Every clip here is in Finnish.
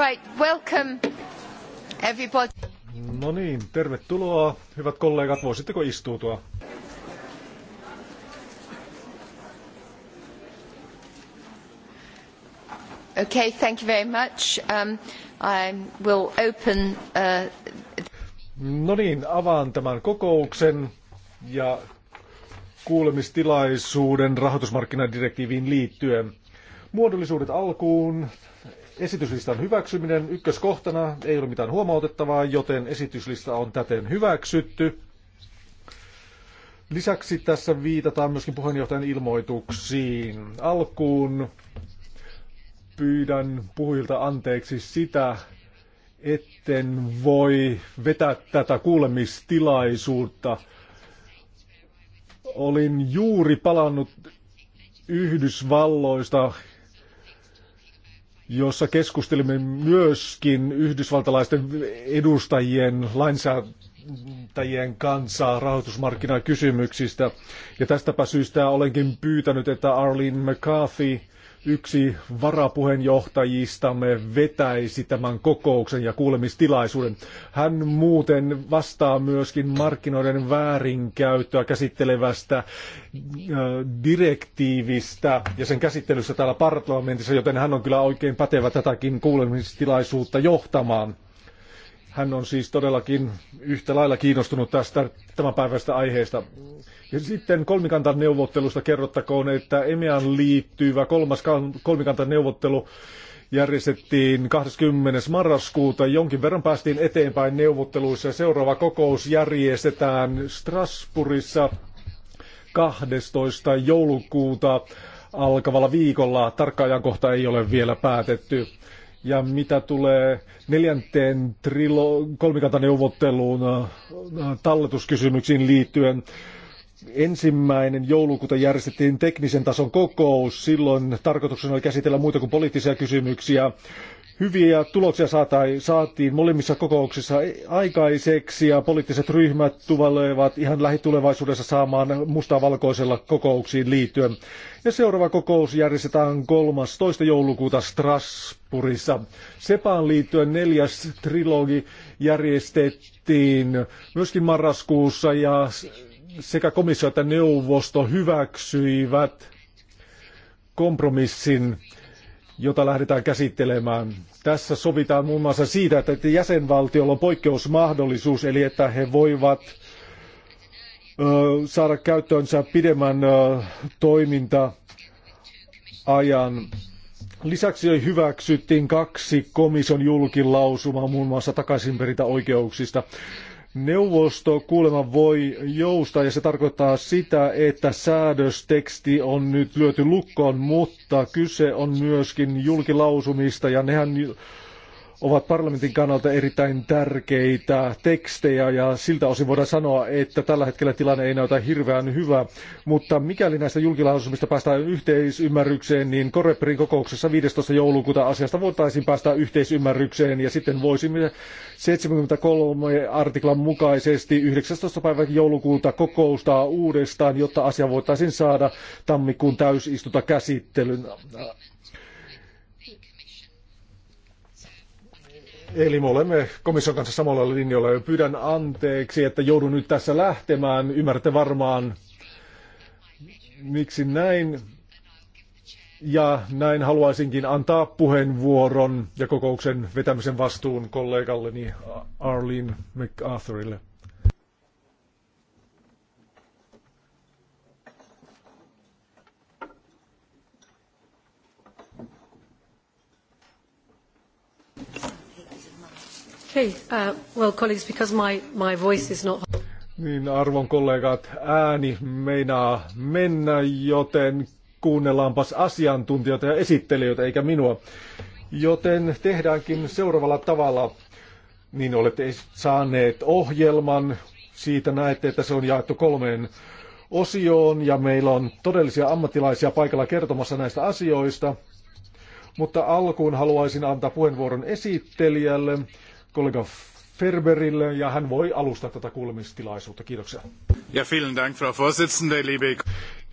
Right, welcome everybody. No niin, tervetuloa. Hyvät kollegat, voisitteko istuutua? Okay, thank you very much. Um, I will open... Uh... No niin, avaan tämän kokouksen ja kuulemistilaisuuden rahoitusmarkkinadirektiiviin liittyen. Muodollisuudet alkuun esityslistan hyväksyminen ykköskohtana ei ole mitään huomautettavaa, joten esityslista on täten hyväksytty. Lisäksi tässä viitataan myöskin puheenjohtajan ilmoituksiin. Alkuun pyydän puhujilta anteeksi sitä, etten voi vetää tätä kuulemistilaisuutta. Olin juuri palannut Yhdysvalloista jossa keskustelimme myöskin yhdysvaltalaisten edustajien lainsäätäjien kanssa rahoitusmarkkinakysymyksistä. Ja tästäpä syystä olenkin pyytänyt, että Arlene McCarthy – yksi varapuheenjohtajistamme vetäisi tämän kokouksen ja kuulemistilaisuuden. Hän muuten vastaa myöskin markkinoiden väärinkäyttöä käsittelevästä äh, direktiivistä ja sen käsittelyssä täällä parlamentissa, joten hän on kyllä oikein pätevä tätäkin kuulemistilaisuutta johtamaan. Hän on siis todellakin yhtä lailla kiinnostunut tästä tämänpäiväisestä aiheesta. Ja sitten kolmikantaneuvottelusta kerrottakoon, että EMEAN liittyvä kolmas kolmikantaneuvottelu järjestettiin 20. marraskuuta. Jonkin verran päästiin eteenpäin neuvotteluissa. Seuraava kokous järjestetään Strasbourgissa 12. joulukuuta alkavalla viikolla. Tarkka ajankohta ei ole vielä päätetty. Ja mitä tulee neljänteen trilo- kolmikantaneuvotteluun äh, äh, talletuskysymyksiin liittyen, ensimmäinen joulukuuta järjestettiin teknisen tason kokous. Silloin tarkoituksena oli käsitellä muita kuin poliittisia kysymyksiä. Hyviä tuloksia saatiin molemmissa kokouksissa aikaiseksi ja poliittiset ryhmät tulevat ihan lähitulevaisuudessa saamaan musta-valkoisella kokouksiin liittyen. Ja seuraava kokous järjestetään 13. joulukuuta Strasbourgissa. Sepaan liittyen neljäs trilogi järjestettiin myöskin marraskuussa ja sekä komissio että neuvosto hyväksyivät kompromissin, jota lähdetään käsittelemään. Tässä sovitaan muun muassa siitä, että jäsenvaltiolla on poikkeusmahdollisuus, eli että he voivat saada käyttöönsä pidemmän toiminta-ajan. Lisäksi hyväksyttiin kaksi komission julkilausumaa muun muassa takaisinperintäoikeuksista. oikeuksista. Neuvosto kuulemma voi joustaa ja se tarkoittaa sitä, että säädösteksti on nyt lyöty lukkoon, mutta kyse on myöskin julkilausumista ja nehän ovat parlamentin kannalta erittäin tärkeitä tekstejä ja siltä osin voidaan sanoa, että tällä hetkellä tilanne ei näytä hirveän hyvä. Mutta mikäli näistä julkilausumista päästään yhteisymmärrykseen, niin Koreperin kokouksessa 15. joulukuuta asiasta voitaisiin päästä yhteisymmärrykseen ja sitten voisimme 73 artiklan mukaisesti 19. päivä joulukuuta kokoustaa uudestaan, jotta asia voitaisiin saada tammikuun täysistunta käsittelyn Eli me olemme komission kanssa samalla linjalla ja pyydän anteeksi, että joudun nyt tässä lähtemään. Ymmärrätte varmaan, miksi näin. Ja näin haluaisinkin antaa puheenvuoron ja kokouksen vetämisen vastuun kollegalleni Arlene MacArthurille. Niin arvon kollegat, ääni meinaa mennä, joten kuunnellaanpas asiantuntijoita ja esittelijöitä eikä minua. Joten tehdäänkin seuraavalla tavalla. Niin olette saaneet ohjelman. Siitä näette, että se on jaettu kolmeen osioon ja meillä on todellisia ammattilaisia paikalla kertomassa näistä asioista. Mutta alkuun haluaisin antaa puheenvuoron esittelijälle kollega Ferberille ja hän voi alustaa tätä kuulemistilaisuutta. Kiitoksia. Ja vielen Dank, Frau Vorsitzende, liebe...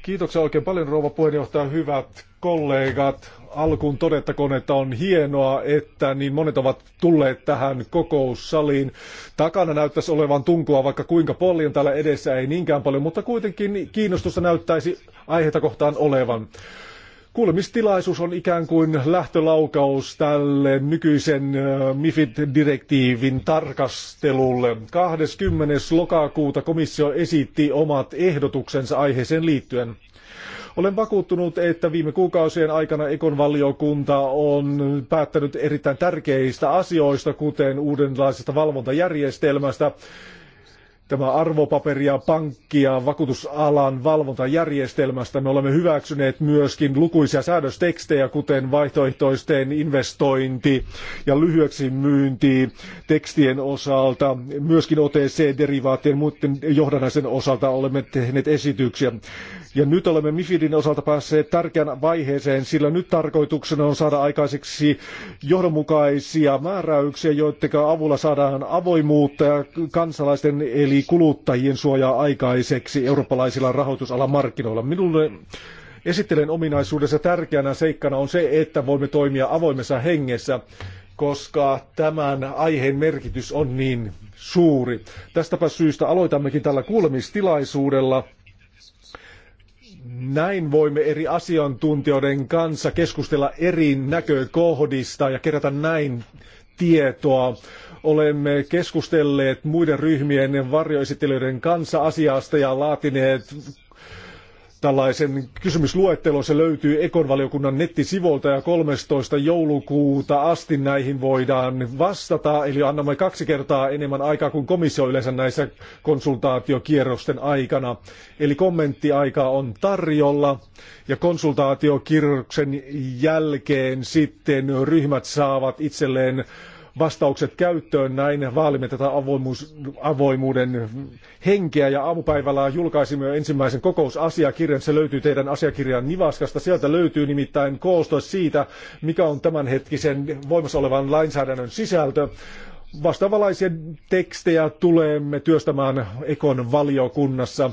Kiitoksia oikein paljon, rouva puheenjohtaja. Hyvät kollegat, alkuun todettakoon, että on hienoa, että niin monet ovat tulleet tähän kokoussaliin. Takana näyttäisi olevan tunkua, vaikka kuinka paljon, täällä edessä ei niinkään paljon, mutta kuitenkin kiinnostusta näyttäisi aiheita kohtaan olevan. Kuulemistilaisuus on ikään kuin lähtölaukaus tälle nykyisen MIFID-direktiivin tarkastelulle. 20. lokakuuta komissio esitti omat ehdotuksensa aiheeseen liittyen. Olen vakuuttunut, että viime kuukausien aikana ekonvaliokunta valiokunta on päättänyt erittäin tärkeistä asioista, kuten uudenlaisesta valvontajärjestelmästä, tämä arvopaperia, pankkia, vakuutusalan valvontajärjestelmästä. Me olemme hyväksyneet myöskin lukuisia säädöstekstejä, kuten vaihtoehtoisten investointi ja lyhyeksi myynti tekstien osalta, myöskin OTC-derivaattien muiden johdannaisen osalta olemme tehneet esityksiä. Ja nyt olemme MIFIDin osalta päässeet tärkeän vaiheeseen, sillä nyt tarkoituksena on saada aikaiseksi johdonmukaisia määräyksiä, joiden avulla saadaan avoimuutta ja kansalaisten eli kuluttajien suojaa aikaiseksi eurooppalaisilla rahoitusalan markkinoilla. Minulle esittelen ominaisuudessa tärkeänä seikkana on se, että voimme toimia avoimessa hengessä koska tämän aiheen merkitys on niin suuri. Tästäpä syystä aloitammekin tällä kuulemistilaisuudella näin voimme eri asiantuntijoiden kanssa keskustella eri näkökohdista ja kerätä näin tietoa. Olemme keskustelleet muiden ryhmien varjoesittelyiden kanssa asiasta ja laatineet tällaisen kysymysluettelon. Se löytyy Ekonvaliokunnan nettisivuilta ja 13. joulukuuta asti näihin voidaan vastata. Eli annamme kaksi kertaa enemmän aikaa kuin komissio yleensä näissä konsultaatiokierrosten aikana. Eli kommenttiaikaa on tarjolla ja konsultaatiokierroksen jälkeen sitten ryhmät saavat itselleen vastaukset käyttöön. Näin vaalimme tätä avoimuus, avoimuuden henkeä ja aamupäivällä julkaisimme jo ensimmäisen kokousasiakirjan. Se löytyy teidän asiakirjan Nivaskasta. Sieltä löytyy nimittäin koostos siitä, mikä on tämänhetkisen voimassa olevan lainsäädännön sisältö. Vastaavalaisia tekstejä tulemme työstämään Ekon valiokunnassa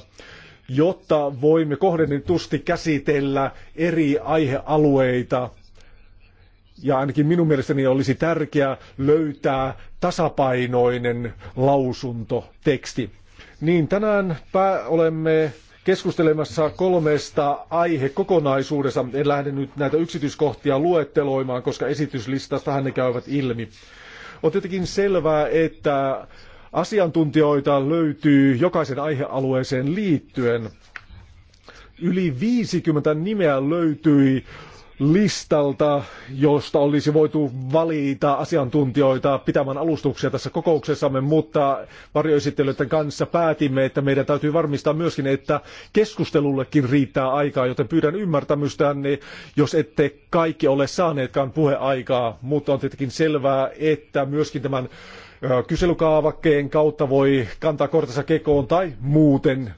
jotta voimme kohdennetusti käsitellä eri aihealueita ja ainakin minun mielestäni olisi tärkeää löytää tasapainoinen lausunto, teksti. Niin tänään olemme keskustelemassa kolmesta aihekokonaisuudesta. En lähde nyt näitä yksityiskohtia luetteloimaan, koska esityslistastahan ne käyvät ilmi. On tietenkin selvää, että asiantuntijoita löytyy jokaisen aihealueeseen liittyen. Yli 50 nimeä löytyi listalta, josta olisi voitu valita asiantuntijoita pitämään alustuksia tässä kokouksessamme, mutta varjoesittelyiden kanssa päätimme, että meidän täytyy varmistaa myöskin, että keskustelullekin riittää aikaa, joten pyydän ymmärtämystänne, jos ette kaikki ole saaneetkaan puheaikaa, mutta on tietenkin selvää, että myöskin tämän kyselykaavakkeen kautta voi kantaa kortensa kekoon tai muuten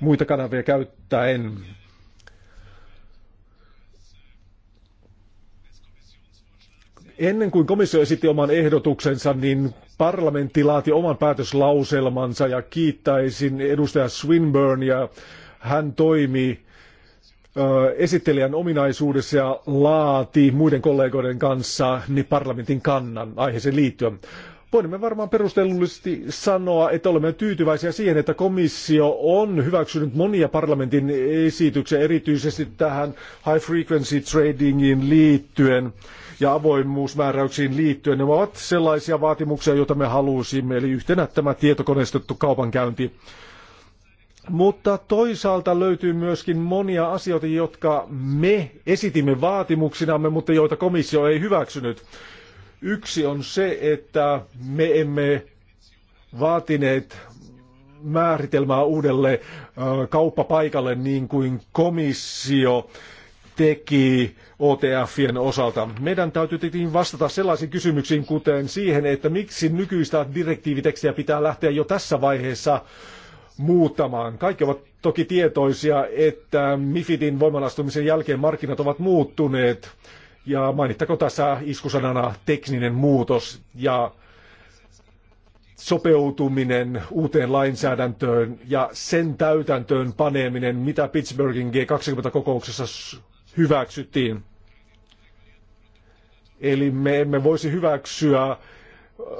muita kanavia käyttäen. Ennen kuin komissio esitti oman ehdotuksensa, niin parlamentti laati oman päätöslauselmansa ja kiittäisin edustaja Swinburne ja hän toimi esittelijän ominaisuudessa ja laati muiden kollegoiden kanssa niin parlamentin kannan aiheeseen liittyen. Voimme varmaan perustellullisesti sanoa, että olemme tyytyväisiä siihen, että komissio on hyväksynyt monia parlamentin esityksiä erityisesti tähän high frequency tradingiin liittyen ja avoimuusmääräyksiin liittyen. ne ovat sellaisia vaatimuksia, joita me halusimme, eli yhtenä tämä tietokoneistettu kaupankäynti. Mutta toisaalta löytyy myöskin monia asioita, jotka me esitimme vaatimuksinamme, mutta joita komissio ei hyväksynyt. Yksi on se, että me emme vaatineet määritelmää uudelle kauppapaikalle niin kuin komissio teki OTFien osalta. Meidän täytyy tietenkin vastata sellaisiin kysymyksiin, kuten siihen, että miksi nykyistä direktiivitekstiä pitää lähteä jo tässä vaiheessa muuttamaan. Kaikki ovat toki tietoisia, että MIFIDin voimanastumisen jälkeen markkinat ovat muuttuneet. Ja mainittako tässä iskusanana tekninen muutos ja sopeutuminen uuteen lainsäädäntöön ja sen täytäntöön paneeminen, mitä Pittsburghin G20-kokouksessa hyväksyttiin. Eli me emme voisi hyväksyä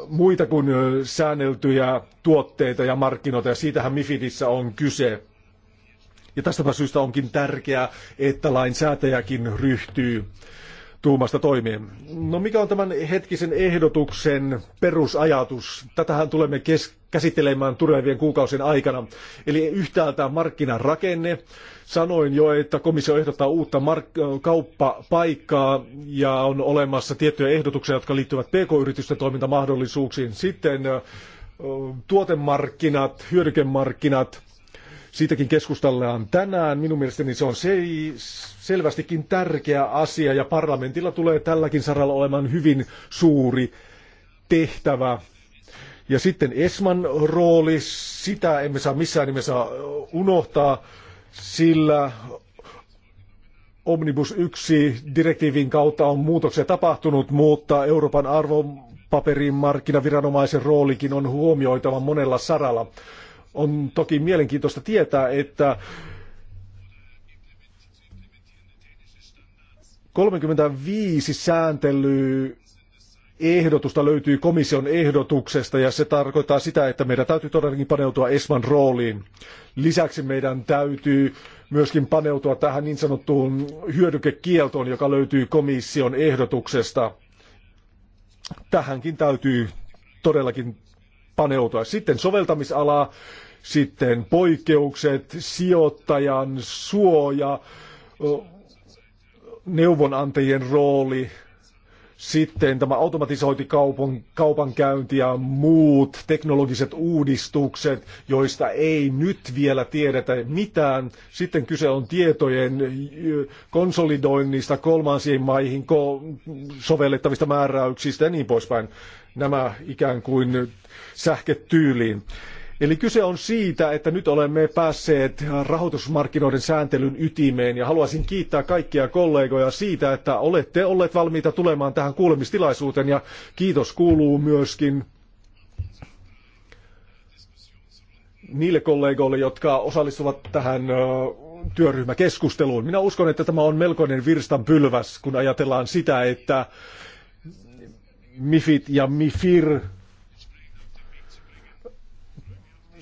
muita kuin säänneltyjä tuotteita ja markkinoita, ja siitähän Mifidissä on kyse. Ja tästä syystä onkin tärkeää, että lainsäätäjäkin ryhtyy tuumasta toimeen. No mikä on tämän hetkisen ehdotuksen perusajatus? Tätähän tulemme kes- käsittelemään tulevien kuukausien aikana. Eli yhtäältä markkinarakenne, Sanoin jo, että komissio ehdottaa uutta mark- kauppapaikkaa ja on olemassa tiettyjä ehdotuksia, jotka liittyvät pk-yritysten toimintamahdollisuuksiin. Sitten tuotemarkkinat, hyödykemarkkinat, siitäkin keskustellaan tänään. Minun mielestäni se on selvästikin tärkeä asia ja parlamentilla tulee tälläkin saralla olemaan hyvin suuri tehtävä. Ja sitten Esman rooli, sitä emme saa missään nimessä unohtaa sillä Omnibus 1 direktiivin kautta on muutoksia tapahtunut, mutta Euroopan arvopaperimarkkinaviranomaisen roolikin on huomioitava monella saralla. On toki mielenkiintoista tietää, että 35 sääntelyä ehdotusta löytyy komission ehdotuksesta ja se tarkoittaa sitä, että meidän täytyy todellakin paneutua ESMAn rooliin. Lisäksi meidän täytyy myöskin paneutua tähän niin sanottuun hyödykekieltoon, joka löytyy komission ehdotuksesta. Tähänkin täytyy todellakin paneutua. Sitten soveltamisala, sitten poikkeukset, sijoittajan suoja, neuvonantajien rooli – sitten tämä kaupan, kaupankäynti ja muut teknologiset uudistukset, joista ei nyt vielä tiedetä mitään. Sitten kyse on tietojen konsolidoinnista, kolmansiin maihin sovellettavista määräyksistä ja niin poispäin. Nämä ikään kuin sähketyyliin. tyyliin. Eli kyse on siitä, että nyt olemme päässeet rahoitusmarkkinoiden sääntelyn ytimeen ja haluaisin kiittää kaikkia kollegoja siitä, että olette olleet valmiita tulemaan tähän kuulemistilaisuuteen ja kiitos kuuluu myöskin niille kollegoille, jotka osallistuvat tähän työryhmäkeskusteluun. Minä uskon, että tämä on melkoinen virstanpylväs, kun ajatellaan sitä, että MIFIT ja MIFIR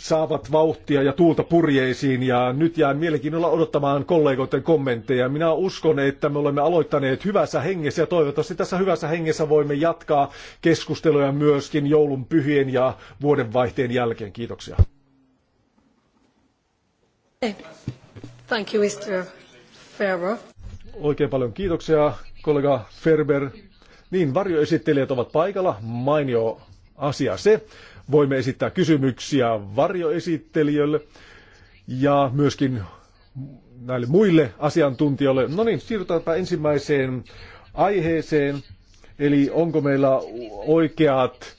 saavat vauhtia ja tuulta purjeisiin ja nyt jään mielenkiinnolla odottamaan kollegoiden kommentteja. Minä uskon, että me olemme aloittaneet hyvässä hengessä ja toivottavasti tässä hyvässä hengessä voimme jatkaa keskusteluja myöskin joulun pyhien ja vuodenvaihteen jälkeen. Kiitoksia. Eh, thank you, Mr. Ferber. Oikein paljon kiitoksia, kollega Ferber. Niin, varjoesittelijät ovat paikalla. Mainio asia se. Voimme esittää kysymyksiä varjoesittelijöille ja myöskin näille muille asiantuntijoille. No niin, siirrytäänpä ensimmäiseen aiheeseen. Eli onko meillä oikeat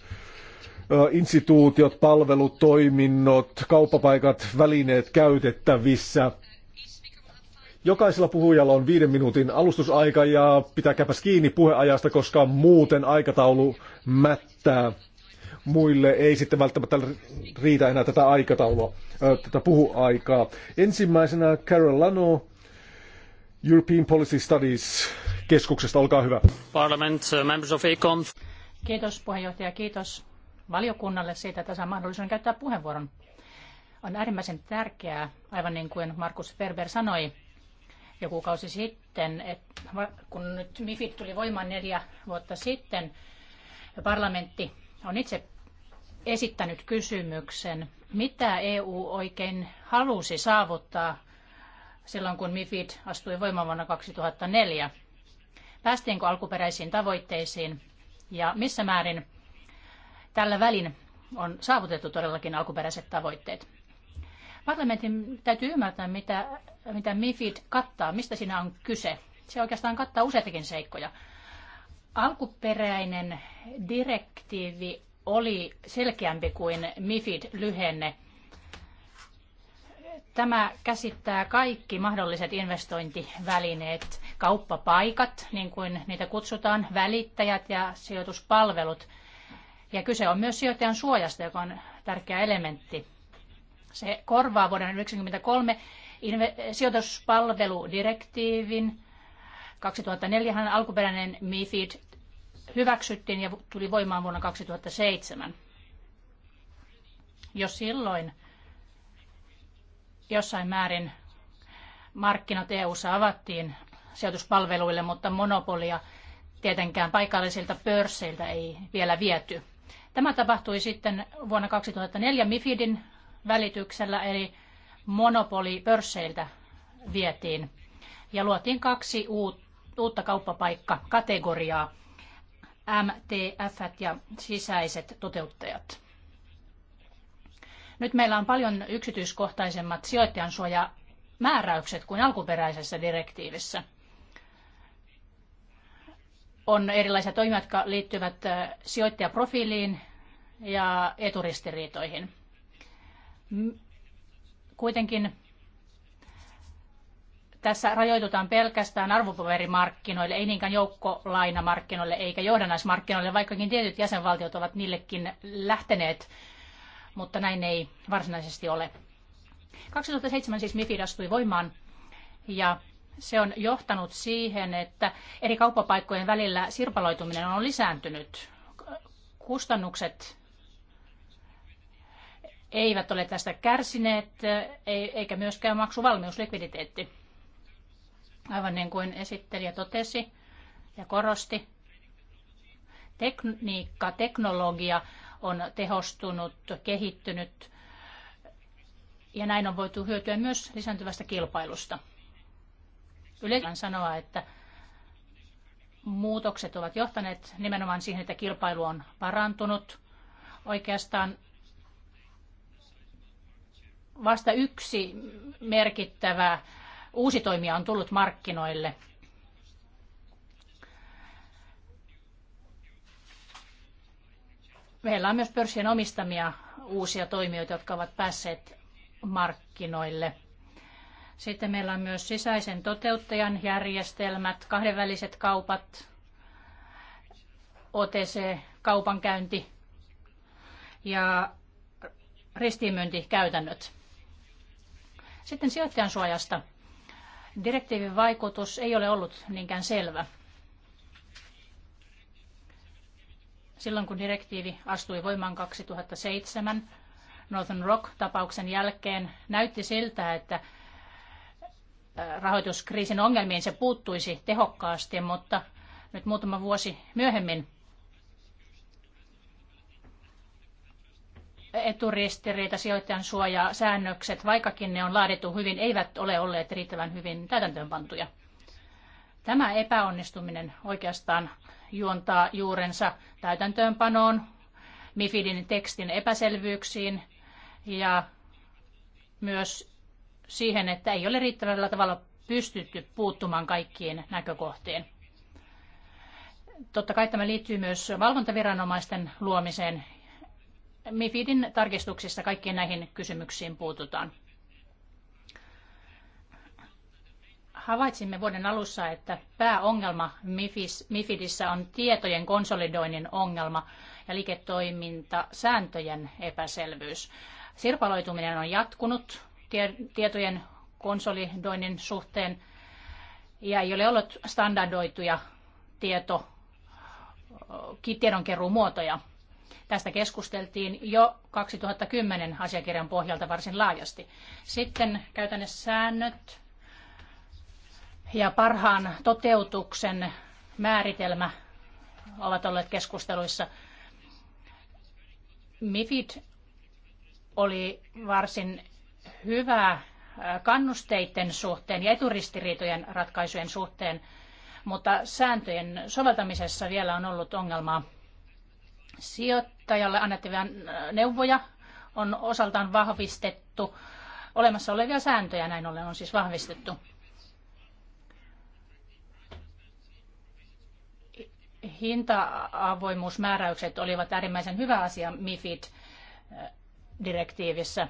instituutiot, palvelut, toiminnot, kauppapaikat, välineet käytettävissä. Jokaisella puhujalla on viiden minuutin alustusaika ja pitäkääpäs kiinni puheajasta, koska muuten aikataulu mättää muille ei sitten välttämättä riitä enää tätä aikataulua, tätä puhuaikaa. Ensimmäisenä Carol Lano, European Policy Studies keskuksesta, olkaa hyvä. Parliament, uh, members of ECON. Kiitos puheenjohtaja, kiitos valiokunnalle siitä, että saa mahdollisuuden käyttää puheenvuoron. On äärimmäisen tärkeää, aivan niin kuin Markus Ferber sanoi joku kausi sitten, että kun nyt MIFID tuli voimaan neljä vuotta sitten, parlamentti on itse esittänyt kysymyksen, mitä EU oikein halusi saavuttaa silloin, kun MIFID astui voimaan vuonna 2004. Päästiinkö alkuperäisiin tavoitteisiin ja missä määrin tällä välin on saavutettu todellakin alkuperäiset tavoitteet? Parlamentin täytyy ymmärtää, mitä, mitä MIFID kattaa, mistä siinä on kyse. Se oikeastaan kattaa useitakin seikkoja. Alkuperäinen direktiivi oli selkeämpi kuin MIFID-lyhenne. Tämä käsittää kaikki mahdolliset investointivälineet, kauppapaikat, niin kuin niitä kutsutaan, välittäjät ja sijoituspalvelut. Ja kyse on myös sijoittajan suojasta, joka on tärkeä elementti. Se korvaa vuoden 1993 sijoituspalveludirektiivin. 2004 alkuperäinen MIFID hyväksyttiin ja tuli voimaan vuonna 2007. Jos silloin jossain määrin markkinat EU-ssa avattiin sijoituspalveluille, mutta monopolia tietenkään paikallisilta pörsseiltä ei vielä viety. Tämä tapahtui sitten vuonna 2004 MIFIDin välityksellä, eli monopoli pörsseiltä vietiin ja luotiin kaksi uutta kauppapaikkakategoriaa MTF ja sisäiset toteuttajat. Nyt meillä on paljon yksityiskohtaisemmat sijoittajan määräykset kuin alkuperäisessä direktiivissä. On erilaisia toimia, jotka liittyvät sijoittajaprofiiliin ja eturistiriitoihin. Kuitenkin tässä rajoitutaan pelkästään arvopaperimarkkinoille, ei niinkään joukkolainamarkkinoille eikä johdannaismarkkinoille, vaikkakin tietyt jäsenvaltiot ovat niillekin lähteneet, mutta näin ei varsinaisesti ole. 2007 siis MIFID astui voimaan ja se on johtanut siihen, että eri kauppapaikkojen välillä sirpaloituminen on lisääntynyt. Kustannukset eivät ole tästä kärsineet, e- eikä myöskään maksuvalmiuslikviditeetti. Aivan niin kuin esittelijä totesi ja korosti, tekniikka, teknologia on tehostunut, kehittynyt ja näin on voitu hyötyä myös lisääntyvästä kilpailusta. Yleensä sanoa, että muutokset ovat johtaneet nimenomaan siihen, että kilpailu on parantunut. Oikeastaan vasta yksi merkittävä uusi toimija on tullut markkinoille. Meillä on myös pörssien omistamia uusia toimijoita, jotka ovat päässeet markkinoille. Sitten meillä on myös sisäisen toteuttajan järjestelmät, kahdenväliset kaupat, OTC-kaupankäynti ja ristiinmyyntikäytännöt. Sitten sijoittajan suojasta direktiivin vaikutus ei ole ollut niinkään selvä. Silloin kun direktiivi astui voimaan 2007 Northern Rock-tapauksen jälkeen, näytti siltä, että rahoituskriisin ongelmiin se puuttuisi tehokkaasti, mutta nyt muutama vuosi myöhemmin eturistiriita, sijoittajan suoja, säännökset, vaikkakin ne on laadittu hyvin, eivät ole olleet riittävän hyvin täytäntöönpantuja. Tämä epäonnistuminen oikeastaan juontaa juurensa täytäntöönpanoon, MIFIDin tekstin epäselvyyksiin ja myös siihen, että ei ole riittävällä tavalla pystytty puuttumaan kaikkiin näkökohtiin. Totta kai tämä liittyy myös valvontaviranomaisten luomiseen MIFIDin tarkistuksissa kaikkiin näihin kysymyksiin puututaan. Havaitsimme vuoden alussa, että pääongelma MIFIDissä on tietojen konsolidoinnin ongelma ja liiketoimintasääntöjen epäselvyys. Sirpaloituminen on jatkunut tietojen konsolidoinnin suhteen ja ei ole ollut standardoituja tieto, tiedonkeruumuotoja. muotoja Tästä keskusteltiin jo 2010 asiakirjan pohjalta varsin laajasti. Sitten käytännössä säännöt ja parhaan toteutuksen määritelmä ovat olleet keskusteluissa. MIFID oli varsin hyvä äh, kannusteiden suhteen ja eturistiriitojen ratkaisujen suhteen, mutta sääntöjen soveltamisessa vielä on ollut ongelmaa. Sijoittajalle annettavia neuvoja on osaltaan vahvistettu. Olemassa olevia sääntöjä näin ollen on siis vahvistettu. Hinta-avoimuusmääräykset olivat äärimmäisen hyvä asia MIFID-direktiivissä. Eh,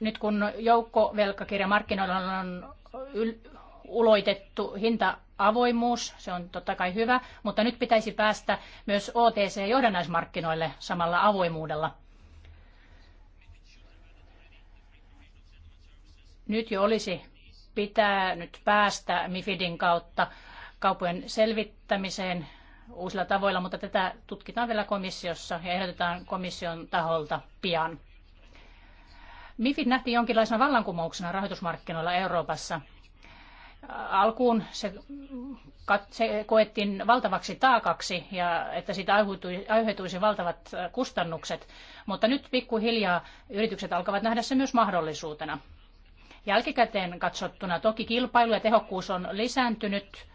nyt kun joukkovelkakirjamarkkinoilla on uloitettu hinta avoimuus, se on totta kai hyvä, mutta nyt pitäisi päästä myös OTC-johdannaismarkkinoille samalla avoimuudella. Nyt jo olisi pitää nyt päästä MIFIDin kautta kaupojen selvittämiseen uusilla tavoilla, mutta tätä tutkitaan vielä komissiossa ja ehdotetaan komission taholta pian. MIFID nähtiin jonkinlaisena vallankumouksena rahoitusmarkkinoilla Euroopassa – alkuun se, se koettiin valtavaksi taakaksi ja että siitä aiheutuisi valtavat äh, kustannukset, mutta nyt pikkuhiljaa yritykset alkavat nähdä se myös mahdollisuutena. Jälkikäteen katsottuna toki kilpailu ja tehokkuus on lisääntynyt,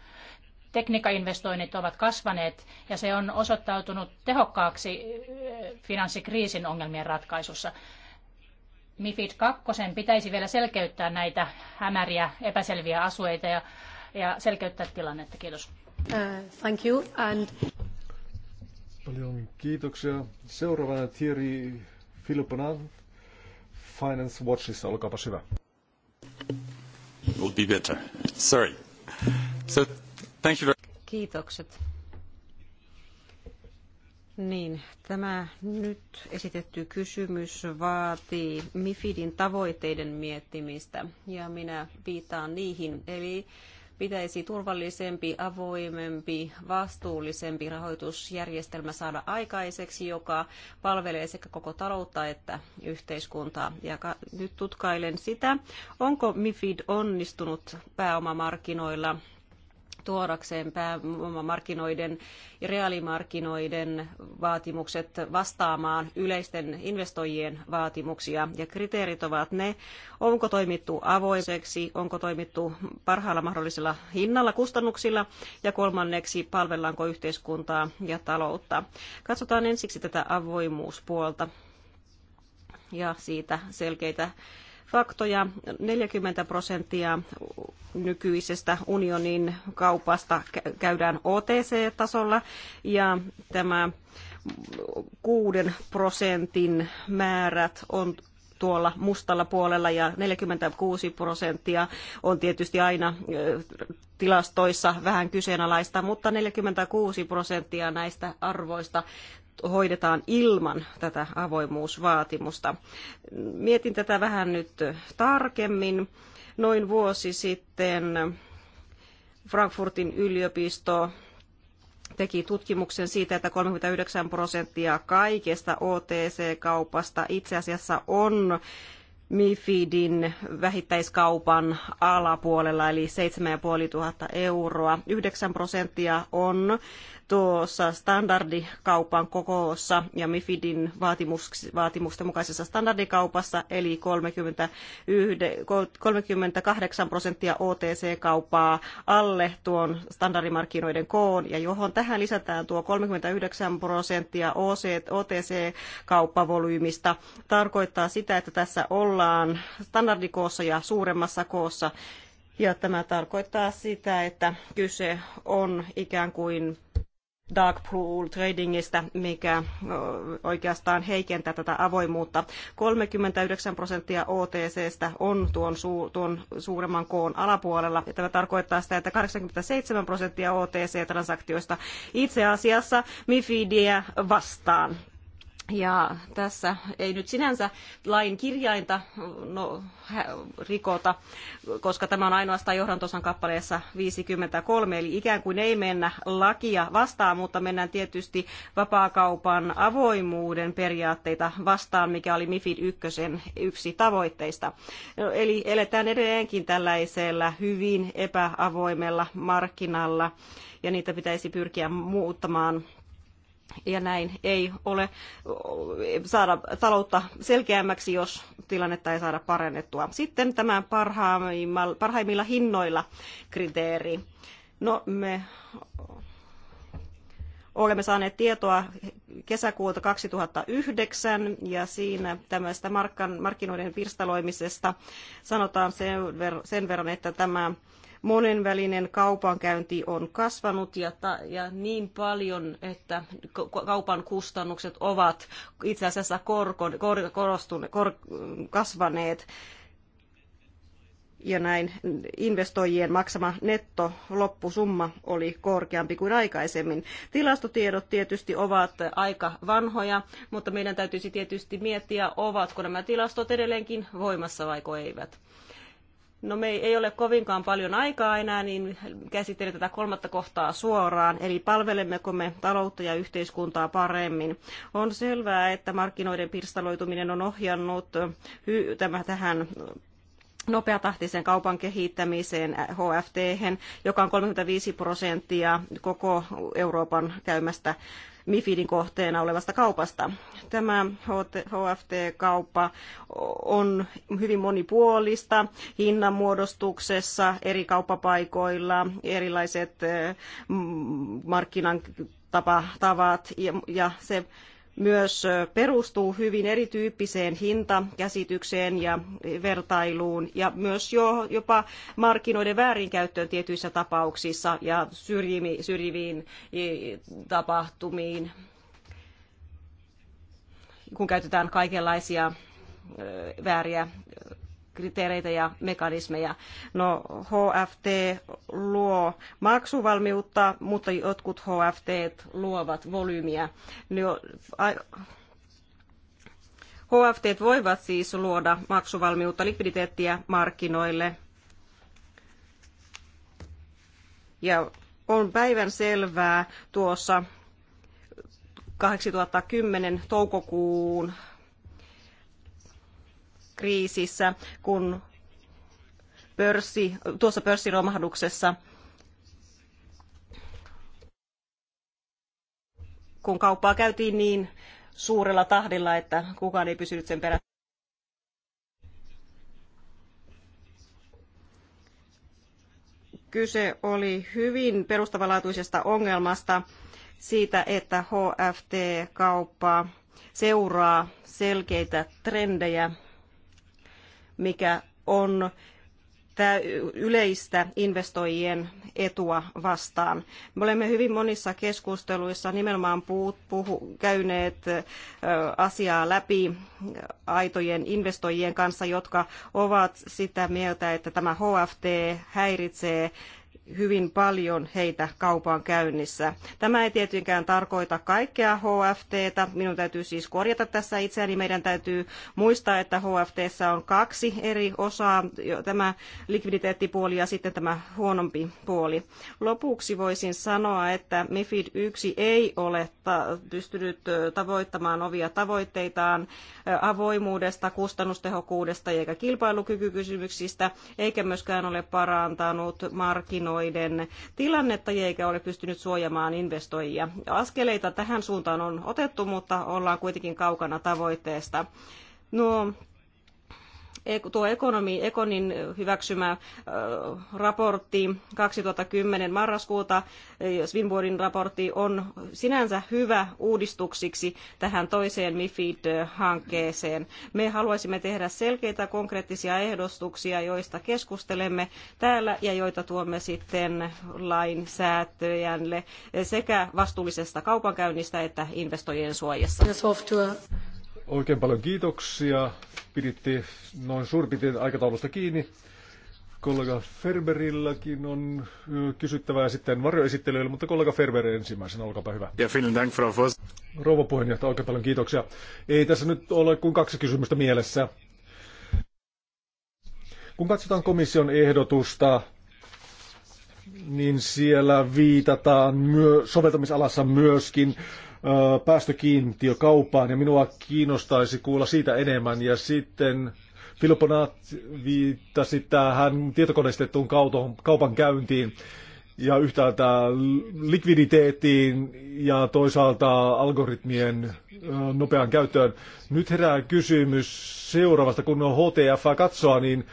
tekniikkainvestoinnit ovat kasvaneet ja se on osoittautunut tehokkaaksi äh, finanssikriisin ongelmien ratkaisussa. MIFID 2 pitäisi vielä selkeyttää näitä hämäriä, epäselviä asueita ja, ja selkeyttää tilannetta. Kiitos. Uh, thank you. And... Paljon kiitoksia. Seuraavana Thierry Filppona Finance Watchissa Olkaapa hyvä. be better. Sorry. So, thank you very... Kiitokset. Niin, tämä nyt esitetty kysymys vaatii MIFIDin tavoitteiden miettimistä ja minä viitaan niihin. Eli pitäisi turvallisempi, avoimempi, vastuullisempi rahoitusjärjestelmä saada aikaiseksi, joka palvelee sekä koko taloutta että yhteiskuntaa. Ja nyt tutkailen sitä, onko MIFID onnistunut pääomamarkkinoilla tuodakseen pääomamarkkinoiden ja reaalimarkkinoiden vaatimukset vastaamaan yleisten investoijien vaatimuksia. Ja kriteerit ovat ne, onko toimittu avoiseksi, onko toimittu parhaalla mahdollisella hinnalla, kustannuksilla ja kolmanneksi palvellaanko yhteiskuntaa ja taloutta. Katsotaan ensiksi tätä avoimuuspuolta ja siitä selkeitä faktoja. 40 prosenttia nykyisestä unionin kaupasta käydään OTC-tasolla ja tämä kuuden prosentin määrät on tuolla mustalla puolella ja 46 prosenttia on tietysti aina tilastoissa vähän kyseenalaista, mutta 46 prosenttia näistä arvoista hoidetaan ilman tätä avoimuusvaatimusta. Mietin tätä vähän nyt tarkemmin. Noin vuosi sitten Frankfurtin yliopisto teki tutkimuksen siitä, että 39 prosenttia kaikesta OTC-kaupasta itse asiassa on MIFIDin vähittäiskaupan alapuolella, eli 7500 euroa. 9 prosenttia on tuossa standardikaupan kokoossa ja MIFIDin vaatimusten mukaisessa standardikaupassa, eli 31, 38 prosenttia OTC-kaupaa alle tuon standardimarkkinoiden koon, ja johon tähän lisätään tuo 39 prosenttia OTC-kauppavolyymista, tarkoittaa sitä, että tässä ollaan standardikoossa ja suuremmassa koossa ja tämä tarkoittaa sitä, että kyse on ikään kuin dark pool tradingista, mikä oikeastaan heikentää tätä avoimuutta. 39 prosenttia OTCstä on tuon, su- tuon suuremman koon alapuolella. Ja tämä tarkoittaa sitä, että 87 prosenttia OTC-transaktioista itse asiassa MIFIDiä vastaan ja tässä ei nyt sinänsä lain kirjainta no, rikota, koska tämä on ainoastaan johdantosan kappaleessa 53, eli ikään kuin ei mennä lakia vastaan, mutta mennään tietysti vapaakaupan avoimuuden periaatteita vastaan, mikä oli MIFID 1 yksi tavoitteista. No, eli eletään edelleenkin tällaisella hyvin epäavoimella markkinalla, ja niitä pitäisi pyrkiä muuttamaan ja näin ei ole saada taloutta selkeämmäksi, jos tilannetta ei saada parannettua. Sitten tämä parhaimmilla hinnoilla kriteeri. No me olemme saaneet tietoa kesäkuulta 2009 ja siinä tämästä markkinoiden pirstaloimisesta sanotaan sen verran, että tämä monenvälinen kaupankäynti on kasvanut ja, ta, ja niin paljon, että kaupan kustannukset ovat itse asiassa korko, kor, korostune, kor, kasvaneet ja näin investoijien maksama netto loppusumma oli korkeampi kuin aikaisemmin. Tilastotiedot tietysti ovat aika vanhoja, mutta meidän täytyisi tietysti miettiä, ovatko nämä tilastot edelleenkin voimassa vai eivät. No me ei ole kovinkaan paljon aikaa enää, niin käsittelen tätä kolmatta kohtaa suoraan, eli palvelemmeko me taloutta ja yhteiskuntaa paremmin. On selvää, että markkinoiden pirstaloituminen on ohjannut hy- tämä tähän nopeatahtisen kaupan kehittämiseen HFT, joka on 35 prosenttia koko Euroopan käymästä MIFIDin kohteena olevasta kaupasta. Tämä HFT-kauppa on hyvin monipuolista hinnanmuodostuksessa eri kauppapaikoilla, erilaiset mm, markkinan tapa, tavat ja, ja se myös perustuu hyvin erityyppiseen hintakäsitykseen ja vertailuun ja myös jo, jopa markkinoiden väärinkäyttöön tietyissä tapauksissa ja syrjiviin, syrjiviin tapahtumiin, kun käytetään kaikenlaisia vääriä kriteereitä ja mekanismeja. No HFT luo maksuvalmiutta, mutta jotkut HFT luovat volyymiä. HFT voivat siis luoda maksuvalmiutta, likviditeettiä markkinoille. Ja on päivän selvää tuossa 2010 toukokuun kriisissä, kun pörssi, tuossa pörssiromahduksessa kun kauppaa käytiin niin suurella tahdilla, että kukaan ei pysynyt sen perässä. Kyse oli hyvin perustavanlaatuisesta ongelmasta siitä, että HFT-kauppa seuraa selkeitä trendejä mikä on yleistä investoijien etua vastaan. Me olemme hyvin monissa keskusteluissa nimenomaan puhut, puhu, käyneet asiaa läpi aitojen investoijien kanssa, jotka ovat sitä mieltä, että tämä HFT häiritsee hyvin paljon heitä kaupan käynnissä. Tämä ei tietenkään tarkoita kaikkea HFTtä. Minun täytyy siis korjata tässä itseäni. Meidän täytyy muistaa, että HFTssä on kaksi eri osaa. Tämä likviditeettipuoli ja sitten tämä huonompi puoli. Lopuksi voisin sanoa, että MIFID 1 ei ole pystynyt tavoittamaan ovia tavoitteitaan avoimuudesta, kustannustehokkuudesta eikä kilpailukykykysymyksistä, eikä myöskään ole parantanut markkinoita markkinoiden tilannetta eikä ole pystynyt suojamaan investoijia. Askeleita tähän suuntaan on otettu, mutta ollaan kuitenkin kaukana tavoitteesta. No tuo ekonomi, Ekonin hyväksymä raportti 2010 marraskuuta, Swinburnin raportti, on sinänsä hyvä uudistuksiksi tähän toiseen MIFID-hankkeeseen. Me haluaisimme tehdä selkeitä konkreettisia ehdotuksia, joista keskustelemme täällä ja joita tuomme sitten lainsäätöjälle sekä vastuullisesta kaupankäynnistä että investoijien suojassa. Oikein paljon kiitoksia. Piditte noin suurin aikataulusta kiinni. Kollega Ferberilläkin on kysyttävää sitten varjoesittelyille, mutta kollega Ferber ensimmäisenä, olkaapa hyvä. Ja vielen dank, Frau Voss. Rouva puheenjohtaja, oikein paljon kiitoksia. Ei tässä nyt ole kuin kaksi kysymystä mielessä. Kun katsotaan komission ehdotusta, niin siellä viitataan myö- soveltamisalassa myöskin äh, päästökiintiökauppaan ja minua kiinnostaisi kuulla siitä enemmän. Ja sitten Filippo Naat viittasi tähän tietokoneistettuun kaupan käyntiin ja yhtäältä likviditeettiin ja toisaalta algoritmien nopean käyttöön. Nyt herää kysymys seuraavasta, kun on HTF katsoa, niin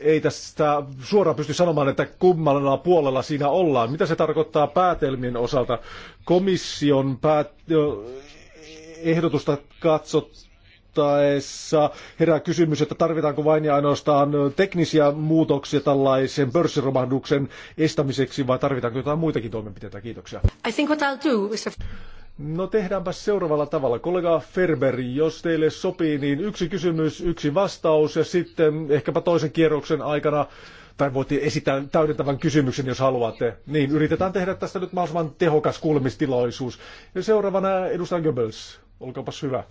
ei tästä suoraan pysty sanomaan, että kummalla puolella siinä ollaan. Mitä se tarkoittaa päätelmien osalta? Komission päät... ehdotusta katsottaessa herää kysymys, että tarvitaanko vain ja ainoastaan teknisiä muutoksia tällaisen pörssiromahduksen estämiseksi vai tarvitaanko jotain muitakin toimenpiteitä? Kiitoksia. I think what I'll do is... No tehdäänpä seuraavalla tavalla. Kollega Ferber, jos teille sopii, niin yksi kysymys, yksi vastaus ja sitten ehkäpä toisen kierroksen aikana, tai voitte esittää täydentävän kysymyksen, jos haluatte. Niin, yritetään tehdä tästä nyt mahdollisimman tehokas kuulemistilaisuus. Ja seuraavana edustaja Goebbels, olkaapas hyvä.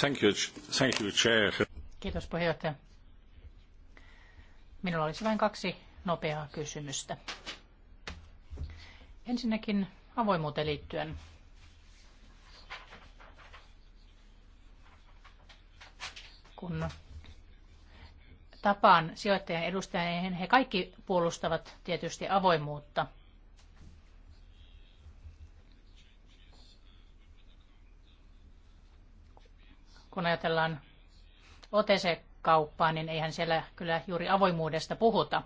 Thank you, thank you, chair. Kiitos puheenjohtaja. Minulla olisi vain kaksi nopeaa kysymystä. Ensinnäkin avoimuuteen liittyen. Kun tapaan sijoittajan edustajien, he kaikki puolustavat tietysti avoimuutta. Kun ajatellaan OTC-kauppaa, niin eihän siellä kyllä juuri avoimuudesta puhuta.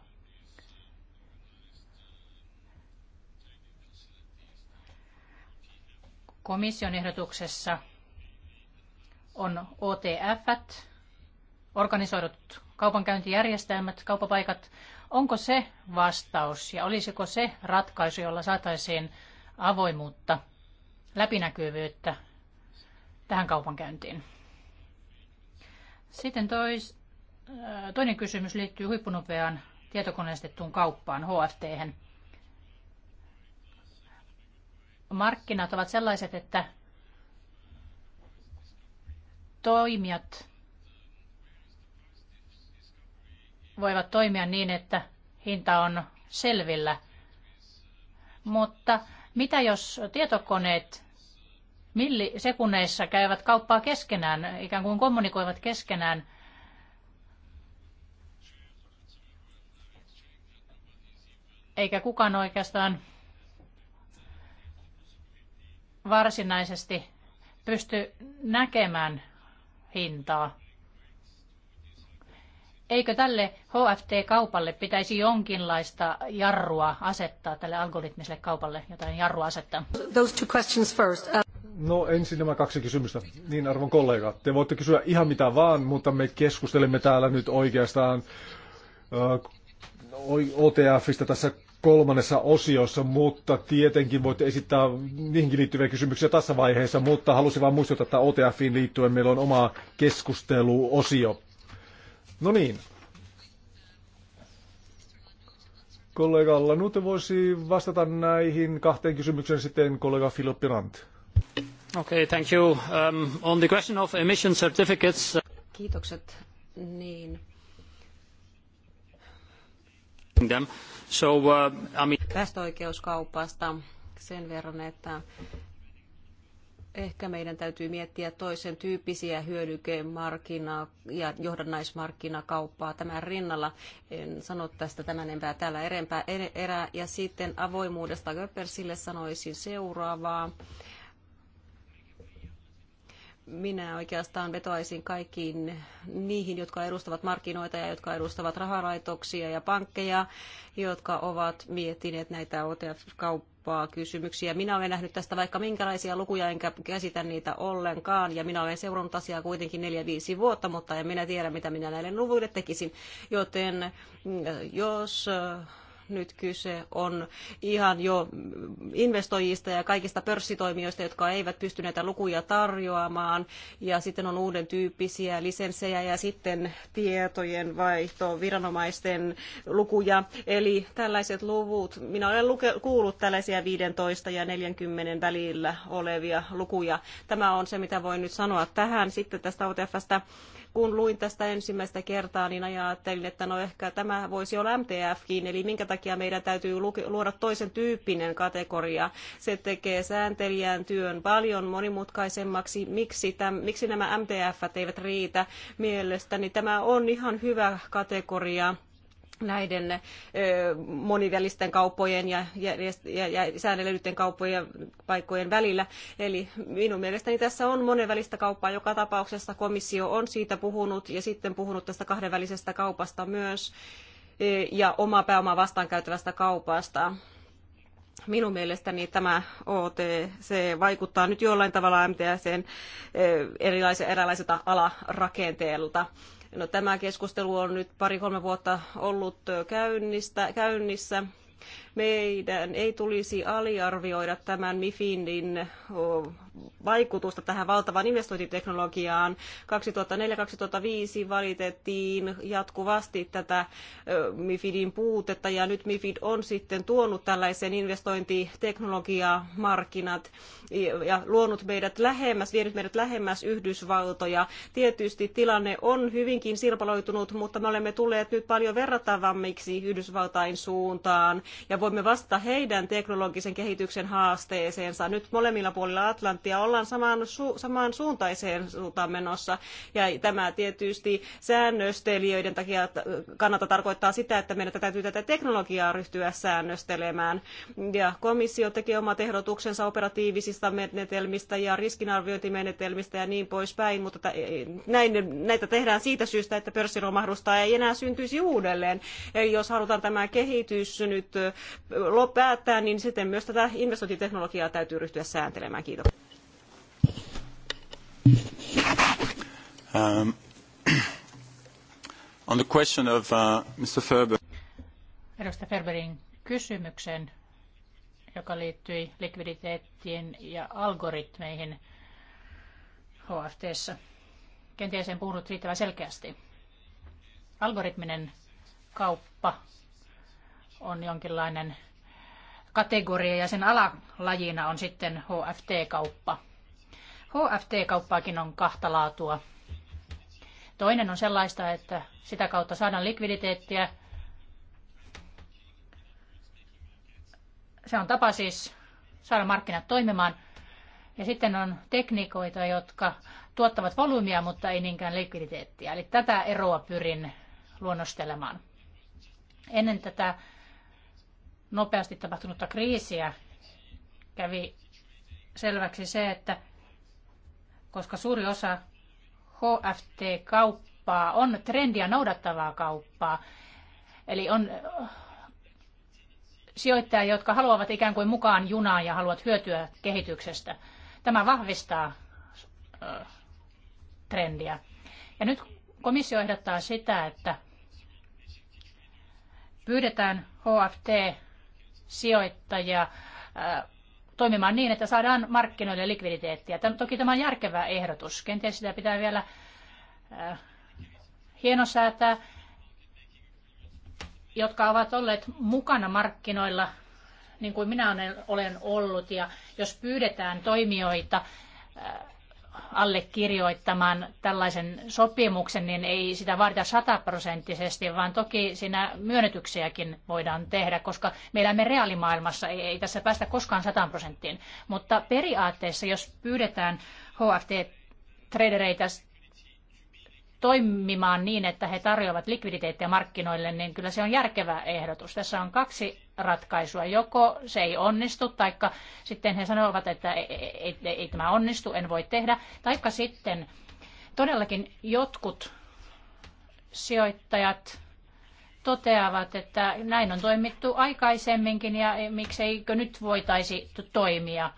Komission ehdotuksessa on OTF, organisoidut kaupankäyntijärjestelmät, kauppapaikat. Onko se vastaus ja olisiko se ratkaisu, jolla saataisiin avoimuutta, läpinäkyvyyttä tähän kaupankäyntiin? Sitten tois, äh, toinen kysymys liittyy huippunopeaan tietokoneistettuun kauppaan, HFT. -hän markkinat ovat sellaiset, että toimijat voivat toimia niin, että hinta on selvillä. Mutta mitä jos tietokoneet millisekunneissa käyvät kauppaa keskenään, ikään kuin kommunikoivat keskenään? Eikä kukaan oikeastaan varsinaisesti pysty näkemään hintaa. Eikö tälle HFT-kaupalle pitäisi jonkinlaista jarrua asettaa, tälle algoritmiselle kaupalle jotain jarrua asettaa? Those two questions first. Uh, no ensin nämä kaksi kysymystä. Niin arvon kollega, te voitte kysyä ihan mitä vaan, mutta me keskustelemme täällä nyt oikeastaan OTFistä tässä kolmannessa osiossa, mutta tietenkin voitte esittää niihinkin liittyviä kysymyksiä tässä vaiheessa, mutta halusin vain muistuttaa, että OTFin liittyen meillä on oma keskusteluosio. No niin. Kollega Lanute voisi vastata näihin kahteen kysymykseen sitten kollega Filippi Rant. Okay, thank you. Um, on the question of emission certificates... Uh, Kiitokset. Niin. Them. So, uh, I mean... sen verran, että ehkä meidän täytyy miettiä toisen tyyppisiä hyödykemarkkina- ja johdannaismarkkinakauppaa tämän rinnalla. En sano tästä tämän enempää täällä erempää erää. Ja sitten avoimuudesta Göppersille sanoisin seuraavaa minä oikeastaan vetoaisin kaikkiin niihin, jotka edustavat markkinoita ja jotka edustavat rahalaitoksia ja pankkeja, jotka ovat miettineet näitä OTF-kauppaa kysymyksiä. Minä olen nähnyt tästä vaikka minkälaisia lukuja, enkä käsitä niitä ollenkaan, ja minä olen seurannut asiaa kuitenkin neljä viisi vuotta, mutta en minä tiedä, mitä minä näille luvuille tekisin. Joten mm, jos nyt kyse on ihan jo investoijista ja kaikista pörssitoimijoista, jotka eivät pysty näitä lukuja tarjoamaan. Ja sitten on uuden tyyppisiä lisenssejä ja sitten tietojen vaihto, viranomaisten lukuja. Eli tällaiset luvut, minä olen luke, kuullut tällaisia 15 ja 40 välillä olevia lukuja. Tämä on se, mitä voin nyt sanoa tähän. Sitten tästä OTFstä kun luin tästä ensimmäistä kertaa, niin ajattelin, että no ehkä tämä voisi olla MTFkin, eli minkä takia meidän täytyy luoda toisen tyyppinen kategoria. Se tekee sääntelijän työn paljon monimutkaisemmaksi. Miksi, täm, miksi nämä MTF eivät riitä mielestäni? Tämä on ihan hyvä kategoria näiden monivälisten kauppojen ja, ja, ja, ja säännellyiden kauppojen ja paikkojen välillä. Eli minun mielestäni tässä on monenvälistä kauppaa joka tapauksessa. Komissio on siitä puhunut ja sitten puhunut tästä kahdenvälisestä kaupasta myös ja oma pääomaa vastaan käytävästä kaupasta. Minun mielestäni tämä OTC vaikuttaa nyt jollain tavalla MTSn erilaiselta alarakenteelta. No, tämä keskustelu on nyt pari-kolme vuotta ollut käynnistä, käynnissä. Meidän ei tulisi aliarvioida tämän MIFINin vaikutusta tähän valtavaan investointiteknologiaan. 2004-2005 valitettiin jatkuvasti tätä MIFIDin puutetta ja nyt MIFID on sitten tuonut tällaisen investointiteknologiamarkkinat ja luonut meidät lähemmäs, vienyt meidät lähemmäs Yhdysvaltoja. Tietysti tilanne on hyvinkin sirpaloitunut, mutta me olemme tulleet nyt paljon verrattavammiksi Yhdysvaltain suuntaan ja voimme vastata heidän teknologisen kehityksen haasteeseensa. Nyt molemmilla puolilla Atlantia prosenttia. Ollaan samaan, su, samaan suuntaiseen suuntaan menossa. Ja tämä tietysti säännöstelijöiden takia äh, kannalta tarkoittaa sitä, että meidän täytyy tätä teknologiaa ryhtyä säännöstelemään. Ja komissio tekee omat ehdotuksensa operatiivisista menetelmistä ja riskinarviointimenetelmistä ja niin poispäin, mutta näin, näitä tehdään siitä syystä, että pörssiromahdusta ei enää syntyisi uudelleen. Eli jos halutaan tämä kehitys nyt äh, päättää, niin sitten myös tätä investointiteknologiaa täytyy ryhtyä sääntelemään. Kiitos. Um, on the question of uh, Mr. Ferber. Edustaja Ferberin kysymyksen, joka liittyi likviditeettiin ja algoritmeihin HFTssä. Kenties en puhunut riittävän selkeästi. Algoritminen kauppa on jonkinlainen kategoria ja sen alalajina on sitten HFT-kauppa – HFT-kauppaakin on kahta laatua. Toinen on sellaista, että sitä kautta saadaan likviditeettiä. Se on tapa siis saada markkinat toimimaan. Ja sitten on tekniikoita, jotka tuottavat volyymia, mutta ei niinkään likviditeettiä. Eli tätä eroa pyrin luonnostelemaan. Ennen tätä nopeasti tapahtunutta kriisiä kävi selväksi se, että koska suuri osa HFT-kauppaa on trendiä noudattavaa kauppaa. Eli on äh, sijoittajia, jotka haluavat ikään kuin mukaan junaan ja haluavat hyötyä kehityksestä. Tämä vahvistaa äh, trendiä. Ja nyt komissio ehdottaa sitä, että pyydetään HFT-sijoittajia äh, toimimaan niin, että saadaan markkinoille likviditeettiä. Tämä, toki tämä on järkevä ehdotus. Kenties sitä pitää vielä äh, hienosäätää, jotka ovat olleet mukana markkinoilla, niin kuin minä olen ollut. Ja jos pyydetään toimijoita äh, allekirjoittamaan tällaisen sopimuksen, niin ei sitä vaadita sataprosenttisesti, vaan toki siinä myönnytyksiäkin voidaan tehdä, koska me elämme reaalimaailmassa, ei, ei tässä päästä koskaan sataan prosenttiin. Mutta periaatteessa, jos pyydetään HFT-tradereita toimimaan niin, että he tarjoavat likviditeettiä markkinoille, niin kyllä se on järkevä ehdotus. Tässä on kaksi ratkaisua. Joko se ei onnistu, taikka sitten he sanovat, että ei, ei, e, ei, ei tämä onnistu, en voi tehdä, taikka sitten todellakin jotkut sijoittajat toteavat, että näin on toimittu aikaisemminkin ja mikseikö nyt voitaisi toimia –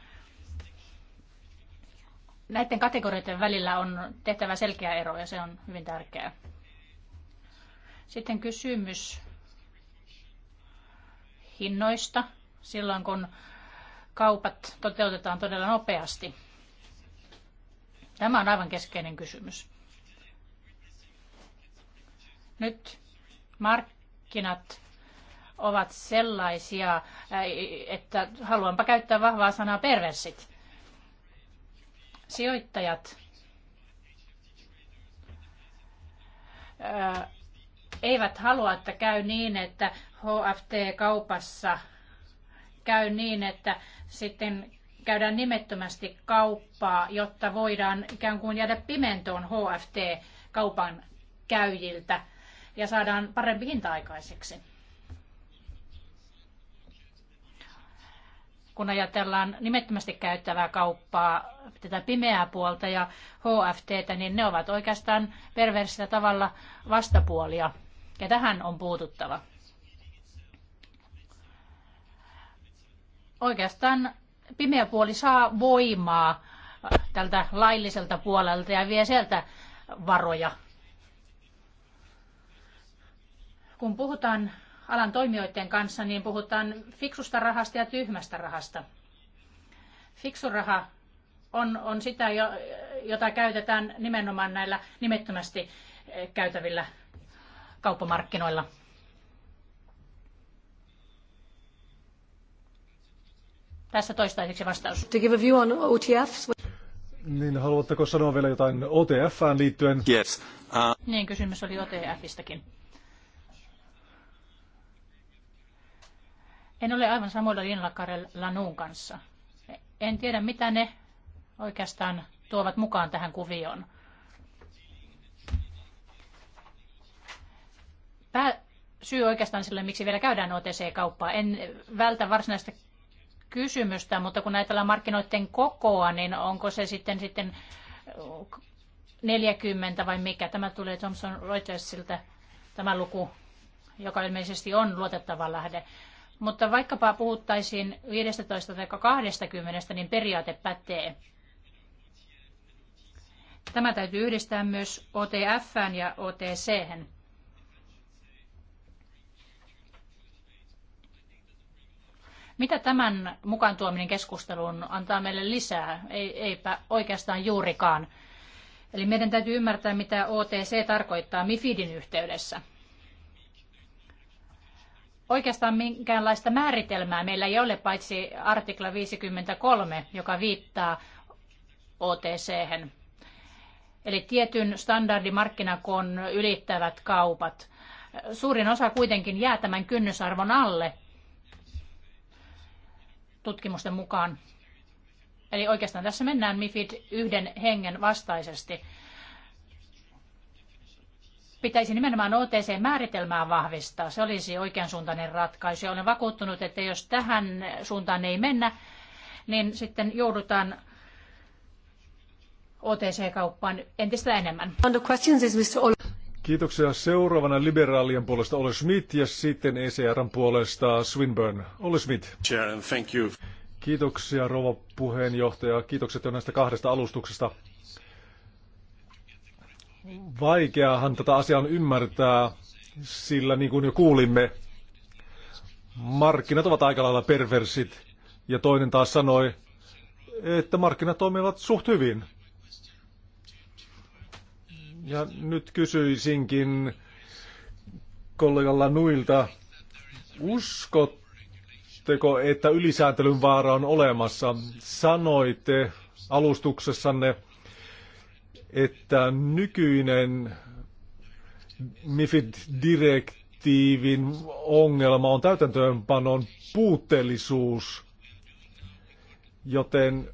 näiden kategorioiden välillä on tehtävä selkeä ero ja se on hyvin tärkeää. Sitten kysymys hinnoista silloin, kun kaupat toteutetaan todella nopeasti. Tämä on aivan keskeinen kysymys. Nyt markkinat ovat sellaisia, että haluanpa käyttää vahvaa sanaa perversit sijoittajat eivät halua, että käy niin, että HFT-kaupassa käy niin, että sitten käydään nimettömästi kauppaa, jotta voidaan ikään kuin jäädä pimentoon HFT-kaupan käyjiltä ja saadaan parempi hinta aikaiseksi. kun ajatellaan nimettömästi käyttävää kauppaa, tätä pimeää puolta ja HFT, niin ne ovat oikeastaan perversillä tavalla vastapuolia. Ja tähän on puututtava. Oikeastaan pimeä puoli saa voimaa tältä lailliselta puolelta ja vie sieltä varoja. Kun puhutaan alan toimijoiden kanssa, niin puhutaan fiksusta rahasta ja tyhmästä rahasta. Fiksu raha on, on sitä, jota käytetään nimenomaan näillä nimettömästi käytävillä kauppamarkkinoilla. Tässä toistaiseksi vastaus. To give a view on OTFs. Niin, haluatteko sanoa vielä jotain OTF: OTF-ään liittyen? Yes. Uh... Niin, kysymys oli OTFistäkin. En ole aivan samoilla linjalla Karel Lanun kanssa. En tiedä, mitä ne oikeastaan tuovat mukaan tähän kuvioon. Syy oikeastaan sille, miksi vielä käydään OTC-kauppaa. En vältä varsinaista kysymystä, mutta kun ajatellaan markkinoiden kokoa, niin onko se sitten, sitten 40 vai mikä? Tämä tulee Thomson Reutersilta, tämä luku, joka ilmeisesti on luotettava lähde. Mutta vaikkapa puhuttaisiin 15 tai 20, niin periaate pätee. Tämä täytyy yhdistää myös otf ja otc -hän. Mitä tämän mukaan tuominen keskusteluun antaa meille lisää? Ei, eipä oikeastaan juurikaan. Eli meidän täytyy ymmärtää, mitä OTC tarkoittaa MIFIDin yhteydessä. Oikeastaan minkäänlaista määritelmää meillä ei ole, paitsi artikla 53, joka viittaa otc -hän. Eli tietyn standardimarkkinakon ylittävät kaupat. Suurin osa kuitenkin jää tämän kynnysarvon alle tutkimusten mukaan. Eli oikeastaan tässä mennään MIFID yhden hengen vastaisesti pitäisi nimenomaan OTC-määritelmää vahvistaa. Se olisi oikeansuuntainen ratkaisu. Ja olen vakuuttunut, että jos tähän suuntaan ei mennä, niin sitten joudutaan OTC-kauppaan entistä enemmän. Kiitoksia. Seuraavana liberaalien puolesta Ole Smith ja sitten ECRn puolesta Swinburne. Ole Smith. Chair, thank you. Kiitoksia rouva puheenjohtaja. Kiitokset jo näistä kahdesta alustuksesta vaikeahan tätä asiaa on ymmärtää, sillä niin kuin jo kuulimme, markkinat ovat aika lailla perversit. Ja toinen taas sanoi, että markkinat toimivat suht hyvin. Ja nyt kysyisinkin kollegalla Nuilta, uskotteko, että ylisääntelyn vaara on olemassa? Sanoitte alustuksessanne, että nykyinen MIFID-direktiivin ongelma on täytäntöönpanon puutteellisuus, joten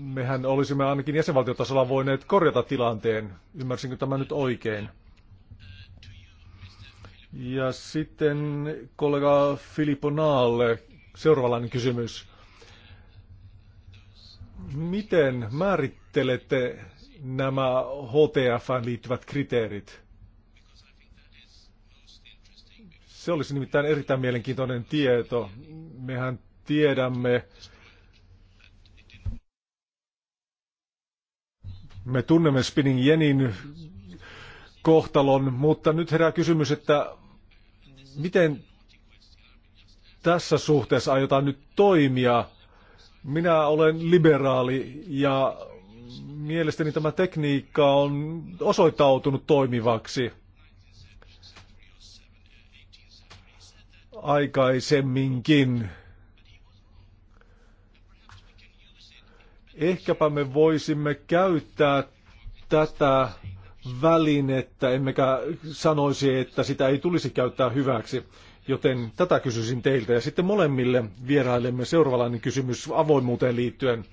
mehän olisimme ainakin jäsenvaltiotasolla voineet korjata tilanteen. Ymmärsinkö tämä nyt oikein? Ja sitten kollega Filippo Naalle seuraavallainen kysymys. Miten määrittelette nämä HTFn liittyvät kriteerit. Se olisi nimittäin erittäin mielenkiintoinen tieto. Mehän tiedämme, me tunnemme Spinning Jenin kohtalon, mutta nyt herää kysymys, että miten tässä suhteessa aiotaan nyt toimia? Minä olen liberaali ja mielestäni tämä tekniikka on osoittautunut toimivaksi. Aikaisemminkin. Ehkäpä me voisimme käyttää tätä välinettä, emmekä sanoisi, että sitä ei tulisi käyttää hyväksi. Joten tätä kysyisin teiltä. Ja sitten molemmille vierailemme seuraavalainen kysymys avoimuuteen liittyen.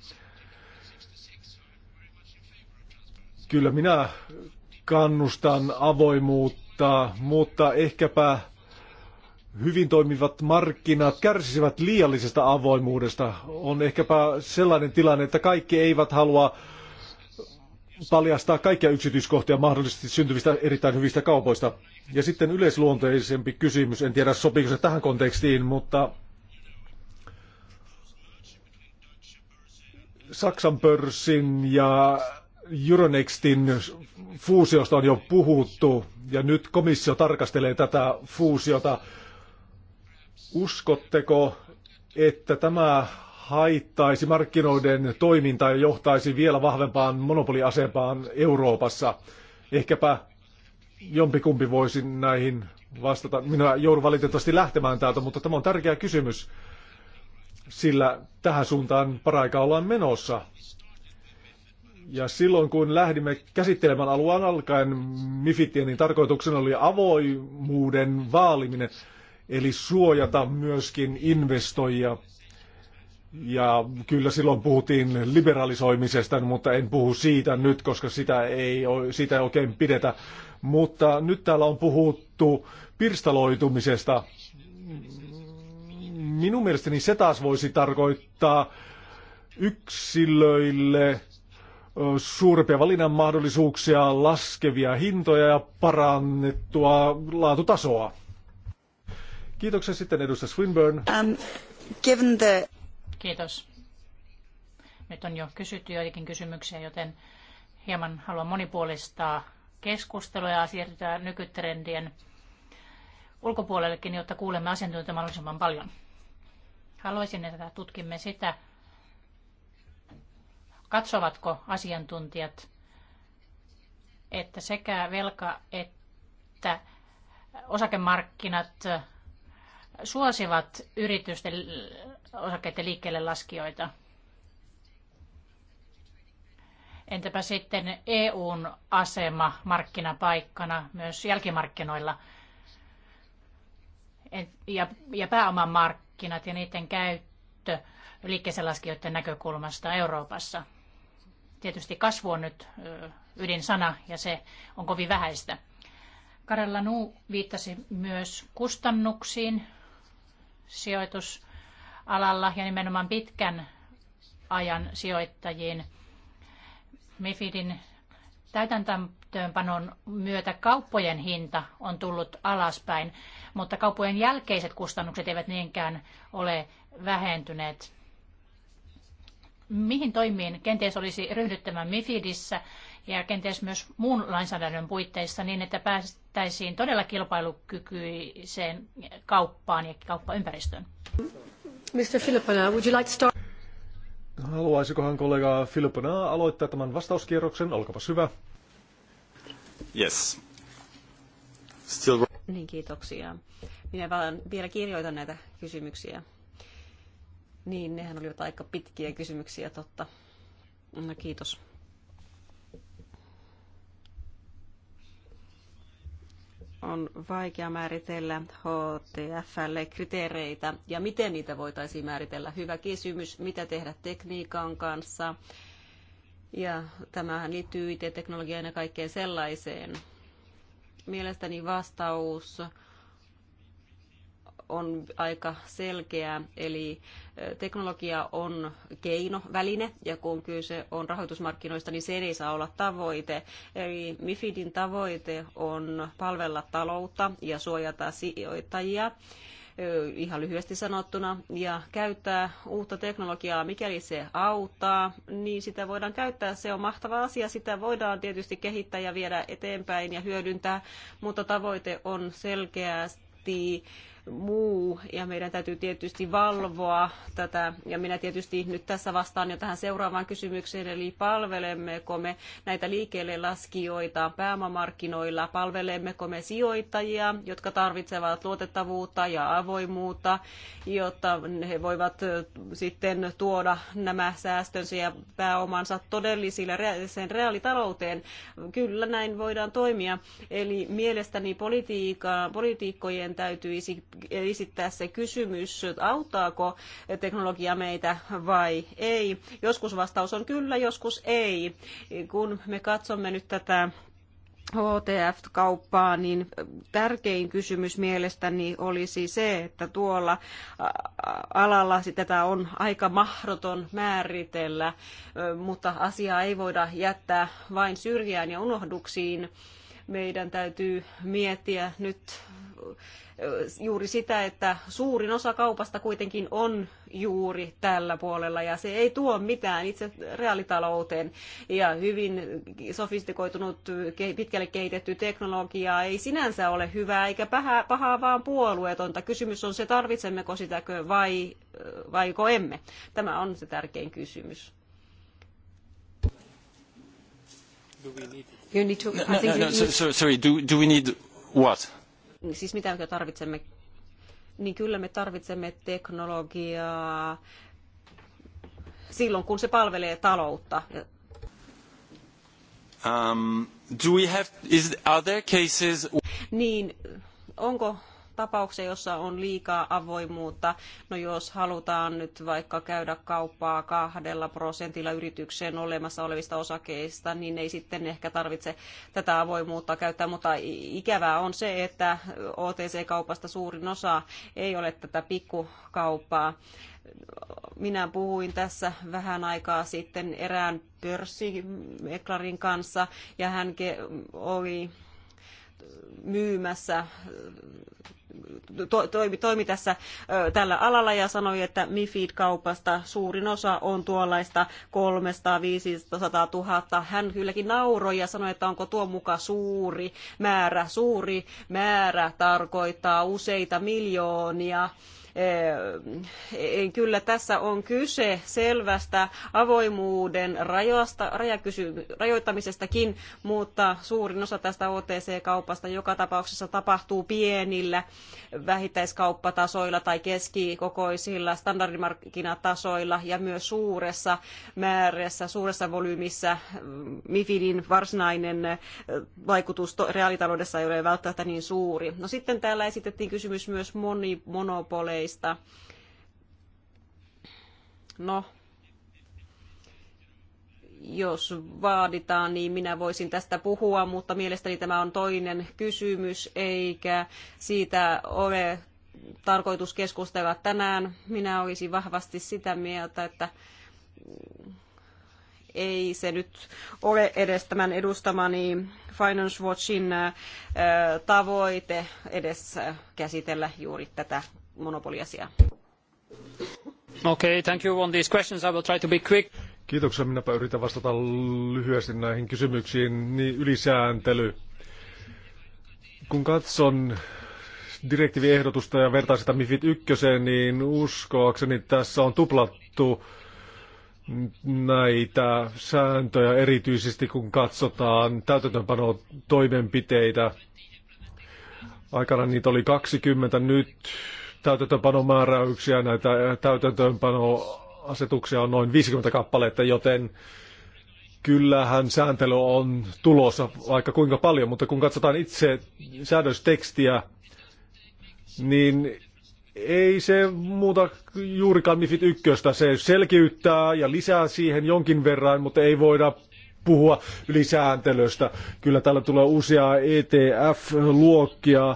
Kyllä minä kannustan avoimuutta, mutta ehkäpä hyvin toimivat markkinat kärsisivät liiallisesta avoimuudesta. On ehkäpä sellainen tilanne, että kaikki eivät halua paljastaa kaikkia yksityiskohtia mahdollisesti syntyvistä erittäin hyvistä kaupoista. Ja sitten yleisluonteisempi kysymys, en tiedä sopiiko se tähän kontekstiin, mutta Saksan pörssin ja Euronextin fuusiosta on jo puhuttu ja nyt komissio tarkastelee tätä fuusiota. Uskotteko, että tämä haittaisi markkinoiden toimintaa ja johtaisi vielä vahvempaan monopoliasemaan Euroopassa? Ehkäpä jompikumpi voisi näihin vastata. Minä joudun valitettavasti lähtemään täältä, mutta tämä on tärkeä kysymys, sillä tähän suuntaan paraikaa ollaan menossa. Ja silloin kun lähdimme käsittelemään alueen alkaen mifitienin niin tarkoituksena oli avoimuuden vaaliminen, eli suojata myöskin investoijia. Ja kyllä silloin puhuttiin liberalisoimisesta, mutta en puhu siitä nyt, koska sitä ei sitä oikein pidetä. Mutta nyt täällä on puhuttu pirstaloitumisesta. Minun mielestäni se taas voisi tarkoittaa yksilöille suurempia valinnan mahdollisuuksia, laskevia hintoja ja parannettua laatutasoa. Kiitoksia sitten edustaja Swinburne. Um, given the... Kiitos. Nyt on jo kysytty joitakin kysymyksiä, joten hieman haluan monipuolistaa keskustelua ja siirtytään nykytrendien ulkopuolellekin, jotta kuulemme asiantuntijoita mahdollisimman paljon. Haluaisin, että tutkimme sitä, Katsovatko asiantuntijat, että sekä velka että osakemarkkinat suosivat yritysten osakkeiden liikkeelle laskijoita? Entäpä sitten EUn asema markkinapaikkana myös jälkimarkkinoilla ja, ja markkinat ja niiden käyttö laskijoiden näkökulmasta Euroopassa? Tietysti kasvu on nyt ydinsana ja se on kovin vähäistä. Karella Nuu viittasi myös kustannuksiin sijoitusalalla ja nimenomaan pitkän ajan sijoittajiin. Mifidin täytäntöönpanon myötä kauppojen hinta on tullut alaspäin, mutta kauppojen jälkeiset kustannukset eivät niinkään ole vähentyneet mihin toimiin kenties olisi ryhdyttävä MIFIDissä ja kenties myös muun lainsäädännön puitteissa niin, että päästäisiin todella kilpailukykyiseen kauppaan ja kauppaympäristöön? Mr. Filippona, would you like to start? Haluaisikohan kollega Filippona aloittaa tämän vastauskierroksen? Olkapas hyvä. Yes. Still... Niin, kiitoksia. Minä vaan vielä kirjoitan näitä kysymyksiä niin, nehän olivat aika pitkiä kysymyksiä, totta. No, kiitos. on vaikea määritellä htfl kriteereitä ja miten niitä voitaisiin määritellä. Hyvä kysymys, mitä tehdä tekniikan kanssa. Ja tämähän liittyy IT-teknologiaan ja kaikkeen sellaiseen. Mielestäni vastaus on aika selkeä, eli teknologia on keino, väline, ja kun kyse on rahoitusmarkkinoista, niin se ei saa olla tavoite. Eli MIFIDin tavoite on palvella taloutta ja suojata sijoittajia ihan lyhyesti sanottuna, ja käyttää uutta teknologiaa, mikäli se auttaa, niin sitä voidaan käyttää. Se on mahtava asia, sitä voidaan tietysti kehittää ja viedä eteenpäin ja hyödyntää, mutta tavoite on selkeästi muu, ja meidän täytyy tietysti valvoa tätä, ja minä tietysti nyt tässä vastaan jo tähän seuraavaan kysymykseen, eli palvelemmeko me näitä liikkeelle laskijoita pääomamarkkinoilla, palvelemmeko me sijoittajia, jotka tarvitsevat luotettavuutta ja avoimuutta, jotta he voivat sitten tuoda nämä säästönsä ja pääomansa todellisille sen reaalitalouteen. Kyllä näin voidaan toimia, eli mielestäni politiikkojen täytyisi esittää se kysymys, auttaako teknologia meitä vai ei. Joskus vastaus on kyllä, joskus ei. Kun me katsomme nyt tätä HTF-kauppaa, niin tärkein kysymys mielestäni olisi se, että tuolla alalla tätä on aika mahdoton määritellä, mutta asiaa ei voida jättää vain syrjään ja unohduksiin. Meidän täytyy miettiä nyt juuri sitä, että suurin osa kaupasta kuitenkin on juuri tällä puolella ja se ei tuo mitään itse reaalitalouteen ja hyvin sofistikoitunut, pitkälle kehitetty teknologia ei sinänsä ole hyvää eikä pahaa, pahaa vaan puolueetonta. Kysymys on se, tarvitsemmeko sitäkö vai, vaiko emme. Tämä on se tärkein kysymys. You need to, no, no, I think no, no, you sorry, do, do we need what? siis mitä me tarvitsemme, niin kyllä me tarvitsemme teknologiaa silloin, kun se palvelee taloutta. Um, do we have, is, are there cases... Niin, onko tapauksia, jossa on liikaa avoimuutta. No jos halutaan nyt vaikka käydä kauppaa kahdella prosentilla yritykseen olemassa olevista osakeista, niin ei sitten ehkä tarvitse tätä avoimuutta käyttää, mutta ikävää on se, että OTC-kaupasta suurin osa ei ole tätä pikkukauppaa minä puhuin tässä vähän aikaa sitten erään pörssimeklarin kanssa ja hän oli myymässä, to, toimi, toimi tässä ö, tällä alalla ja sanoi, että MIFID-kaupasta suurin osa on tuollaista 300-500 000. Hän kylläkin nauroi ja sanoi, että onko tuo muka suuri määrä. Suuri määrä tarkoittaa useita miljoonia Eh, kyllä tässä on kyse selvästä avoimuuden rajoista, rajoittamisestakin, mutta suurin osa tästä OTC-kaupasta joka tapauksessa tapahtuu pienillä vähittäiskauppatasoilla tai keskikokoisilla standardimarkkinatasoilla ja myös suuressa määrässä, suuressa volyymissä MIFIDin varsinainen eh, vaikutus reaalitaloudessa ei ole välttämättä niin suuri. No sitten täällä esitettiin kysymys myös monimonopole aseista. No, jos vaaditaan, niin minä voisin tästä puhua, mutta mielestäni tämä on toinen kysymys, eikä siitä ole tarkoitus keskustella tänään. Minä olisin vahvasti sitä mieltä, että ei se nyt ole edes tämän edustamani Finance Watchin tavoite edes käsitellä juuri tätä monopoliasia. Okay, thank you on these questions. I will try to be quick. Kiitoksia. Minäpä yritän vastata lyhyesti näihin kysymyksiin. Niin, ylisääntely. Kun katson direktiiviehdotusta ja vertaan sitä MIFID 1, niin uskoakseni tässä on tuplattu näitä sääntöjä, erityisesti kun katsotaan täytäntöönpano toimenpiteitä. Aikana niitä oli 20, nyt täytäntöönpanomääräyksiä, näitä täytäntöönpanoasetuksia on noin 50 kappaletta, joten kyllähän sääntely on tulossa vaikka kuinka paljon, mutta kun katsotaan itse säädöstekstiä, niin ei se muuta juurikaan MIFID 1. Se selkiyttää ja lisää siihen jonkin verran, mutta ei voida puhua ylisääntelystä. Kyllä täällä tulee uusia ETF-luokkia,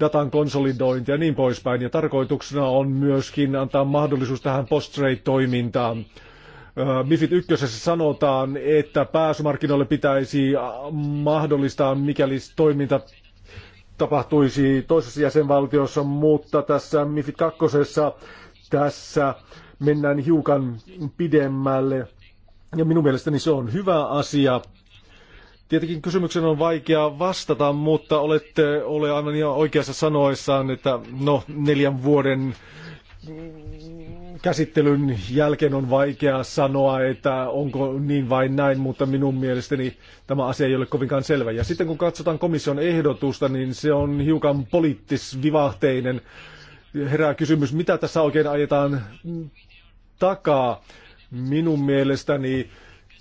datan konsolidointi ja niin poispäin. Ja tarkoituksena on myöskin antaa mahdollisuus tähän post-trade-toimintaan. Mifit 1 sanotaan, että pääsymarkkinoille pitäisi mahdollistaa, mikäli toiminta tapahtuisi toisessa jäsenvaltiossa, mutta tässä Mifit 2 tässä mennään hiukan pidemmälle. Ja minun mielestäni se on hyvä asia, Tietenkin kysymyksen on vaikea vastata, mutta olette ole aivan niin oikeassa sanoissaan, että no neljän vuoden käsittelyn jälkeen on vaikea sanoa, että onko niin vai näin, mutta minun mielestäni tämä asia ei ole kovinkaan selvä. Ja sitten kun katsotaan komission ehdotusta, niin se on hiukan poliittisvivahteinen. Herää kysymys, mitä tässä oikein ajetaan takaa. Minun mielestäni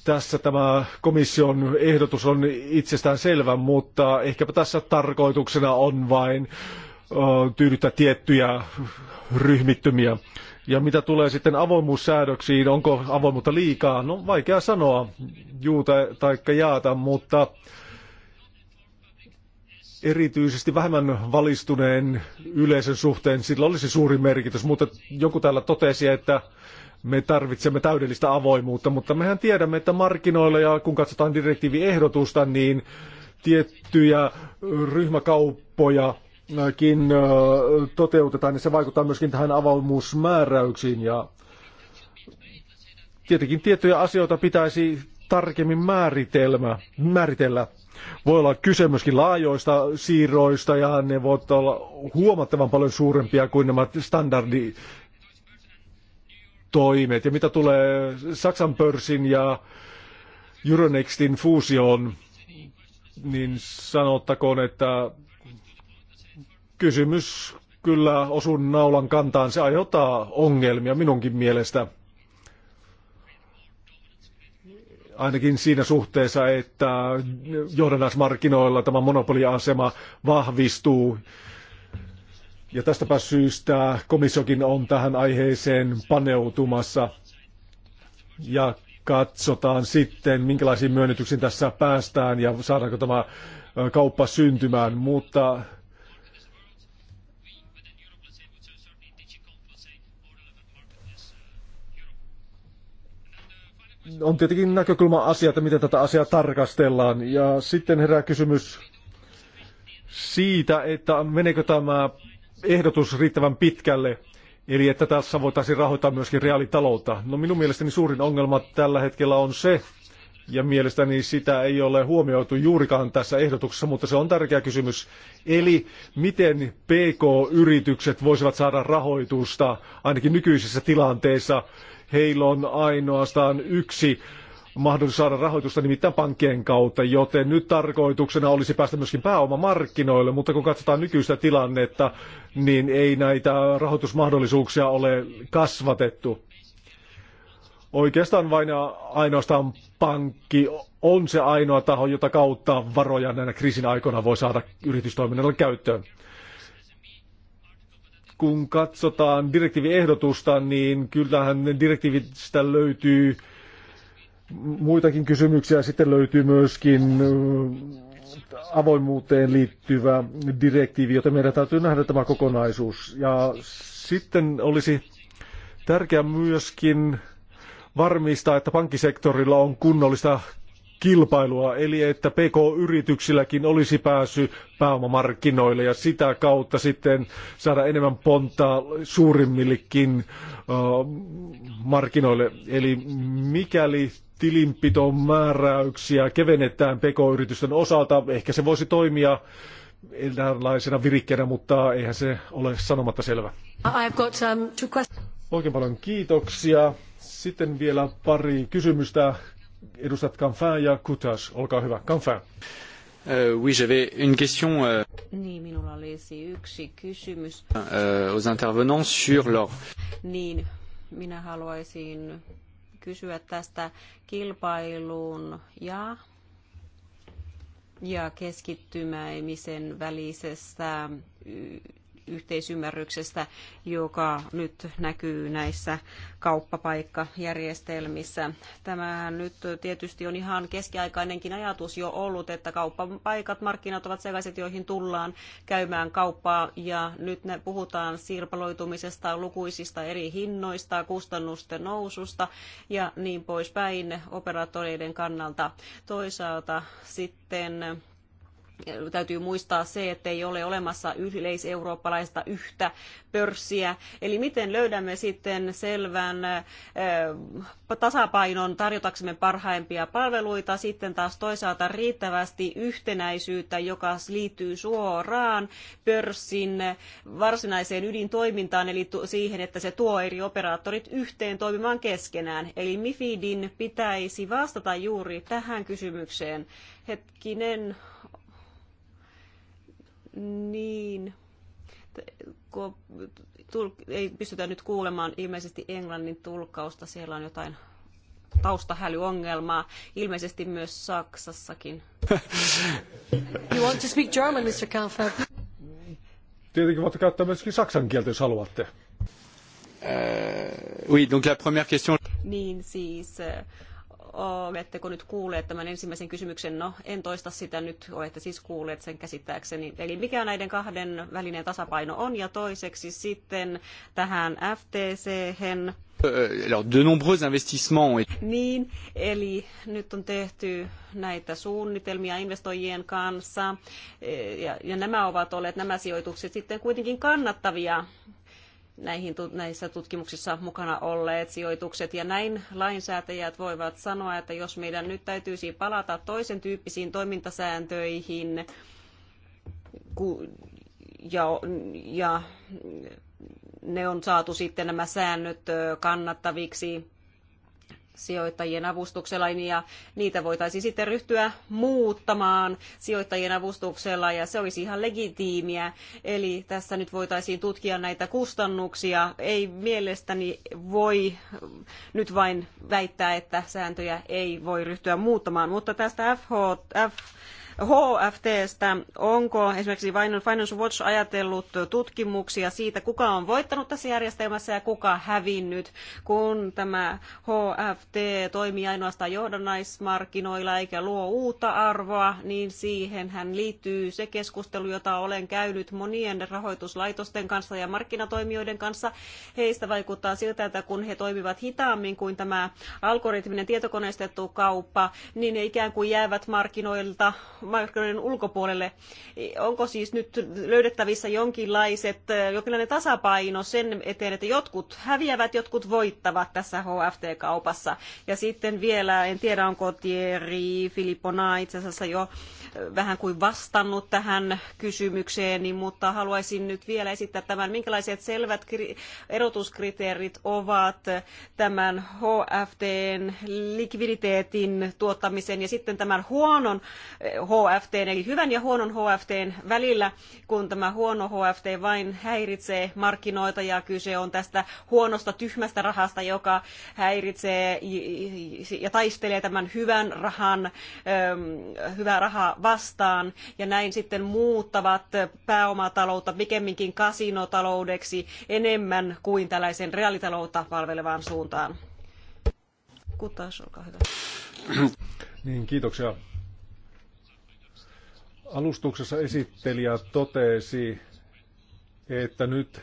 tässä tämä komission ehdotus on itsestään selvä, mutta ehkäpä tässä tarkoituksena on vain tyydyttää tiettyjä ryhmittymiä. Ja mitä tulee sitten avoimuussäädöksiin, onko avoimuutta liikaa? No vaikea sanoa juuta tai jaata, mutta erityisesti vähemmän valistuneen yleisön suhteen sillä olisi suuri merkitys, mutta joku täällä totesi, että me tarvitsemme täydellistä avoimuutta, mutta mehän tiedämme, että markkinoilla ja kun katsotaan direktiiviehdotusta, niin tiettyjä ryhmäkauppojakin toteutetaan, niin se vaikuttaa myöskin tähän avoimuusmääräyksiin ja tietenkin tiettyjä asioita pitäisi tarkemmin määritelmä, määritellä. Voi olla kyse myöskin laajoista siirroista ja ne voivat olla huomattavan paljon suurempia kuin nämä standardi toimet. Ja mitä tulee Saksan pörssin ja Euronextin fuusioon, niin sanottakoon, että kysymys kyllä osun naulan kantaan. Se aiheuttaa ongelmia minunkin mielestä. Ainakin siinä suhteessa, että johdannaismarkkinoilla tämä monopoliasema vahvistuu ja tästäpä syystä komissiokin on tähän aiheeseen paneutumassa ja katsotaan sitten, minkälaisiin myönnytyksiin tässä päästään ja saadaanko tämä kauppa syntymään, mutta on tietenkin näkökulma asia, että miten tätä asiaa tarkastellaan. Ja sitten herää kysymys siitä, että meneekö tämä ehdotus riittävän pitkälle, eli että tässä voitaisiin rahoittaa myöskin reaalitaloutta. No minun mielestäni suurin ongelma tällä hetkellä on se, ja mielestäni sitä ei ole huomioitu juurikaan tässä ehdotuksessa, mutta se on tärkeä kysymys. Eli miten PK-yritykset voisivat saada rahoitusta ainakin nykyisessä tilanteessa? Heillä on ainoastaan yksi mahdollisuus saada rahoitusta nimittäin pankkien kautta, joten nyt tarkoituksena olisi päästä myöskin pääomamarkkinoille, mutta kun katsotaan nykyistä tilannetta, niin ei näitä rahoitusmahdollisuuksia ole kasvatettu. Oikeastaan vain ja ainoastaan pankki on se ainoa taho, jota kautta varoja näinä kriisin aikoina voi saada yritystoiminnalle käyttöön kun katsotaan direktiiviehdotusta, niin kyllähän direktiivistä löytyy muitakin kysymyksiä. Sitten löytyy myöskin avoimuuteen liittyvä direktiivi, joten meidän täytyy nähdä tämä kokonaisuus. Ja sitten olisi tärkeää myöskin varmistaa, että pankkisektorilla on kunnollista kilpailua, eli että PK-yrityksilläkin olisi pääsy pääomamarkkinoille ja sitä kautta sitten saada enemmän pontaa suurimmillekin markkinoille. Eli mikäli tilinpiton määräyksiä kevennetään pk-yritysten osalta, ehkä se voisi toimia eräänlaisena virikkeenä, mutta eihän se ole sanomatta selvä. I've got, um, two Oikein paljon kiitoksia. Sitten vielä pari kysymystä. Edustat Kanfää ja Kutas, olkaa hyvä. Kanfää. Euh, oui, j'avais une question. Euh, niin, euh, aux intervenants sur leur... Niin, minä haluaisin kysyä tästä kilpailun ja, ja keskittymäimisen välisestä yhteisymmärryksestä, joka nyt näkyy näissä kauppapaikkajärjestelmissä. Tämähän nyt tietysti on ihan keskiaikainenkin ajatus jo ollut, että kauppapaikat, markkinat ovat sellaiset, joihin tullaan käymään kauppaa ja nyt ne puhutaan sirpaloitumisesta, lukuisista eri hinnoista, kustannusten noususta ja niin poispäin operaattoreiden kannalta. Toisaalta sitten täytyy muistaa se, että ei ole olemassa yleiseurooppalaista yhtä pörssiä. Eli miten löydämme sitten selvän tasapainon tarjotaksemme parhaimpia palveluita, sitten taas toisaalta riittävästi yhtenäisyyttä, joka liittyy suoraan pörssin varsinaiseen ydintoimintaan, eli siihen, että se tuo eri operaattorit yhteen toimimaan keskenään. Eli MIFIDin pitäisi vastata juuri tähän kysymykseen. Hetkinen, niin, kun ei pystytä nyt kuulemaan ilmeisesti englannin tulkausta siellä on jotain taustahälyongelmaa, ilmeisesti myös Saksassakin. you want to speak German, Mr. Kaufer? Tietenkin voitte käyttää myöskin saksan kieltä, jos haluatte. Uh, oui, donc la première question... Niin siis, äh, oletteko nyt kuulleet tämän ensimmäisen kysymyksen? No, en toista sitä nyt, olette siis kuulleet sen käsittääkseni. Eli mikä näiden kahden välinen tasapaino on? Ja toiseksi sitten tähän ftc -hen. Euh, alors, de nombreux investissements ont... Niin, eli nyt on tehty näitä suunnitelmia investoijien kanssa, e, ja, ja nämä ovat olleet nämä sijoitukset sitten kuitenkin kannattavia näihin, näissä tutkimuksissa mukana olleet sijoitukset. Ja näin lainsäätäjät voivat sanoa, että jos meidän nyt täytyisi palata toisen tyyppisiin toimintasääntöihin ja, ja ne on saatu sitten nämä säännöt kannattaviksi sijoittajien avustuksella, niin- ja niitä voitaisiin sitten ryhtyä muuttamaan sijoittajien avustuksella, ja se olisi ihan legitiimiä. Eli tässä nyt voitaisiin tutkia näitä kustannuksia. Ei mielestäni voi nyt vain väittää, että sääntöjä ei voi ryhtyä muuttamaan, mutta tästä FH, F, HFTstä. Onko esimerkiksi Finance Watch ajatellut tutkimuksia siitä, kuka on voittanut tässä järjestelmässä ja kuka hävinnyt, kun tämä HFT toimii ainoastaan johdannaismarkkinoilla eikä luo uutta arvoa, niin siihenhän liittyy se keskustelu, jota olen käynyt monien rahoituslaitosten kanssa ja markkinatoimijoiden kanssa. Heistä vaikuttaa siltä, että kun he toimivat hitaammin kuin tämä algoritminen tietokoneistettu kauppa, niin ne ikään kuin jäävät markkinoilta markkinoiden ulkopuolelle. Onko siis nyt löydettävissä jonkinlaiset, jonkinlainen tasapaino sen eteen, että jotkut häviävät, jotkut voittavat tässä HFT-kaupassa. Ja sitten vielä, en tiedä onko Thierry Filippona itse asiassa jo vähän kuin vastannut tähän kysymykseen, mutta haluaisin nyt vielä esittää tämän, minkälaiset selvät erotuskriteerit ovat tämän HFTn likviditeetin tuottamisen ja sitten tämän huonon HFT, eli hyvän ja huonon HFT välillä, kun tämä huono HFT vain häiritsee markkinoita ja kyse on tästä huonosta tyhmästä rahasta, joka häiritsee ja taistelee tämän hyvän rahan, hyvää rahaa vastaan ja näin sitten muuttavat pääomataloutta pikemminkin kasinotaloudeksi enemmän kuin tällaisen reaalitaloutta palvelevaan suuntaan. Kutas, olkaa hyvä. Niin, kiitoksia Alustuksessa esittelijä totesi, että nyt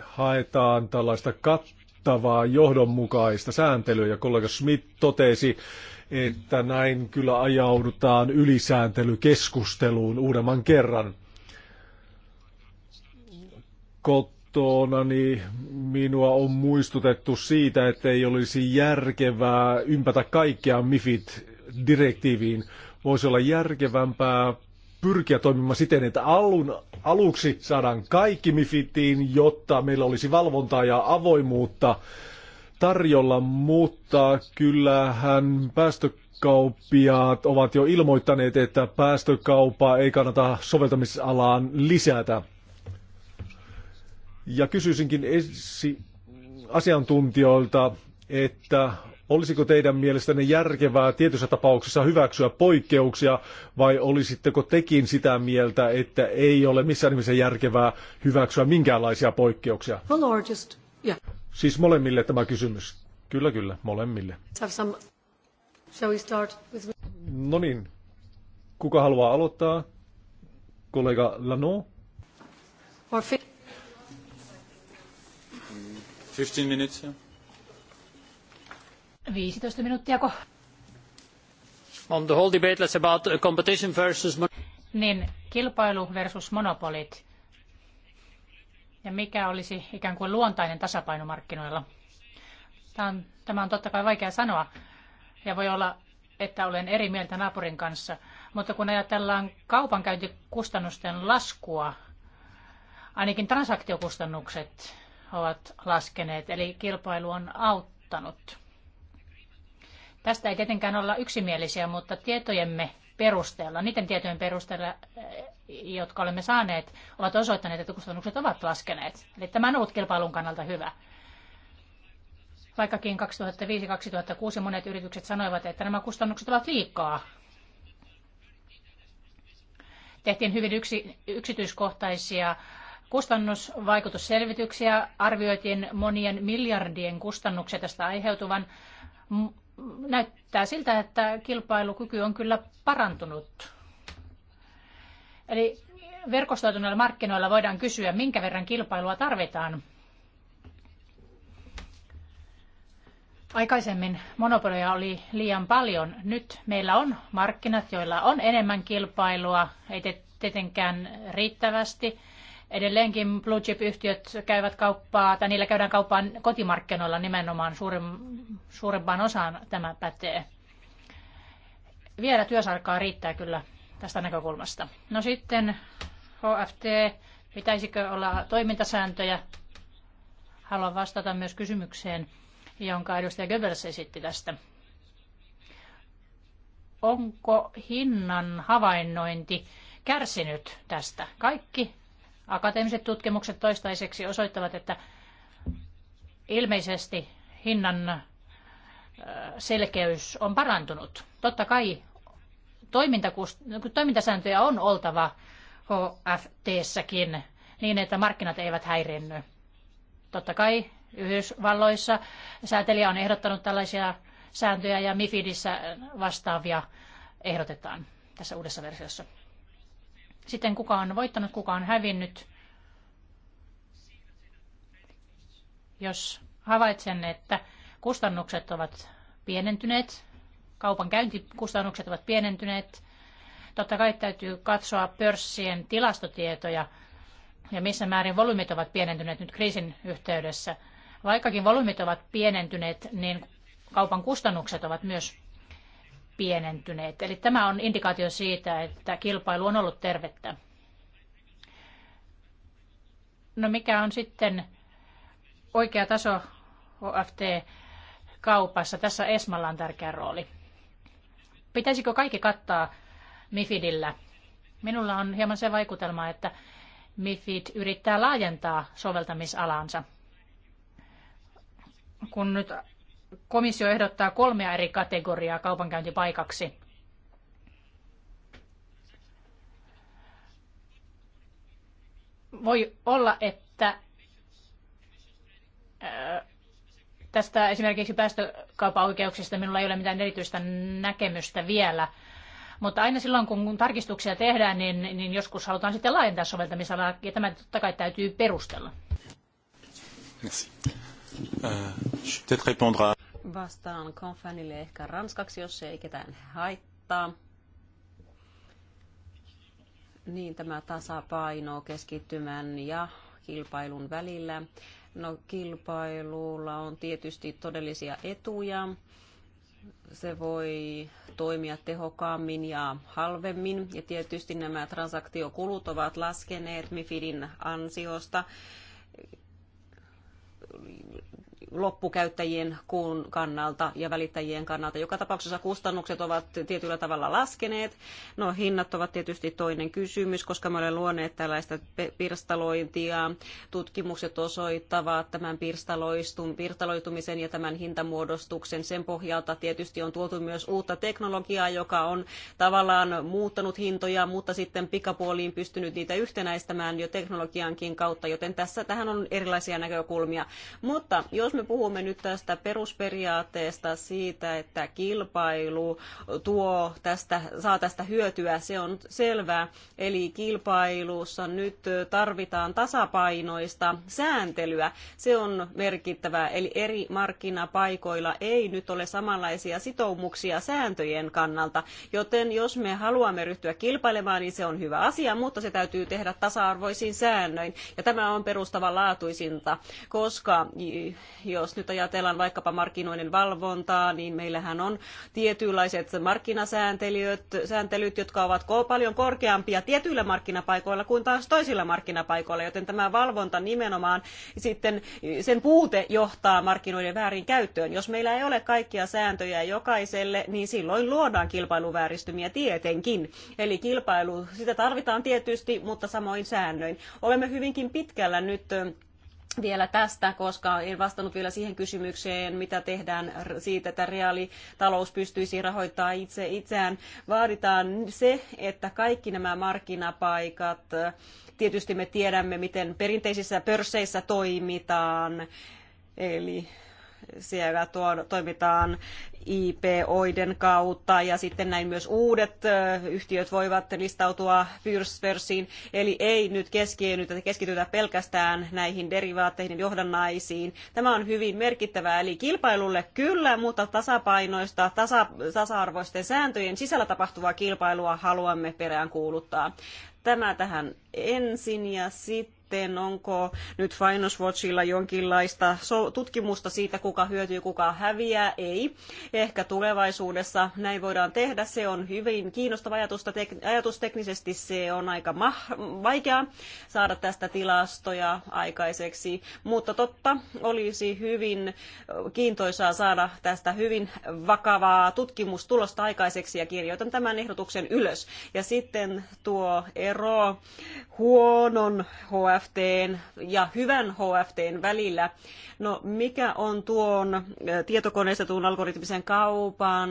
haetaan tällaista kattavaa, johdonmukaista sääntelyä, ja kollega Schmidt totesi, että näin kyllä ajaudutaan ylisääntelykeskusteluun uudemman kerran. Kotona niin minua on muistutettu siitä, että ei olisi järkevää ympätä kaikkea MIFID-direktiiviin. Voisi olla järkevämpää pyrkiä toimimaan siten, että alun, aluksi saadaan kaikki MIFITiin, jotta meillä olisi valvontaa ja avoimuutta tarjolla, mutta kyllähän päästökauppiaat ovat jo ilmoittaneet, että päästökauppa ei kannata soveltamisalaan lisätä. Ja kysyisinkin esi- asiantuntijoilta, että Olisiko teidän mielestänne järkevää tietyissä tapauksissa hyväksyä poikkeuksia vai olisitteko tekin sitä mieltä, että ei ole missään nimessä järkevää hyväksyä minkäänlaisia poikkeuksia? Well, just, yeah. Siis molemmille tämä kysymys. Kyllä, kyllä, molemmille. No niin, kuka haluaa aloittaa? Kollega Lano? Or fi- 15 minutes. Yeah. 15 minuuttiako? On the whole debate, let's about uh, competition versus... Niin, kilpailu versus monopolit. Ja mikä olisi ikään kuin luontainen tasapaino markkinoilla? Tämä on, tämä on totta kai vaikea sanoa. Ja voi olla, että olen eri mieltä naapurin kanssa. Mutta kun ajatellaan kaupankäyntikustannusten laskua, ainakin transaktiokustannukset ovat laskeneet, eli kilpailu on auttanut. Tästä ei tietenkään olla yksimielisiä, mutta tietojemme perusteella, niiden tietojen perusteella, eh, jotka olemme saaneet, ovat osoittaneet, että kustannukset ovat laskeneet. Eli tämä on ollut kilpailun kannalta hyvä. Vaikkakin 2005-2006 monet yritykset sanoivat, että nämä kustannukset ovat liikaa. Tehtiin hyvin yksi, yksityiskohtaisia kustannusvaikutusselvityksiä, arvioitiin monien miljardien kustannuksia tästä aiheutuvan, näyttää siltä, että kilpailukyky on kyllä parantunut. Eli verkostoituneilla markkinoilla voidaan kysyä, minkä verran kilpailua tarvitaan. Aikaisemmin monopoleja oli liian paljon. Nyt meillä on markkinat, joilla on enemmän kilpailua, ei tietenkään riittävästi. Edelleenkin blue chip-yhtiöt käyvät kauppaa, tai niillä käydään kauppaa kotimarkkinoilla nimenomaan, suurin, suurempaan osaan tämä pätee. Vielä työsarkaa riittää kyllä tästä näkökulmasta. No sitten HFT, pitäisikö olla toimintasääntöjä? Haluan vastata myös kysymykseen, jonka edustaja Goebbels esitti tästä onko hinnan havainnointi kärsinyt tästä? Kaikki Akateemiset tutkimukset toistaiseksi osoittavat, että ilmeisesti hinnan selkeys on parantunut. Totta kai toimintasääntöjä on oltava hft niin, että markkinat eivät häirinny. Totta kai Yhdysvalloissa säätelijä on ehdottanut tällaisia sääntöjä ja MIFIDissä vastaavia ehdotetaan tässä uudessa versiossa. Sitten kuka on voittanut, kuka on hävinnyt. Jos havaitsen, että kustannukset ovat pienentyneet, kaupan käyntikustannukset ovat pienentyneet, totta kai täytyy katsoa pörssien tilastotietoja ja missä määrin volyymit ovat pienentyneet nyt kriisin yhteydessä. Vaikkakin volyymit ovat pienentyneet, niin kaupan kustannukset ovat myös pienentyneet. Eli tämä on indikaatio siitä, että kilpailu on ollut tervettä. No mikä on sitten oikea taso hft kaupassa Tässä Esmalla on tärkeä rooli. Pitäisikö kaikki kattaa MIFIDillä? Minulla on hieman se vaikutelma, että MIFID yrittää laajentaa soveltamisalansa. Kun nyt komissio ehdottaa kolmea eri kategoriaa kaupankäyntipaikaksi. Voi olla, että tästä esimerkiksi päästökaupaoikeuksista minulla ei ole mitään erityistä näkemystä vielä. Mutta aina silloin, kun tarkistuksia tehdään, niin, niin joskus halutaan sitten laajentaa soveltamisalaa, ja tämä totta kai täytyy perustella. Merci. Uh, je vais répondre à Vastaan konfanille ehkä ranskaksi, jos ei ketään haittaa. Niin tämä tasapaino keskittymän ja kilpailun välillä. No kilpailulla on tietysti todellisia etuja. Se voi toimia tehokkaammin ja halvemmin. Ja tietysti nämä transaktiokulut ovat laskeneet Mifidin ansiosta loppukäyttäjien kuun kannalta ja välittäjien kannalta. Joka tapauksessa kustannukset ovat tietyllä tavalla laskeneet. No hinnat ovat tietysti toinen kysymys, koska me olemme luoneet tällaista pirstalointia. Tutkimukset osoittavat tämän pirstaloitumisen ja tämän hintamuodostuksen. Sen pohjalta tietysti on tuotu myös uutta teknologiaa, joka on tavallaan muuttanut hintoja, mutta sitten pikapuoliin pystynyt niitä yhtenäistämään jo teknologiankin kautta, joten tässä tähän on erilaisia näkökulmia. Mutta jos me puhumme nyt tästä perusperiaatteesta siitä, että kilpailu tuo tästä, saa tästä hyötyä, se on selvää. Eli kilpailussa nyt tarvitaan tasapainoista sääntelyä. Se on merkittävää. Eli eri markkinapaikoilla ei nyt ole samanlaisia sitoumuksia sääntöjen kannalta. Joten jos me haluamme ryhtyä kilpailemaan, niin se on hyvä asia, mutta se täytyy tehdä tasa-arvoisin säännöin. Ja tämä on perustavanlaatuisinta, koska jos nyt ajatellaan vaikkapa markkinoiden valvontaa, niin meillähän on tietynlaiset markkinasääntelyt, sääntelyt, jotka ovat paljon korkeampia tietyillä markkinapaikoilla kuin taas toisilla markkinapaikoilla, joten tämä valvonta nimenomaan sitten sen puute johtaa markkinoiden väärinkäyttöön. Jos meillä ei ole kaikkia sääntöjä jokaiselle, niin silloin luodaan kilpailuvääristymiä tietenkin. Eli kilpailu, sitä tarvitaan tietysti, mutta samoin säännöin. Olemme hyvinkin pitkällä nyt vielä tästä, koska en vastannut vielä siihen kysymykseen, mitä tehdään siitä, että reaalitalous pystyisi rahoittamaan itse itseään. Vaaditaan se, että kaikki nämä markkinapaikat, tietysti me tiedämme, miten perinteisissä pörsseissä toimitaan, eli siellä tuo, toimitaan IPOiden kautta ja sitten näin myös uudet yhtiöt voivat listautua pörssiin. Eli ei nyt keskitytä, keskitytä pelkästään näihin derivaatteihin johdannaisiin. Tämä on hyvin merkittävää, eli kilpailulle kyllä, mutta tasapainoista, tasa, tasa-arvoisten sääntöjen sisällä tapahtuvaa kilpailua haluamme peräänkuuluttaa. Tämä tähän ensin ja sitten sitten, onko nyt Finance Watchilla jonkinlaista tutkimusta siitä, kuka hyötyy, kuka häviää? Ei. Ehkä tulevaisuudessa näin voidaan tehdä. Se on hyvin kiinnostava ajatus, ajatus teknisesti. Se on aika ma- vaikeaa saada tästä tilastoja aikaiseksi, mutta totta olisi hyvin kiintoisaa saada tästä hyvin vakavaa tutkimustulosta aikaiseksi ja kirjoitan tämän ehdotuksen ylös. Ja sitten tuo ero huonon HR HFTn ja hyvän HFTn välillä. No mikä on tuon tietokoneistetun algoritmisen kaupan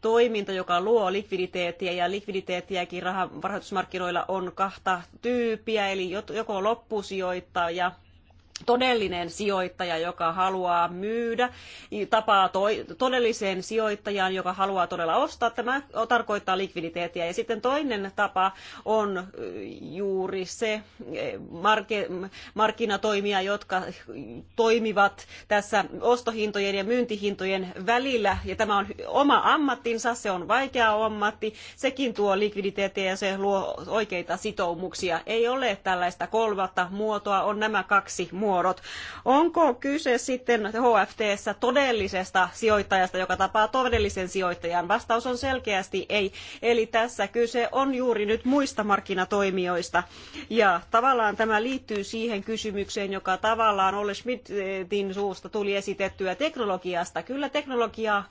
toiminta, joka luo likviditeettiä ja likviditeettiäkin rahoitusmarkkinoilla on kahta tyyppiä, eli joko loppusijoittaja todellinen sijoittaja, joka haluaa myydä, tapaa toi, todelliseen sijoittajaan, joka haluaa todella ostaa. Tämä tarkoittaa likviditeettiä. Ja sitten toinen tapa on juuri se e, marke, markkinatoimia, jotka toimivat tässä ostohintojen ja myyntihintojen välillä. Ja tämä on oma ammattinsa, se on vaikea ammatti. Sekin tuo likviditeettiä ja se luo oikeita sitoumuksia. Ei ole tällaista kolmatta muotoa, on nämä kaksi muotoa muodot. Onko kyse sitten HFTssä todellisesta sijoittajasta, joka tapaa todellisen sijoittajan? Vastaus on selkeästi ei. Eli tässä kyse on juuri nyt muista markkinatoimijoista. Ja tavallaan tämä liittyy siihen kysymykseen, joka tavallaan Olle Schmidtin suusta tuli esitettyä teknologiasta. Kyllä teknologia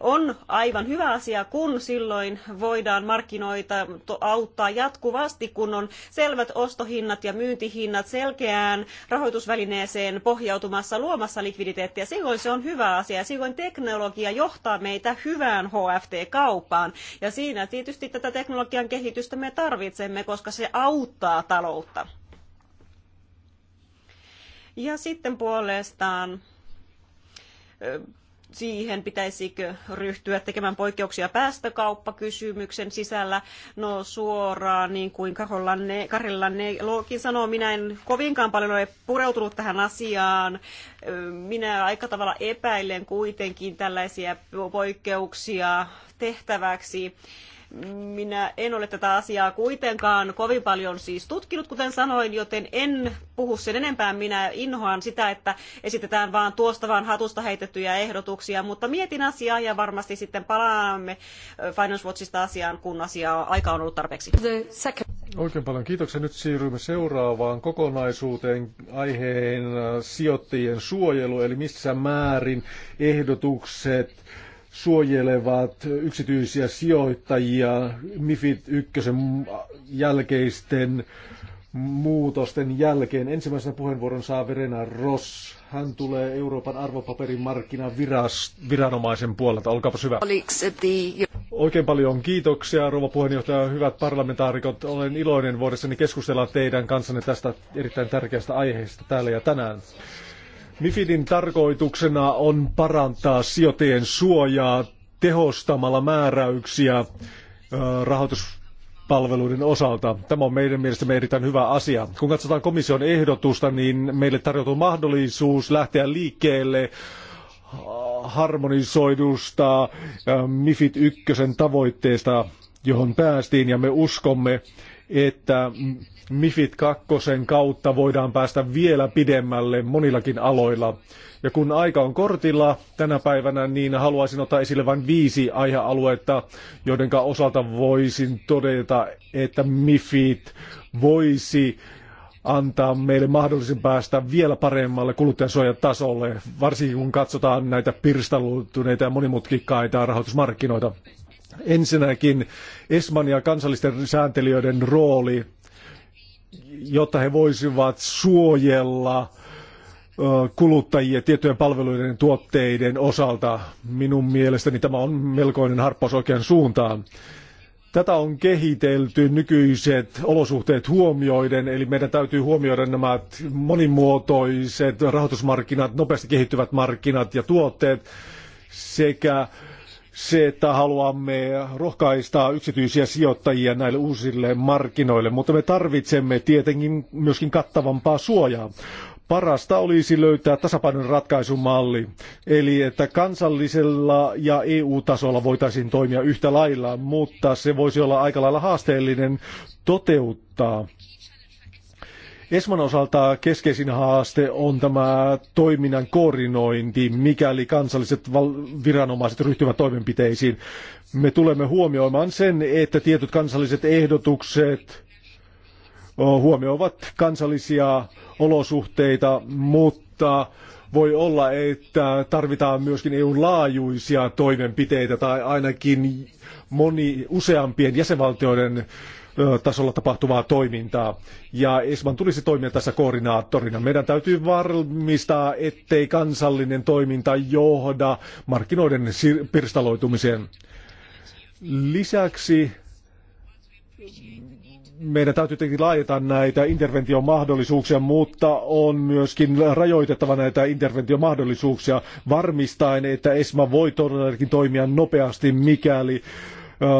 on aivan hyvä asia, kun silloin voidaan markkinoita auttaa jatkuvasti, kun on selvät ostohinnat ja myyntihinnat selkeään rahoitusvälineeseen pohjautumassa luomassa likviditeettiä. Silloin se on hyvä asia ja silloin teknologia johtaa meitä hyvään HFT-kauppaan. Ja siinä tietysti tätä teknologian kehitystä me tarvitsemme, koska se auttaa taloutta. Ja sitten puolestaan siihen pitäisikö ryhtyä tekemään poikkeuksia päästökauppakysymyksen sisällä. No suoraan, niin kuin Karilla Lookin sanoo, minä en kovinkaan paljon ole pureutunut tähän asiaan. Minä aika tavalla epäilen kuitenkin tällaisia poikkeuksia tehtäväksi minä en ole tätä asiaa kuitenkaan kovin paljon siis tutkinut, kuten sanoin, joten en puhu sen enempää. Minä inhoan sitä, että esitetään vaan tuosta vaan hatusta heitettyjä ehdotuksia, mutta mietin asiaa ja varmasti sitten palaamme Finance Watchista asiaan, kun asiaa aika on ollut tarpeeksi. Oikein paljon kiitoksia. Nyt siirrymme seuraavaan kokonaisuuteen aiheen sijoittajien suojelu, eli missä määrin ehdotukset suojelevat yksityisiä sijoittajia MIFID 1 jälkeisten muutosten jälkeen. Ensimmäisenä puheenvuoron saa Verena Ross. Hän tulee Euroopan arvopaperimarkkinaviranomaisen puolelta. Olkaapa hyvä. Oikein paljon kiitoksia, rouva puheenjohtaja. Hyvät parlamentaarikot, olen iloinen vuodessani keskustella teidän kanssanne tästä erittäin tärkeästä aiheesta täällä ja tänään. Mifidin tarkoituksena on parantaa sijoittajien suojaa tehostamalla määräyksiä rahoituspalveluiden osalta. Tämä on meidän mielestämme erittäin hyvä asia. Kun katsotaan komission ehdotusta, niin meille tarjoutuu mahdollisuus lähteä liikkeelle harmonisoidusta MIFID 1 tavoitteesta, johon päästiin, ja me uskomme, että Mifit 2 kautta voidaan päästä vielä pidemmälle monillakin aloilla. Ja kun aika on kortilla tänä päivänä, niin haluaisin ottaa esille vain viisi aihealuetta, joiden osalta voisin todeta, että Mifit voisi antaa meille mahdollisen päästä vielä paremmalle kuluttajansuojatasolle, varsinkin kun katsotaan näitä pirstaloituneita ja monimutkikkaita rahoitusmarkkinoita. Ensinnäkin Esman ja kansallisten sääntelijöiden rooli jotta he voisivat suojella kuluttajia tiettyjen palveluiden tuotteiden osalta. Minun mielestäni tämä on melkoinen harppaus oikean suuntaan. Tätä on kehitelty nykyiset olosuhteet huomioiden, eli meidän täytyy huomioida nämä monimuotoiset rahoitusmarkkinat, nopeasti kehittyvät markkinat ja tuotteet sekä se, että haluamme rohkaista yksityisiä sijoittajia näille uusille markkinoille, mutta me tarvitsemme tietenkin myöskin kattavampaa suojaa. Parasta olisi löytää tasapainon ratkaisumalli, eli että kansallisella ja EU-tasolla voitaisiin toimia yhtä lailla, mutta se voisi olla aika lailla haasteellinen toteuttaa Esman osalta keskeisin haaste on tämä toiminnan koordinointi, mikäli kansalliset viranomaiset ryhtyvät toimenpiteisiin. Me tulemme huomioimaan sen, että tietyt kansalliset ehdotukset huomioivat kansallisia olosuhteita, mutta voi olla, että tarvitaan myöskin EUn laajuisia toimenpiteitä tai ainakin moni useampien jäsenvaltioiden tasolla tapahtuvaa toimintaa. Ja ESMAN tulisi toimia tässä koordinaattorina. Meidän täytyy varmistaa, ettei kansallinen toiminta johda markkinoiden pirstaloitumiseen. Lisäksi meidän täytyy tietenkin laajentaa näitä interventiomahdollisuuksia, mutta on myöskin rajoitettava näitä interventiomahdollisuuksia varmistaen, että ESMA voi todellakin toimia nopeasti, mikäli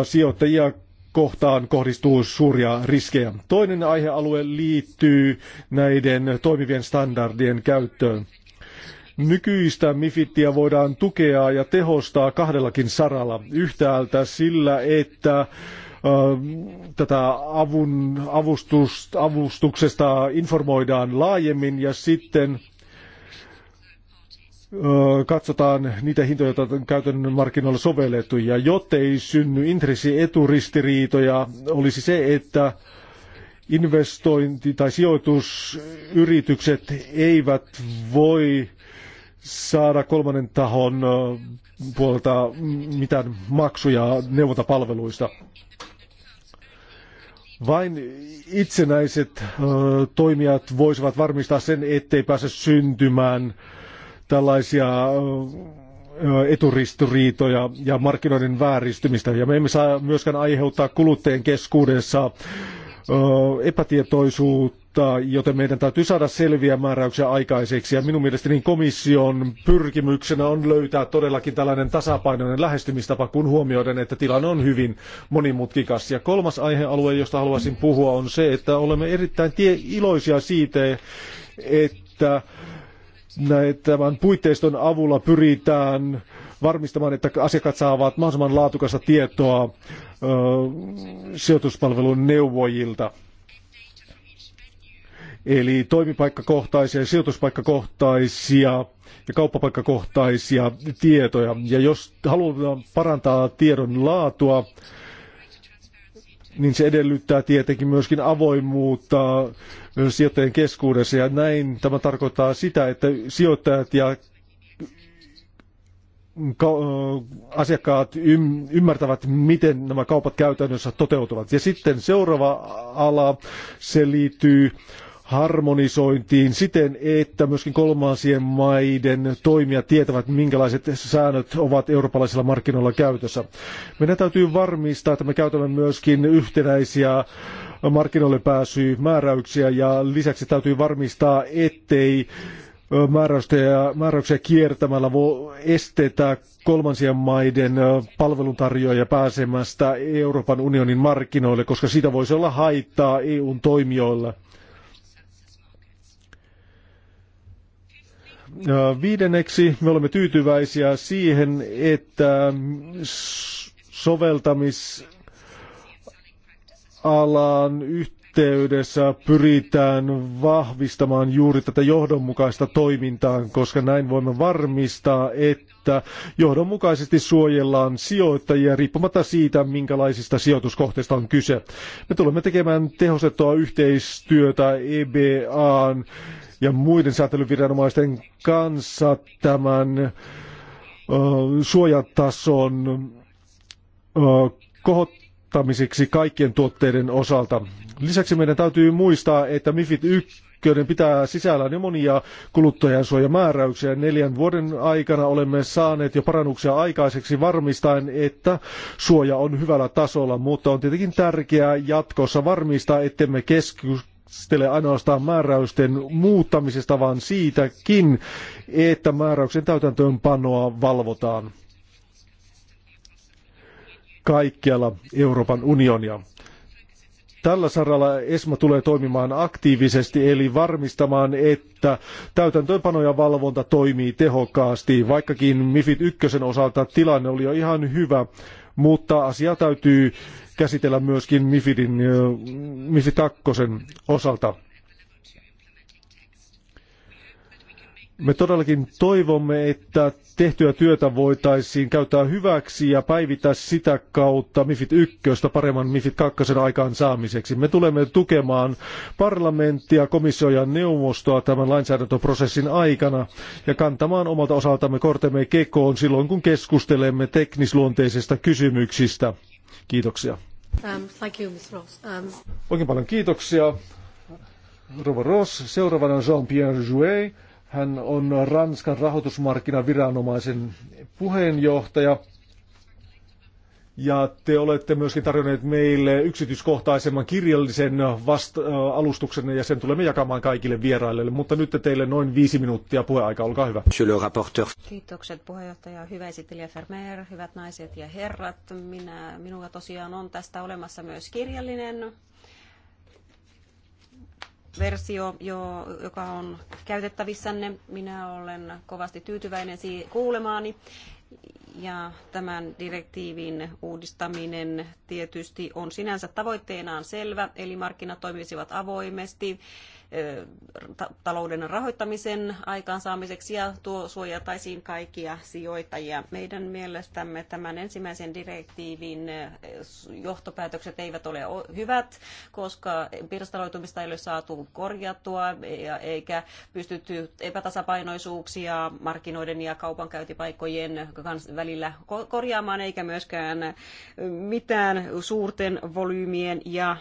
sijoittajia kohtaan kohdistuu suuria riskejä. Toinen aihealue liittyy näiden toimivien standardien käyttöön. Nykyistä mifittiä voidaan tukea ja tehostaa kahdellakin saralla. Yhtäältä sillä, että tätä avun, avustuksesta informoidaan laajemmin ja sitten katsotaan niitä hintoja, joita on käytännön markkinoilla sovellettu. Ja jottei synny intressieturistiriitoja, olisi se, että investointi- tai sijoitusyritykset eivät voi saada kolmannen tahon puolta mitään maksuja neuvontapalveluista. Vain itsenäiset toimijat voisivat varmistaa sen, ettei pääse syntymään tällaisia eturistiriitoja ja markkinoiden vääristymistä. Ja me emme saa myöskään aiheuttaa kuluttajien keskuudessa epätietoisuutta, joten meidän täytyy saada selviä määräyksiä aikaiseksi. Ja minun mielestäni niin komission pyrkimyksenä on löytää todellakin tällainen tasapainoinen lähestymistapa, kun huomioiden, että tilanne on hyvin monimutkikas. Ja kolmas aihealue, josta haluaisin puhua, on se, että olemme erittäin iloisia siitä, että että tämän puitteiston avulla pyritään varmistamaan, että asiakkaat saavat mahdollisimman laatukasta tietoa ö, sijoituspalvelun neuvojilta. Eli toimipaikkakohtaisia, sijoituspaikkakohtaisia ja kauppapaikkakohtaisia tietoja. Ja jos halutaan parantaa tiedon laatua, niin se edellyttää tietenkin myöskin avoimuutta sijoittajien keskuudessa. Ja näin tämä tarkoittaa sitä, että sijoittajat ja asiakkaat ymmärtävät, miten nämä kaupat käytännössä toteutuvat. Ja sitten seuraava ala, se liittyy harmonisointiin siten, että myöskin kolmansien maiden toimijat tietävät, minkälaiset säännöt ovat eurooppalaisilla markkinoilla käytössä. Meidän täytyy varmistaa, että me käytämme myöskin yhtenäisiä markkinoille pääsymääräyksiä ja lisäksi täytyy varmistaa, ettei määräyksiä, määräyksiä kiertämällä voi estetä kolmansien maiden palveluntarjoajia pääsemästä Euroopan unionin markkinoille, koska siitä voisi olla haittaa EUn toimijoille. Viidenneksi me olemme tyytyväisiä siihen, että soveltamisalan yhteydessä pyritään vahvistamaan juuri tätä johdonmukaista toimintaa, koska näin voimme varmistaa, että johdonmukaisesti suojellaan sijoittajia riippumatta siitä, minkälaisista sijoituskohteista on kyse. Me tulemme tekemään tehostettua yhteistyötä EBAn ja muiden säätelyviranomaisten kanssa tämän suojatason kohottamiseksi kaikkien tuotteiden osalta. Lisäksi meidän täytyy muistaa, että MIFID 1 pitää sisällään jo monia kuluttajansuojamääräyksiä. Neljän vuoden aikana olemme saaneet jo parannuksia aikaiseksi varmistaen, että suoja on hyvällä tasolla, mutta on tietenkin tärkeää jatkossa varmistaa, ettemme keskus keskustele ainoastaan määräysten muuttamisesta, vaan siitäkin, että määräyksen täytäntöönpanoa valvotaan kaikkialla Euroopan unionia. Tällä saralla ESMA tulee toimimaan aktiivisesti, eli varmistamaan, että täytäntöönpano ja valvonta toimii tehokkaasti. Vaikkakin MIFID 1 osalta tilanne oli jo ihan hyvä, mutta asia täytyy käsitellä myöskin MIFIDin, MIFID II osalta. Me todellakin toivomme, että tehtyä työtä voitaisiin käyttää hyväksi ja päivittää sitä kautta MIFID 1 paremman MIFID 2 aikaan saamiseksi. Me tulemme tukemaan parlamenttia, komissio ja neuvostoa tämän lainsäädäntöprosessin aikana ja kantamaan omalta osaltamme kortemme kekoon silloin, kun keskustelemme teknisluonteisista kysymyksistä. Kiitoksia. Um, thank you, Ms. Ross. Um... Oikein paljon kiitoksia. Rova Ross, seuraavana Jean-Pierre Jouet. Hän on Ranskan rahoitusmarkkinaviranomaisen puheenjohtaja. Ja te olette myöskin tarjonneet meille yksityiskohtaisemman kirjallisen vasta- äh, alustuksen ja sen tulemme jakamaan kaikille vieraille. Mutta nyt teille noin viisi minuuttia puheaika, olkaa hyvä. Kiitokset puheenjohtaja, hyvä esittelijä Fermeer, hyvät naiset ja herrat. Minä, minulla tosiaan on tästä olemassa myös kirjallinen versio, jo, joka on käytettävissänne. Minä olen kovasti tyytyväinen kuulemaani ja tämän direktiivin uudistaminen tietysti on sinänsä tavoitteenaan selvä, eli markkinat toimisivat avoimesti talouden rahoittamisen aikaansaamiseksi ja tuo suojataisiin kaikkia sijoittajia. Meidän mielestämme tämän ensimmäisen direktiivin eh, johtopäätökset eivät ole hyvät, koska pirstaloitumista ei ole saatu korjattua eikä pystytty epätasapainoisuuksia markkinoiden ja kaupankäyntipaikkojen välillä korjaamaan eikä myöskään mitään suurten volyymien ja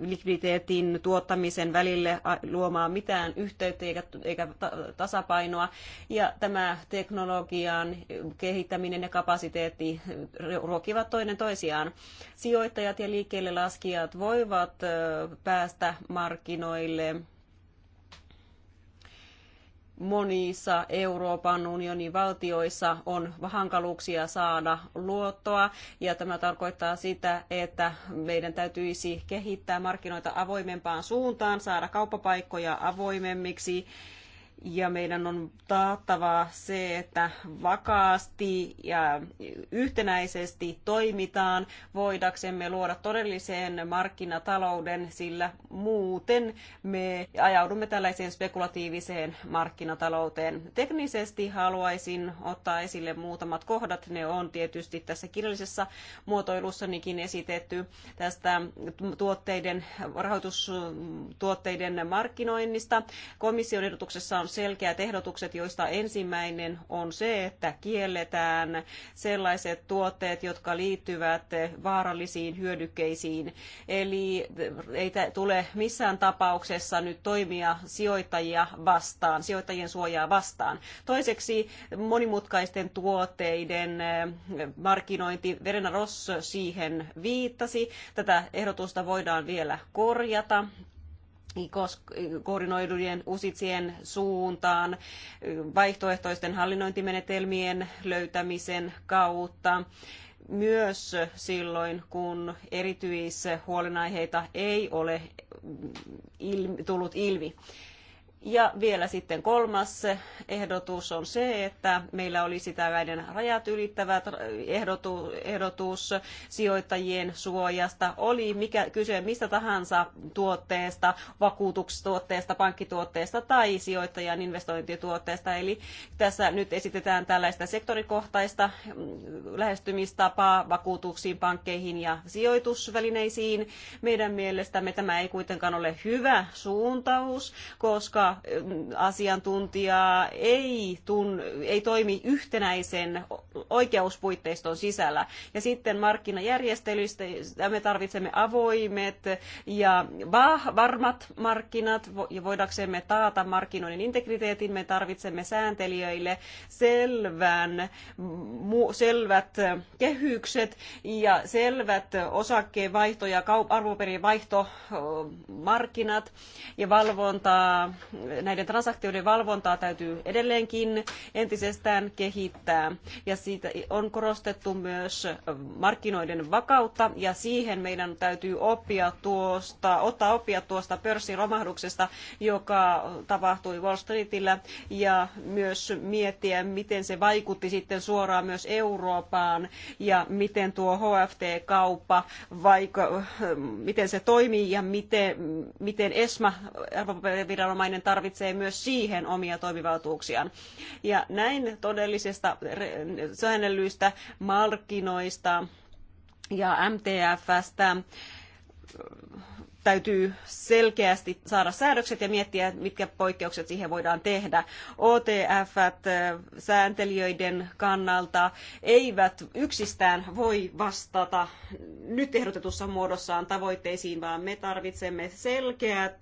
likviditeetin tuottamisen välille luomaan mitään yhteyttä eikä, eikä tasapainoa. Ja tämä teknologian kehittäminen ja kapasiteetti ruokivat toinen toisiaan. Sijoittajat ja liikkeelle laskijat voivat päästä markkinoille monissa Euroopan unionin valtioissa on hankaluuksia saada luottoa ja tämä tarkoittaa sitä, että meidän täytyisi kehittää markkinoita avoimempaan suuntaan, saada kauppapaikkoja avoimemmiksi ja meidän on taattava se, että vakaasti ja yhtenäisesti toimitaan voidaksemme luoda todellisen markkinatalouden, sillä muuten me ajaudumme tällaiseen spekulatiiviseen markkinatalouteen. Teknisesti haluaisin ottaa esille muutamat kohdat. Ne on tietysti tässä kirjallisessa muotoilussanikin esitetty tästä tuotteiden, rahoitustuotteiden markkinoinnista. Komission ehdotuksessa on selkeät ehdotukset, joista ensimmäinen on se, että kielletään sellaiset tuotteet, jotka liittyvät vaarallisiin hyödykkeisiin. Eli ei tule missään tapauksessa nyt toimia sijoittajia vastaan, sijoittajien suojaa vastaan. Toiseksi monimutkaisten tuotteiden eh, markkinointi, Verena Ross siihen viittasi. Tätä ehdotusta voidaan vielä korjata koordinoidujen usitsien suuntaan vaihtoehtoisten hallinnointimenetelmien löytämisen kautta myös silloin, kun erityishuolenaiheita ei ole tullut ilmi. Ja vielä sitten kolmas ehdotus on se, että meillä olisi tällainen rajat ylittävä ehdotus, ehdotus sijoittajien suojasta. Oli mikä, kyse mistä tahansa tuotteesta, vakuutustuotteesta, pankkituotteesta tai sijoittajan investointituotteesta. Eli tässä nyt esitetään tällaista sektorikohtaista mm, lähestymistapaa vakuutuksiin, pankkeihin ja sijoitusvälineisiin. Meidän mielestämme tämä ei kuitenkaan ole hyvä suuntaus, koska asiantuntijaa ei, tun, ei toimi yhtenäisen oikeuspuitteiston sisällä. Ja sitten markkinajärjestelyistä me tarvitsemme avoimet ja varmat markkinat ja voidaksemme taata markkinoiden integriteetin me tarvitsemme sääntelijöille selvän, selvät kehykset ja selvät osakkeenvaihto- vaihto ja kaup- vaihtomarkkinat ja valvontaa näiden transaktioiden valvontaa täytyy edelleenkin entisestään kehittää. Ja siitä on korostettu myös markkinoiden vakautta ja siihen meidän täytyy oppia tuosta, ottaa oppia tuosta pörssin romahduksesta, joka tapahtui Wall Streetillä ja myös miettiä, miten se vaikutti sitten suoraan myös Eurooppaan ja miten tuo HFT-kauppa, vaikka miten se toimii ja miten, miten ESMA, viranomainen tarvitsee myös siihen omia toimivaltuuksiaan. Ja näin todellisesta säännellyistä markkinoista ja MTFstä täytyy selkeästi saada säädökset ja miettiä, mitkä poikkeukset siihen voidaan tehdä. OTF sääntelijöiden kannalta eivät yksistään voi vastata nyt ehdotetussa muodossaan tavoitteisiin, vaan me tarvitsemme selkeät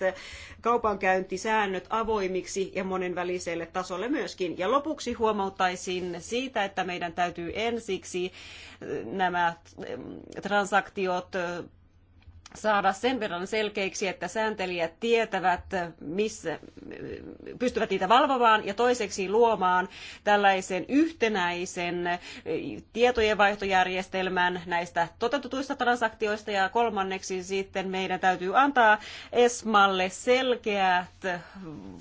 kaupankäyntisäännöt avoimiksi ja monenväliselle tasolle myöskin. Ja lopuksi huomauttaisin siitä, että meidän täytyy ensiksi nämä transaktiot saada sen verran selkeiksi, että sääntelijät tietävät, missä pystyvät niitä valvomaan ja toiseksi luomaan tällaisen yhtenäisen tietojenvaihtojärjestelmän näistä toteutetuista transaktioista ja kolmanneksi sitten meidän täytyy antaa ESMalle selkeät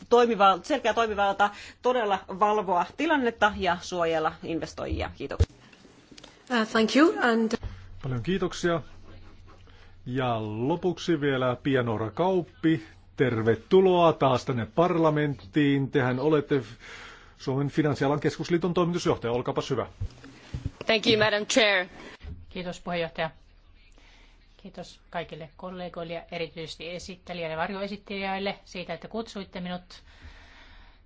toimival- selkeä toimivalta todella valvoa tilannetta ja suojella investoijia. Kiitoksia. Uh, thank you and... Paljon kiitoksia. Ja lopuksi vielä Pianora Kauppi. Tervetuloa taas tänne parlamenttiin. Tehän olette Suomen finanssialan keskusliiton toimitusjohtaja. Olkaapa hyvä. Thank you, Madam Chair. Kiitos puheenjohtaja. Kiitos kaikille kollegoille ja erityisesti esittelijöille ja varjoesittelijöille siitä, että kutsuitte minut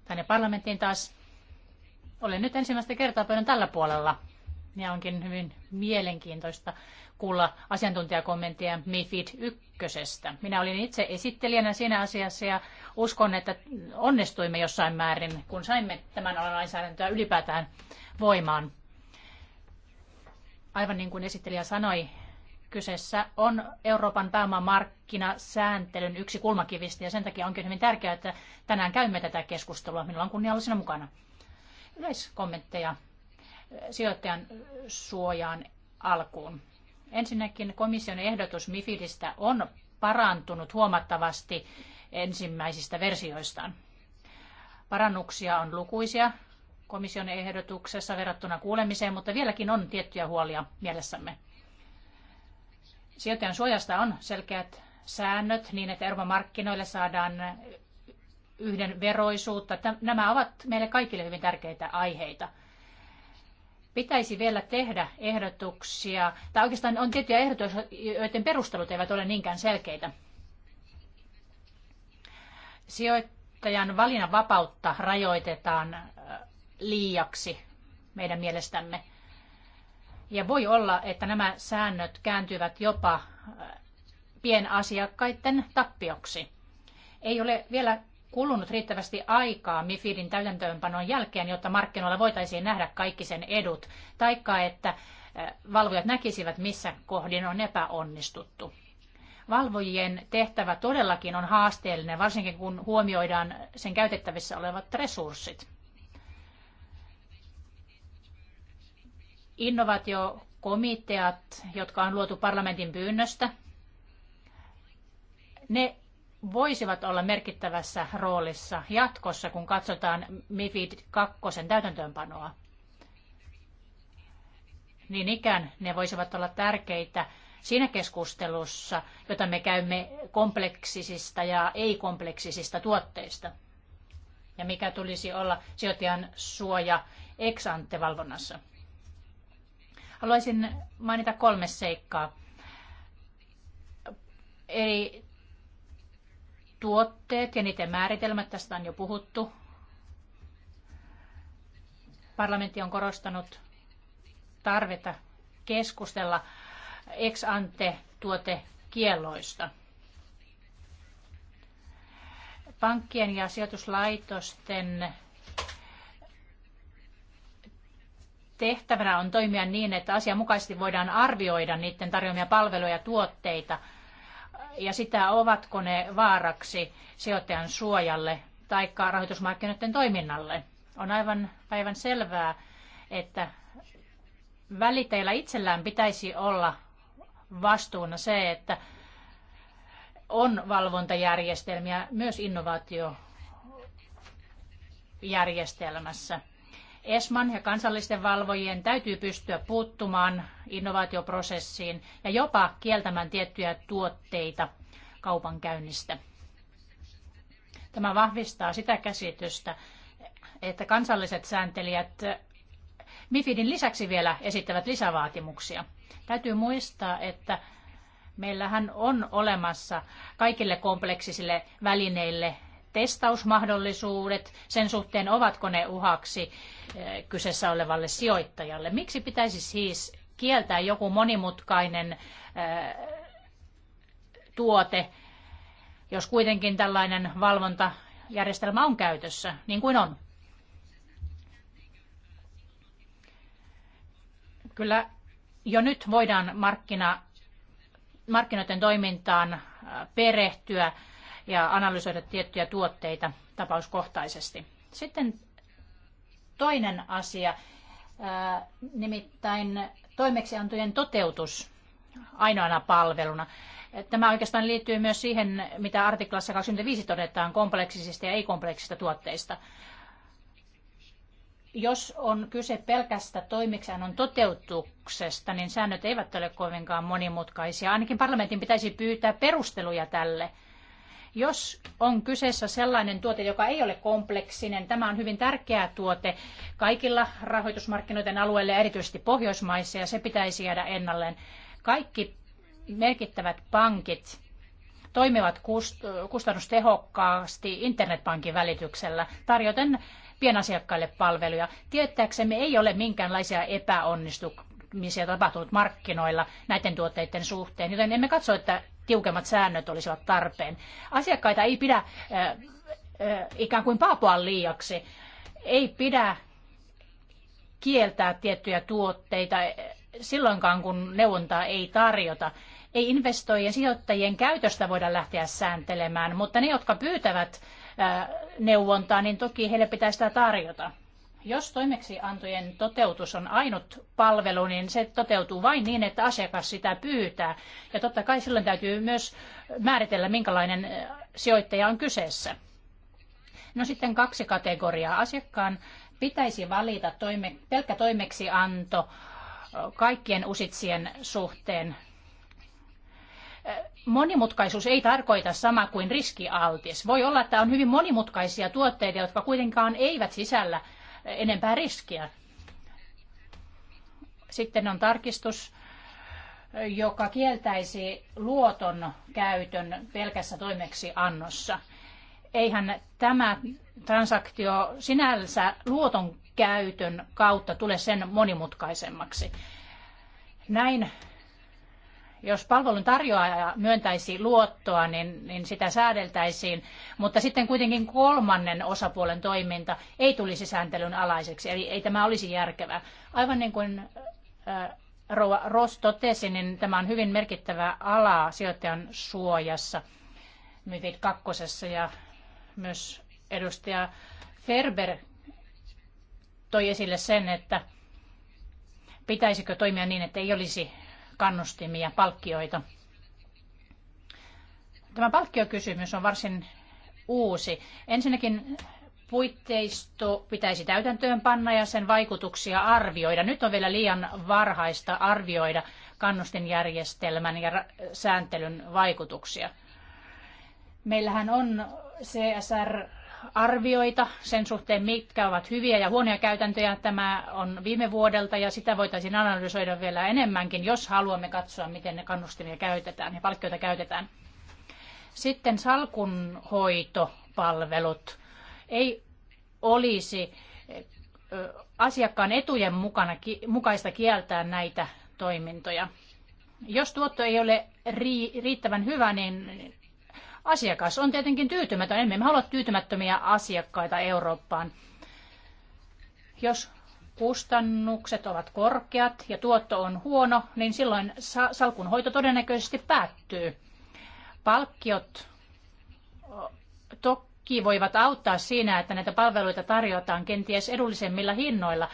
tänne parlamenttiin taas. Olen nyt ensimmäistä kertaa pöydän tällä puolella ja onkin hyvin mielenkiintoista kuulla asiantuntijakommenttia MIFID 1. Minä olin itse esittelijänä siinä asiassa ja uskon, että onnistuimme jossain määrin, kun saimme tämän alan lainsäädäntöä ylipäätään voimaan. Aivan niin kuin esittelijä sanoi, kyseessä on Euroopan pääomamarkkinasääntelyn yksi kulmakivistä ja sen takia onkin hyvin tärkeää, että tänään käymme tätä keskustelua. Minulla on kunnia olla siinä mukana. Yleiskommentteja sijoittajan suojaan alkuun. Ensinnäkin komission ehdotus MIFIDistä on parantunut huomattavasti ensimmäisistä versioistaan. Parannuksia on lukuisia komission ehdotuksessa verrattuna kuulemiseen, mutta vieläkin on tiettyjä huolia mielessämme. Sijoittajan suojasta on selkeät säännöt niin, että Euroopan markkinoille saadaan yhdenveroisuutta. Nämä ovat meille kaikille hyvin tärkeitä aiheita pitäisi vielä tehdä ehdotuksia, tai oikeastaan on tiettyjä ehdotuksia, joiden perustelut eivät ole niinkään selkeitä. Sijoittajan valinnan vapautta rajoitetaan äh, liiaksi meidän mielestämme. Ja voi olla, että nämä säännöt kääntyvät jopa äh, pienasiakkaiden tappioksi. Ei ole vielä kulunut riittävästi aikaa MIFIDin täytäntöönpanon jälkeen, jotta markkinoilla voitaisiin nähdä kaikki sen edut, taikka että valvojat näkisivät, missä kohdin on epäonnistuttu. Valvojien tehtävä todellakin on haasteellinen, varsinkin kun huomioidaan sen käytettävissä olevat resurssit. Innovaatiokomiteat, jotka on luotu parlamentin pyynnöstä, ne voisivat olla merkittävässä roolissa jatkossa, kun katsotaan MIFID 2 täytäntöönpanoa. Niin ikään ne voisivat olla tärkeitä siinä keskustelussa, jota me käymme kompleksisista ja ei-kompleksisista tuotteista. Ja mikä tulisi olla sijoittajan suoja ex ante valvonnassa. Haluaisin mainita kolme seikkaa. Eri tuotteet ja niiden määritelmät, tästä on jo puhuttu. Parlamentti on korostanut tarvetta keskustella ex ante tuotekieloista. Pankkien ja sijoituslaitosten tehtävänä on toimia niin, että asianmukaisesti voidaan arvioida niiden tarjoamia palveluja ja tuotteita – ja sitä, ovatko ne vaaraksi sijoittajan suojalle tai rahoitusmarkkinoiden toiminnalle. On aivan päivän selvää, että väliteillä itsellään pitäisi olla vastuuna se, että on valvontajärjestelmiä myös innovaatiojärjestelmässä – ESMAN ja kansallisten valvojien täytyy pystyä puuttumaan innovaatioprosessiin ja jopa kieltämään tiettyjä tuotteita kaupan käynnistä. Tämä vahvistaa sitä käsitystä, että kansalliset sääntelijät MIFIDin lisäksi vielä esittävät lisävaatimuksia. Täytyy muistaa, että meillähän on olemassa kaikille kompleksisille välineille testausmahdollisuudet sen suhteen, ovatko ne uhaksi eh, kyseessä olevalle sijoittajalle. Miksi pitäisi siis kieltää joku monimutkainen eh, tuote, jos kuitenkin tällainen valvontajärjestelmä on käytössä, niin kuin on? Kyllä jo nyt voidaan markkina, markkinoiden toimintaan eh, perehtyä ja analysoida tiettyjä tuotteita tapauskohtaisesti. Sitten toinen asia, nimittäin toimeksiantojen toteutus ainoana palveluna. Tämä oikeastaan liittyy myös siihen, mitä artiklassa 25 todetaan kompleksisista ja ei-kompleksisista tuotteista. Jos on kyse pelkästä toimeksiannon toteutuksesta, niin säännöt eivät ole kovinkaan monimutkaisia. Ainakin parlamentin pitäisi pyytää perusteluja tälle – jos on kyseessä sellainen tuote, joka ei ole kompleksinen, tämä on hyvin tärkeä tuote kaikilla rahoitusmarkkinoiden alueilla ja erityisesti Pohjoismaissa ja se pitäisi jäädä ennalleen. Kaikki merkittävät pankit toimivat kustannustehokkaasti internetpankin välityksellä, tarjoten pienasiakkaille palveluja. Tietääksemme ei ole minkäänlaisia epäonnistumisia tapahtunut markkinoilla näiden tuotteiden suhteen, joten emme katso, että tiukemmat säännöt olisivat tarpeen. Asiakkaita ei pidä ikään kuin paapua liiaksi. Ei pidä kieltää tiettyjä tuotteita silloinkaan, kun neuvontaa ei tarjota. Ei investoijien sijoittajien käytöstä voida lähteä sääntelemään, mutta ne, jotka pyytävät neuvontaa, niin toki heille pitää sitä tarjota. Jos toimeksiantojen toteutus on ainut palvelu, niin se toteutuu vain niin, että asiakas sitä pyytää. Ja totta kai silloin täytyy myös määritellä, minkälainen sijoittaja on kyseessä. No sitten kaksi kategoriaa. Asiakkaan pitäisi valita toime, pelkkä toimeksianto kaikkien usitsien suhteen. Monimutkaisuus ei tarkoita sama kuin riskialtis. Voi olla, että on hyvin monimutkaisia tuotteita, jotka kuitenkaan eivät sisällä enempää riskiä. Sitten on tarkistus, joka kieltäisi luoton käytön pelkässä toimeksiannossa. Eihän tämä transaktio sinänsä luoton käytön kautta tule sen monimutkaisemmaksi. Näin jos palvelun tarjoaja myöntäisi luottoa, niin, niin sitä säädeltäisiin, mutta sitten kuitenkin kolmannen osapuolen toiminta ei tulisi sääntelyn alaiseksi, eli ei tämä olisi järkevää. Aivan niin kuin Rouva Ross totesi, niin tämä on hyvin merkittävä ala sijoittajan suojassa, MIFID kakkosessa ja myös edustaja Ferber toi esille sen, että pitäisikö toimia niin, että ei olisi kannustimia, palkkioita. Tämä palkkiokysymys on varsin uusi. Ensinnäkin puitteisto pitäisi täytäntöön panna ja sen vaikutuksia arvioida. Nyt on vielä liian varhaista arvioida kannustinjärjestelmän ja sääntelyn vaikutuksia. Meillähän on CSR arvioita sen suhteen, mitkä ovat hyviä ja huonoja käytäntöjä. Tämä on viime vuodelta ja sitä voitaisiin analysoida vielä enemmänkin, jos haluamme katsoa, miten ne kannustimia käytetään ja palkkioita käytetään. Sitten salkunhoitopalvelut ei olisi asiakkaan etujen mukana, mukaista kieltää näitä toimintoja. Jos tuotto ei ole riittävän hyvä, niin Asiakas on tietenkin tyytymätön. Emme me halua tyytymättömiä asiakkaita Eurooppaan. Jos kustannukset ovat korkeat ja tuotto on huono, niin silloin salkun hoito todennäköisesti päättyy. Palkkiot toki voivat auttaa siinä, että näitä palveluita tarjotaan kenties edullisemmilla hinnoilla.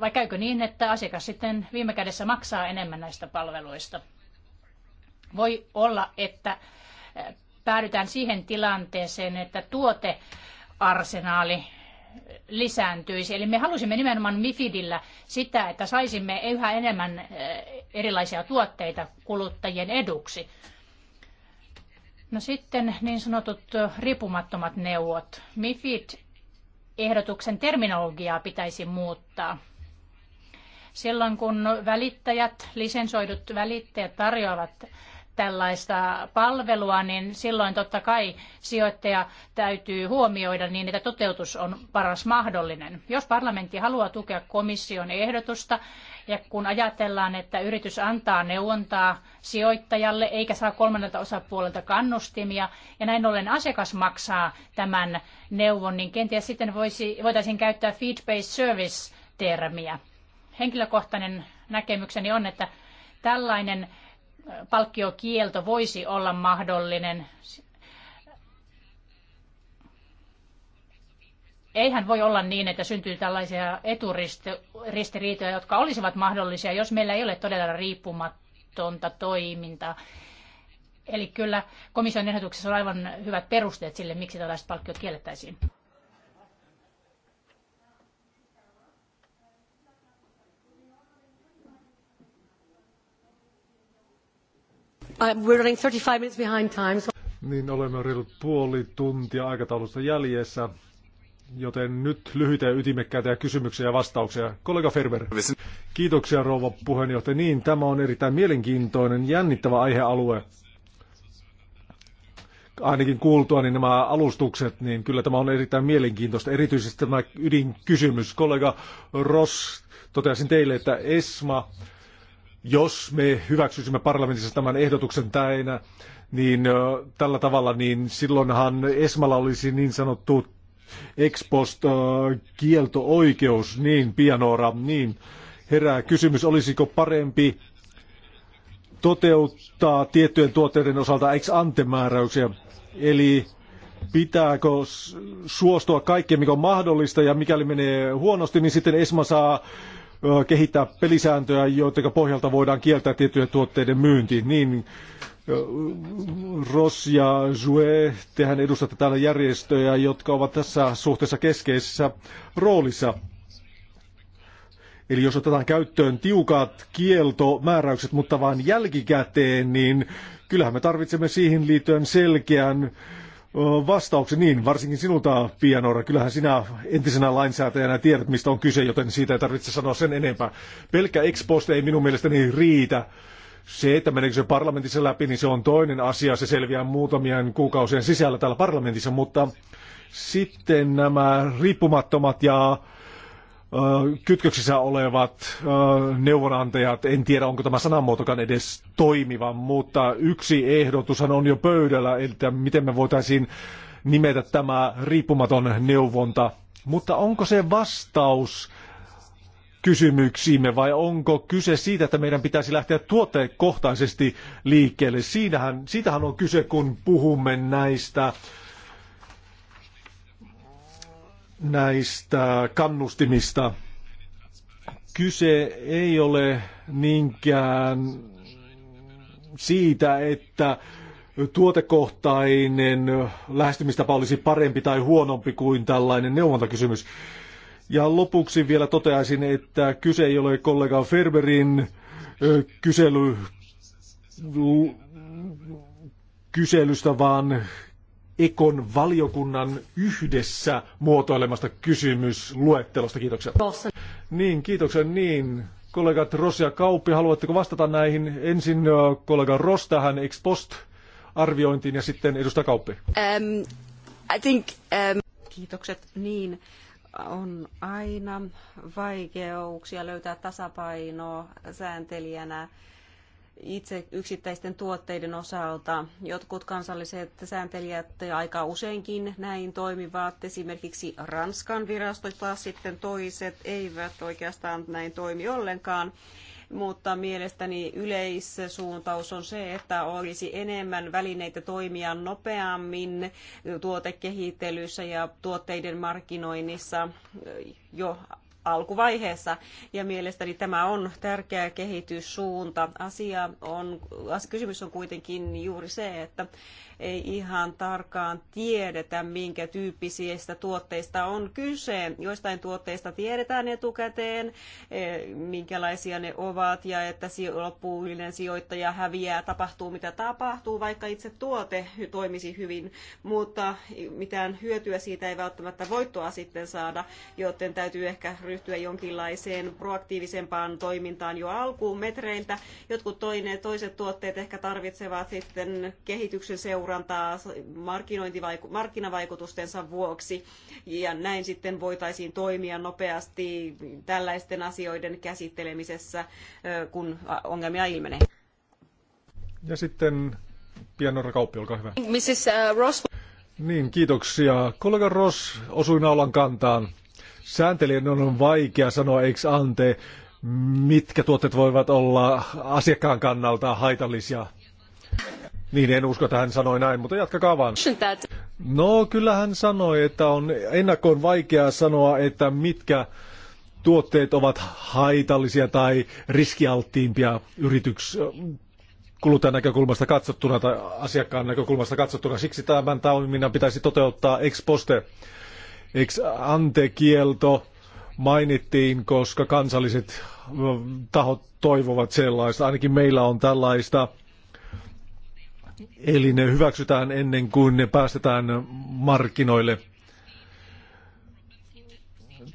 Vai käykö niin, että asiakas sitten viime kädessä maksaa enemmän näistä palveluista? Voi olla, että päädytään siihen tilanteeseen, että tuotearsenaali lisääntyisi. Eli me halusimme nimenomaan MIFIDillä sitä, että saisimme yhä enemmän eh, erilaisia tuotteita kuluttajien eduksi. No sitten niin sanotut riippumattomat neuvot. MIFID-ehdotuksen terminologiaa pitäisi muuttaa. Silloin kun välittäjät, lisensoidut välittäjät tarjoavat tällaista palvelua, niin silloin totta kai sijoittaja täytyy huomioida niin, että toteutus on paras mahdollinen. Jos parlamentti haluaa tukea komission ehdotusta ja kun ajatellaan, että yritys antaa neuvontaa sijoittajalle eikä saa kolmannelta osapuolelta kannustimia ja näin ollen asiakas maksaa tämän neuvon, niin kenties sitten voisi, voitaisiin käyttää feed-based service-termiä. Henkilökohtainen näkemykseni on, että tällainen palkkiokielto voisi olla mahdollinen. Eihän voi olla niin, että syntyy tällaisia eturistiriitoja, jotka olisivat mahdollisia, jos meillä ei ole todella riippumatonta toimintaa. Eli kyllä komission ehdotuksessa on aivan hyvät perusteet sille, miksi tällaiset palkkiot kiellettäisiin. Uh, we're running 35 minutes behind time. So... Niin olemme reilut puoli tuntia aikataulusta jäljessä, joten nyt lyhyitä ja ytimekkäitä kysymyksiä ja vastauksia. Kollega Ferber. Kiitoksia rouva puheenjohtaja. Niin, tämä on erittäin mielenkiintoinen, jännittävä aihealue ainakin kuultua, niin nämä alustukset, niin kyllä tämä on erittäin mielenkiintoista. Erityisesti tämä ydinkysymys. Kollega Ross, toteaisin teille, että ESMA jos me hyväksyisimme parlamentissa tämän ehdotuksen täinä, niin tällä tavalla, niin silloinhan Esmalla olisi niin sanottu ex post kielto-oikeus, niin Pianora, niin herää kysymys, olisiko parempi toteuttaa tiettyjen tuotteiden osalta ex ante määräyksiä, eli pitääkö suostua kaikkeen, mikä on mahdollista, ja mikäli menee huonosti, niin sitten Esma saa kehittää pelisääntöjä, joiden pohjalta voidaan kieltää tiettyjen tuotteiden myynti. Niin Ross ja Jue, tehän edustatte täällä järjestöjä, jotka ovat tässä suhteessa keskeisessä roolissa. Eli jos otetaan käyttöön tiukat kieltomääräykset, mutta vain jälkikäteen, niin kyllähän me tarvitsemme siihen liittyen selkeän vastauksen, niin varsinkin sinulta Pianora. Kyllähän sinä entisenä lainsäätäjänä tiedät, mistä on kyse, joten siitä ei tarvitse sanoa sen enempää. Pelkkä ex post ei minun mielestäni riitä. Se, että meneekö se parlamentissa läpi, niin se on toinen asia. Se selviää muutamien kuukausien sisällä täällä parlamentissa, mutta sitten nämä riippumattomat ja kytköksissä olevat neuvonantajat, en tiedä onko tämä sanamuotokaan edes toimiva, mutta yksi ehdotushan on jo pöydällä, että miten me voitaisiin nimetä tämä riippumaton neuvonta. Mutta onko se vastaus kysymyksiimme vai onko kyse siitä, että meidän pitäisi lähteä tuotekohtaisesti liikkeelle? Siinähän, siitähän on kyse, kun puhumme näistä näistä kannustimista. Kyse ei ole niinkään siitä, että tuotekohtainen lähestymistapa olisi parempi tai huonompi kuin tällainen neuvontakysymys. Ja lopuksi vielä toteaisin, että kyse ei ole kollega Ferberin kysely, kyselystä, vaan Ekon valiokunnan yhdessä muotoilemasta kysymysluettelosta. Kiitoksia. Rossa. Niin, kiitoksia. Niin, kollegat Ross ja Kauppi, haluatteko vastata näihin? Ensin kollega Ross tähän ex post arviointiin ja sitten edustaja Kauppi. Um, I think, um... Kiitokset. Niin, on aina vaikeuksia löytää tasapainoa sääntelijänä itse yksittäisten tuotteiden osalta. Jotkut kansalliset sääntelijät aika useinkin näin toimivat. Esimerkiksi Ranskan virastot taas sitten toiset eivät oikeastaan näin toimi ollenkaan. Mutta mielestäni yleissuuntaus on se, että olisi enemmän välineitä toimia nopeammin tuotekehittelyssä ja tuotteiden markkinoinnissa jo alkuvaiheessa. Ja mielestäni tämä on tärkeä kehityssuunta. Asia on, kysymys on kuitenkin juuri se, että ei ihan tarkkaan tiedetä, minkä tyyppisistä tuotteista on kyse. Joistain tuotteista tiedetään etukäteen, e, minkälaisia ne ovat ja että loppuullinen sijoittaja häviää, tapahtuu mitä tapahtuu, vaikka itse tuote toimisi hyvin, mutta mitään hyötyä siitä ei välttämättä voittoa sitten saada, joten täytyy ehkä ryhtyä ryhtyä jonkinlaiseen proaktiivisempaan toimintaan jo alkumetreiltä. Jotkut toinen, toiset tuotteet ehkä tarvitsevat sitten kehityksen seurantaa markkinavaikutustensa vuoksi, ja näin sitten voitaisiin toimia nopeasti tällaisten asioiden käsittelemisessä, kun ongelmia ilmenee. Ja sitten Pianora Kauppi, olkaa hyvä. Mrs. Äh, Ross. Niin, kiitoksia. Kollega Ross osui naulan kantaan sääntelijän on vaikea sanoa ex ante, mitkä tuotteet voivat olla asiakkaan kannalta haitallisia. Niin, en usko, että hän sanoi näin, mutta jatkakaa vaan. No, kyllä hän sanoi, että on ennakkoon vaikea sanoa, että mitkä tuotteet ovat haitallisia tai riskialttiimpia yrityks kuluttajan näkökulmasta katsottuna tai asiakkaan näkökulmasta katsottuna. Siksi tämän toiminnan pitäisi toteuttaa ex poste ex antekielto mainittiin, koska kansalliset tahot toivovat sellaista. Ainakin meillä on tällaista. Eli ne hyväksytään ennen kuin ne päästetään markkinoille.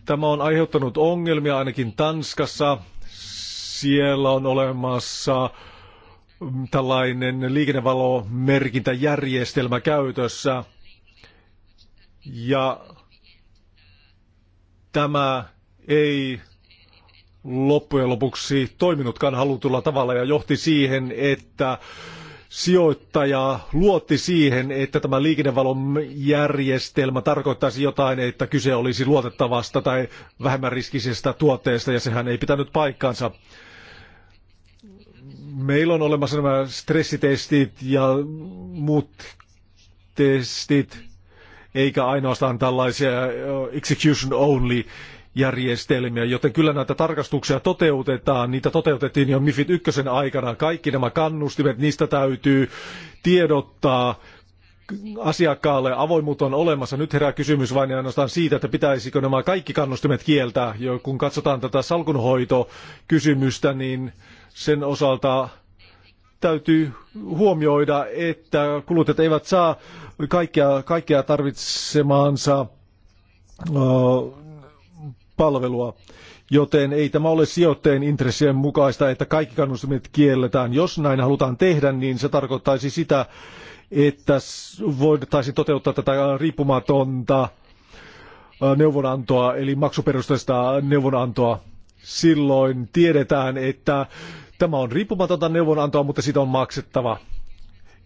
Tämä on aiheuttanut ongelmia ainakin Tanskassa. Siellä on olemassa mm, tällainen liikennevalomerkintäjärjestelmä käytössä. Ja tämä ei loppujen lopuksi toiminutkaan halutulla tavalla ja johti siihen, että sijoittaja luotti siihen, että tämä liikennevalon järjestelmä tarkoittaisi jotain, että kyse olisi luotettavasta tai vähemmän riskisestä tuotteesta ja sehän ei pitänyt paikkaansa. Meillä on olemassa nämä stressitestit ja muut testit, eikä ainoastaan tällaisia eh, execution only järjestelmiä, joten kyllä näitä tarkastuksia toteutetaan. Niitä toteutettiin jo MIFID 1 aikana. Kaikki nämä kannustimet, niistä täytyy tiedottaa asiakkaalle avoimuutta on olemassa. Nyt herää kysymys vain ja ainoastaan siitä, että pitäisikö nämä kaikki kannustimet kieltää. Jo kun katsotaan tätä salkunhoitokysymystä, niin sen osalta täytyy huomioida, että kuluttajat eivät saa kaikkea, kaikkea tarvitsemaansa palvelua, joten ei tämä ole sijoittajien intressien mukaista, että kaikki kannustimet kielletään. Jos näin halutaan tehdä, niin se tarkoittaisi sitä, että voitaisiin toteuttaa tätä riippumatonta neuvonantoa, eli maksuperusteista neuvonantoa. Silloin tiedetään, että Tämä on riippumatonta neuvonantoa, mutta siitä on maksettava.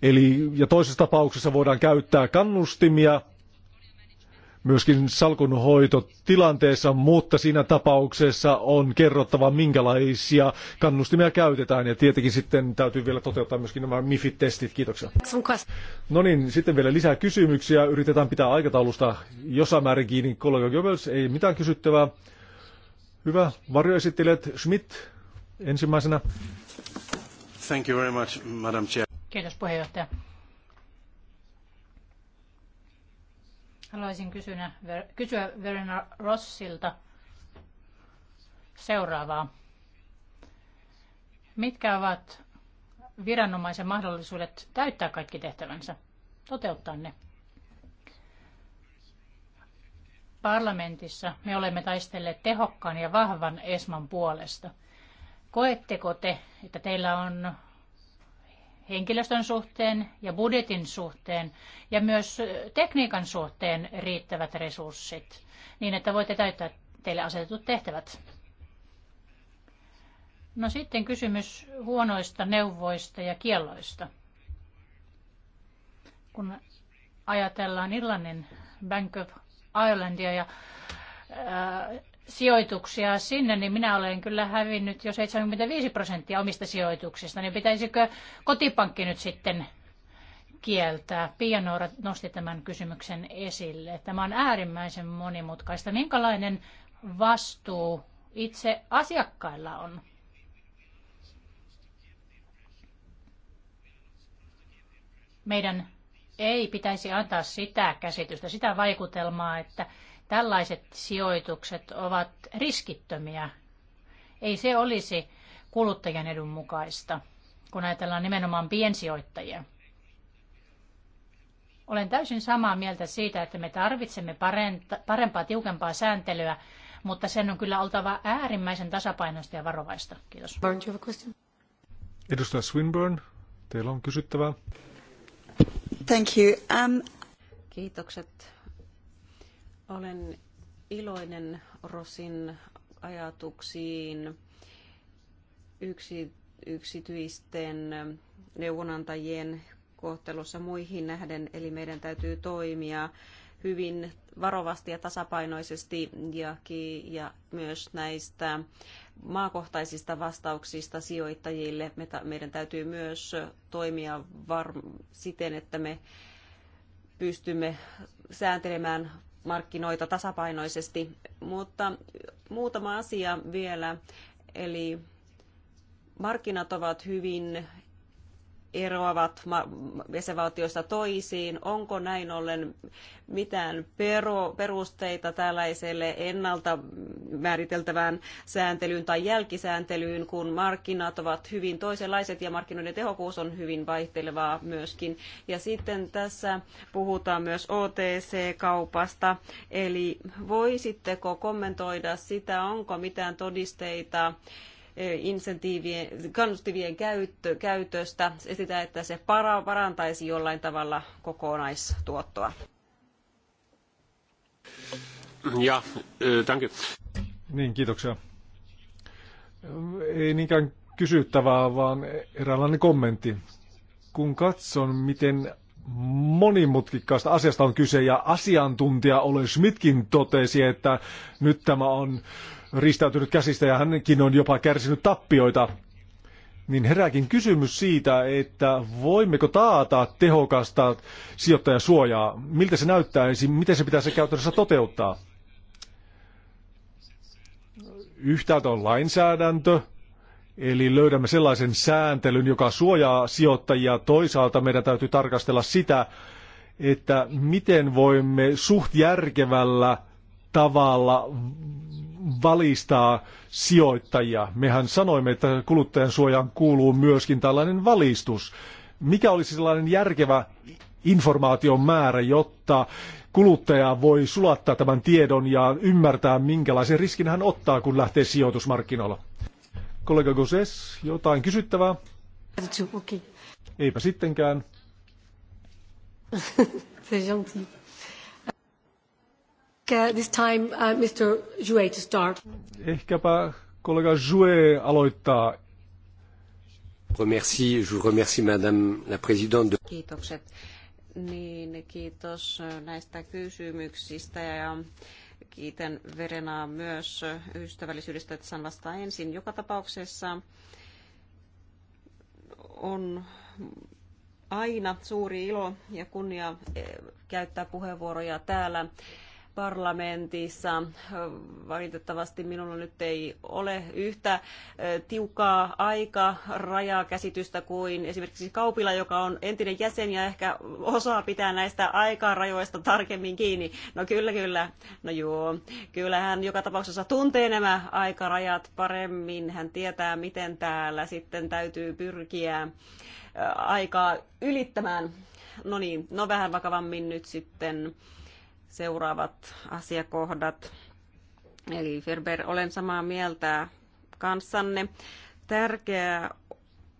Eli ja toisessa tapauksessa voidaan käyttää kannustimia myöskin salkunhoitotilanteessa, mutta siinä tapauksessa on kerrottava, minkälaisia kannustimia käytetään. Ja tietenkin sitten täytyy vielä toteuttaa myöskin nämä mifit testit Kiitoksia. No niin, sitten vielä lisää kysymyksiä. Yritetään pitää aikataulusta jossain määrin kiinni. Kollega Goebbels, ei mitään kysyttävää. Hyvä. Varjoesittelijät Schmidt, ensimmäisenä. Thank you very much, Madam Chair. Kiitos puheenjohtaja. Haluaisin kysyä, kysyä Verena Rossilta seuraavaa. Mitkä ovat viranomaisen mahdollisuudet täyttää kaikki tehtävänsä, toteuttaa ne? Parlamentissa me olemme taistelleet tehokkaan ja vahvan ESMAn puolesta – Koetteko te, että teillä on henkilöstön suhteen ja budjetin suhteen ja myös tekniikan suhteen riittävät resurssit niin, että voitte täyttää teille asetetut tehtävät? No sitten kysymys huonoista neuvoista ja kielloista. Kun ajatellaan Irlannin Bank of Irelandia ja sijoituksia sinne, niin minä olen kyllä hävinnyt jo 75 prosenttia omista sijoituksista, niin pitäisikö kotipankki nyt sitten kieltää? Pia Noora nosti tämän kysymyksen esille. Tämä on äärimmäisen monimutkaista. Minkälainen vastuu itse asiakkailla on? Meidän ei pitäisi antaa sitä käsitystä, sitä vaikutelmaa, että Tällaiset sijoitukset ovat riskittömiä. Ei se olisi kuluttajan edun mukaista, kun ajatellaan nimenomaan piensijoittajia. Olen täysin samaa mieltä siitä, että me tarvitsemme parempaa, tiukempaa sääntelyä, mutta sen on kyllä oltava äärimmäisen tasapainoista ja varovaista. Kiitos. Edustaja Swinburne, teillä on kysyttävää. Thank you. Um... Kiitokset. Olen iloinen Rosin ajatuksiin yksi, yksityisten neuvonantajien kohtelussa muihin nähden, eli meidän täytyy toimia hyvin varovasti ja tasapainoisesti ja, ja myös näistä maakohtaisista vastauksista sijoittajille. Me meidän täytyy myös toimia var- siten, että me pystymme sääntelemään markkinoita tasapainoisesti. Mutta muutama asia vielä. Eli markkinat ovat hyvin eroavat jäsenvaltioista toisiin. Onko näin ollen mitään perusteita tällaiselle ennalta määriteltävään sääntelyyn tai jälkisääntelyyn, kun markkinat ovat hyvin toisenlaiset ja markkinoiden tehokkuus on hyvin vaihtelevaa myöskin. Ja sitten tässä puhutaan myös OTC-kaupasta, eli voisitteko kommentoida sitä, onko mitään todisteita, insentiivien, kannustivien käyttö, käytöstä, sitä, että se para, parantaisi jollain tavalla kokonaistuottoa. Ja, danke. Niin, kiitoksia. Ei niinkään kysyttävää, vaan eräänlainen kommentti. Kun katson, miten monimutkikkaasta asiasta on kyse, ja asiantuntija Ole Schmidtkin totesi, että nyt tämä on riistäytynyt käsistä ja hänkin on jopa kärsinyt tappioita. Niin herääkin kysymys siitä, että voimmeko taata tehokasta sijoittajasuojaa? Miltä se näyttäisi? Miten se pitäisi käytännössä toteuttaa? Yhtäältä on lainsäädäntö, Eli löydämme sellaisen sääntelyn, joka suojaa sijoittajia. Toisaalta meidän täytyy tarkastella sitä, että miten voimme suht järkevällä tavalla valistaa sijoittajia. Mehän sanoimme, että kuluttajan suojaan kuuluu myöskin tällainen valistus. Mikä olisi sellainen järkevä informaation määrä, jotta kuluttaja voi sulattaa tämän tiedon ja ymmärtää, minkälaisen riskin hän ottaa, kun lähtee sijoitusmarkkinoilla. Kollega Goses, jotain kysyttävää? Eipä sittenkään. C'est gentil. Uh, this time uh, Mr. Jouet to start. Ehkäpä kollega Jouet aloittaa. Remercie, je vous remercie Madame la Présidente. De... Kiitokset. Niin, kiitos näistä kysymyksistä ja kiitän Verenaa myös ystävällisyydestä, että saan vastaa ensin. Joka tapauksessa on aina suuri ilo ja kunnia eh, käyttää puheenvuoroja täällä parlamentissa. Valitettavasti minulla nyt ei ole yhtä tiukkaa aikarajaa käsitystä kuin esimerkiksi Kaupila, joka on entinen jäsen ja ehkä osaa pitää näistä aikarajoista tarkemmin kiinni. No kyllä, kyllä. No joo. Kyllähän joka tapauksessa tuntee nämä aikarajat paremmin. Hän tietää, miten täällä sitten täytyy pyrkiä aikaa ylittämään. No niin, no vähän vakavammin nyt sitten seuraavat asiakohdat. Eli Ferber, olen samaa mieltä kanssanne. Tärkeää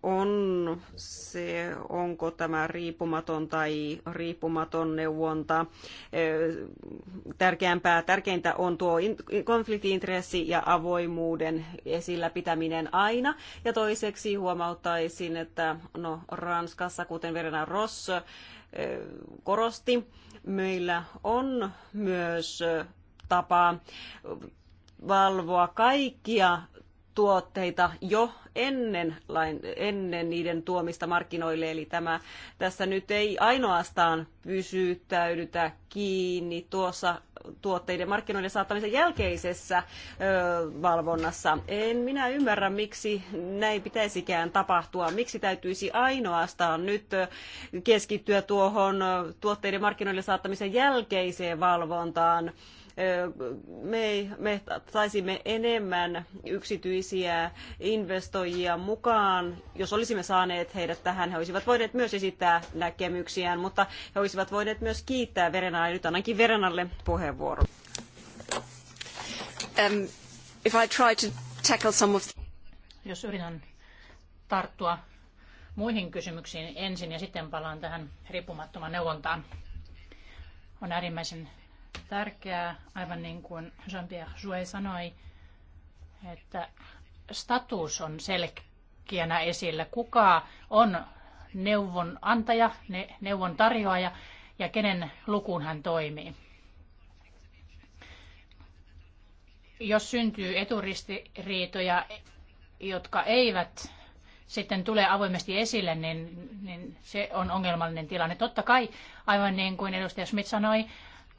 on se, onko tämä riippumaton tai riippumaton neuvonta. Tärkeämpää, tärkeintä on tuo konfliktiintressi ja avoimuuden esillä pitäminen aina. Ja toiseksi huomauttaisin, että no, Ranskassa, kuten Verena Ross korosti. Meillä on myös tapa valvoa kaikkia tuotteita jo ennen, lain, ennen niiden tuomista markkinoille. Eli tämä, tässä nyt ei ainoastaan pysyttäydytä kiinni tuossa tuotteiden markkinoille saattamisen jälkeisessä ö, valvonnassa. En minä ymmärrä, miksi näin pitäisikään tapahtua. Miksi täytyisi ainoastaan nyt keskittyä tuohon tuotteiden markkinoille saattamisen jälkeiseen valvontaan me, me saisimme enemmän yksityisiä investoijia mukaan. Jos olisimme saaneet heidät tähän, he olisivat voineet myös esittää näkemyksiään, mutta he olisivat voineet myös kiittää Verenaa. Ja nyt ainakin Verenalle puheenvuoro. Um, if I try to tackle some of Jos yritän tarttua muihin kysymyksiin ensin ja sitten palaan tähän riippumattoman neuvontaan. On äärimmäisen tärkeää, aivan niin kuin Jean-Pierre Jouet sanoi, että status on selkeänä esillä. Kuka on neuvonantaja, antaja, ne, neuvon tarjoaja ja kenen lukuun hän toimii. Jos syntyy eturistiriitoja, jotka eivät sitten tulee avoimesti esille, niin, niin se on ongelmallinen tilanne. Totta kai, aivan niin kuin edustaja Smith sanoi,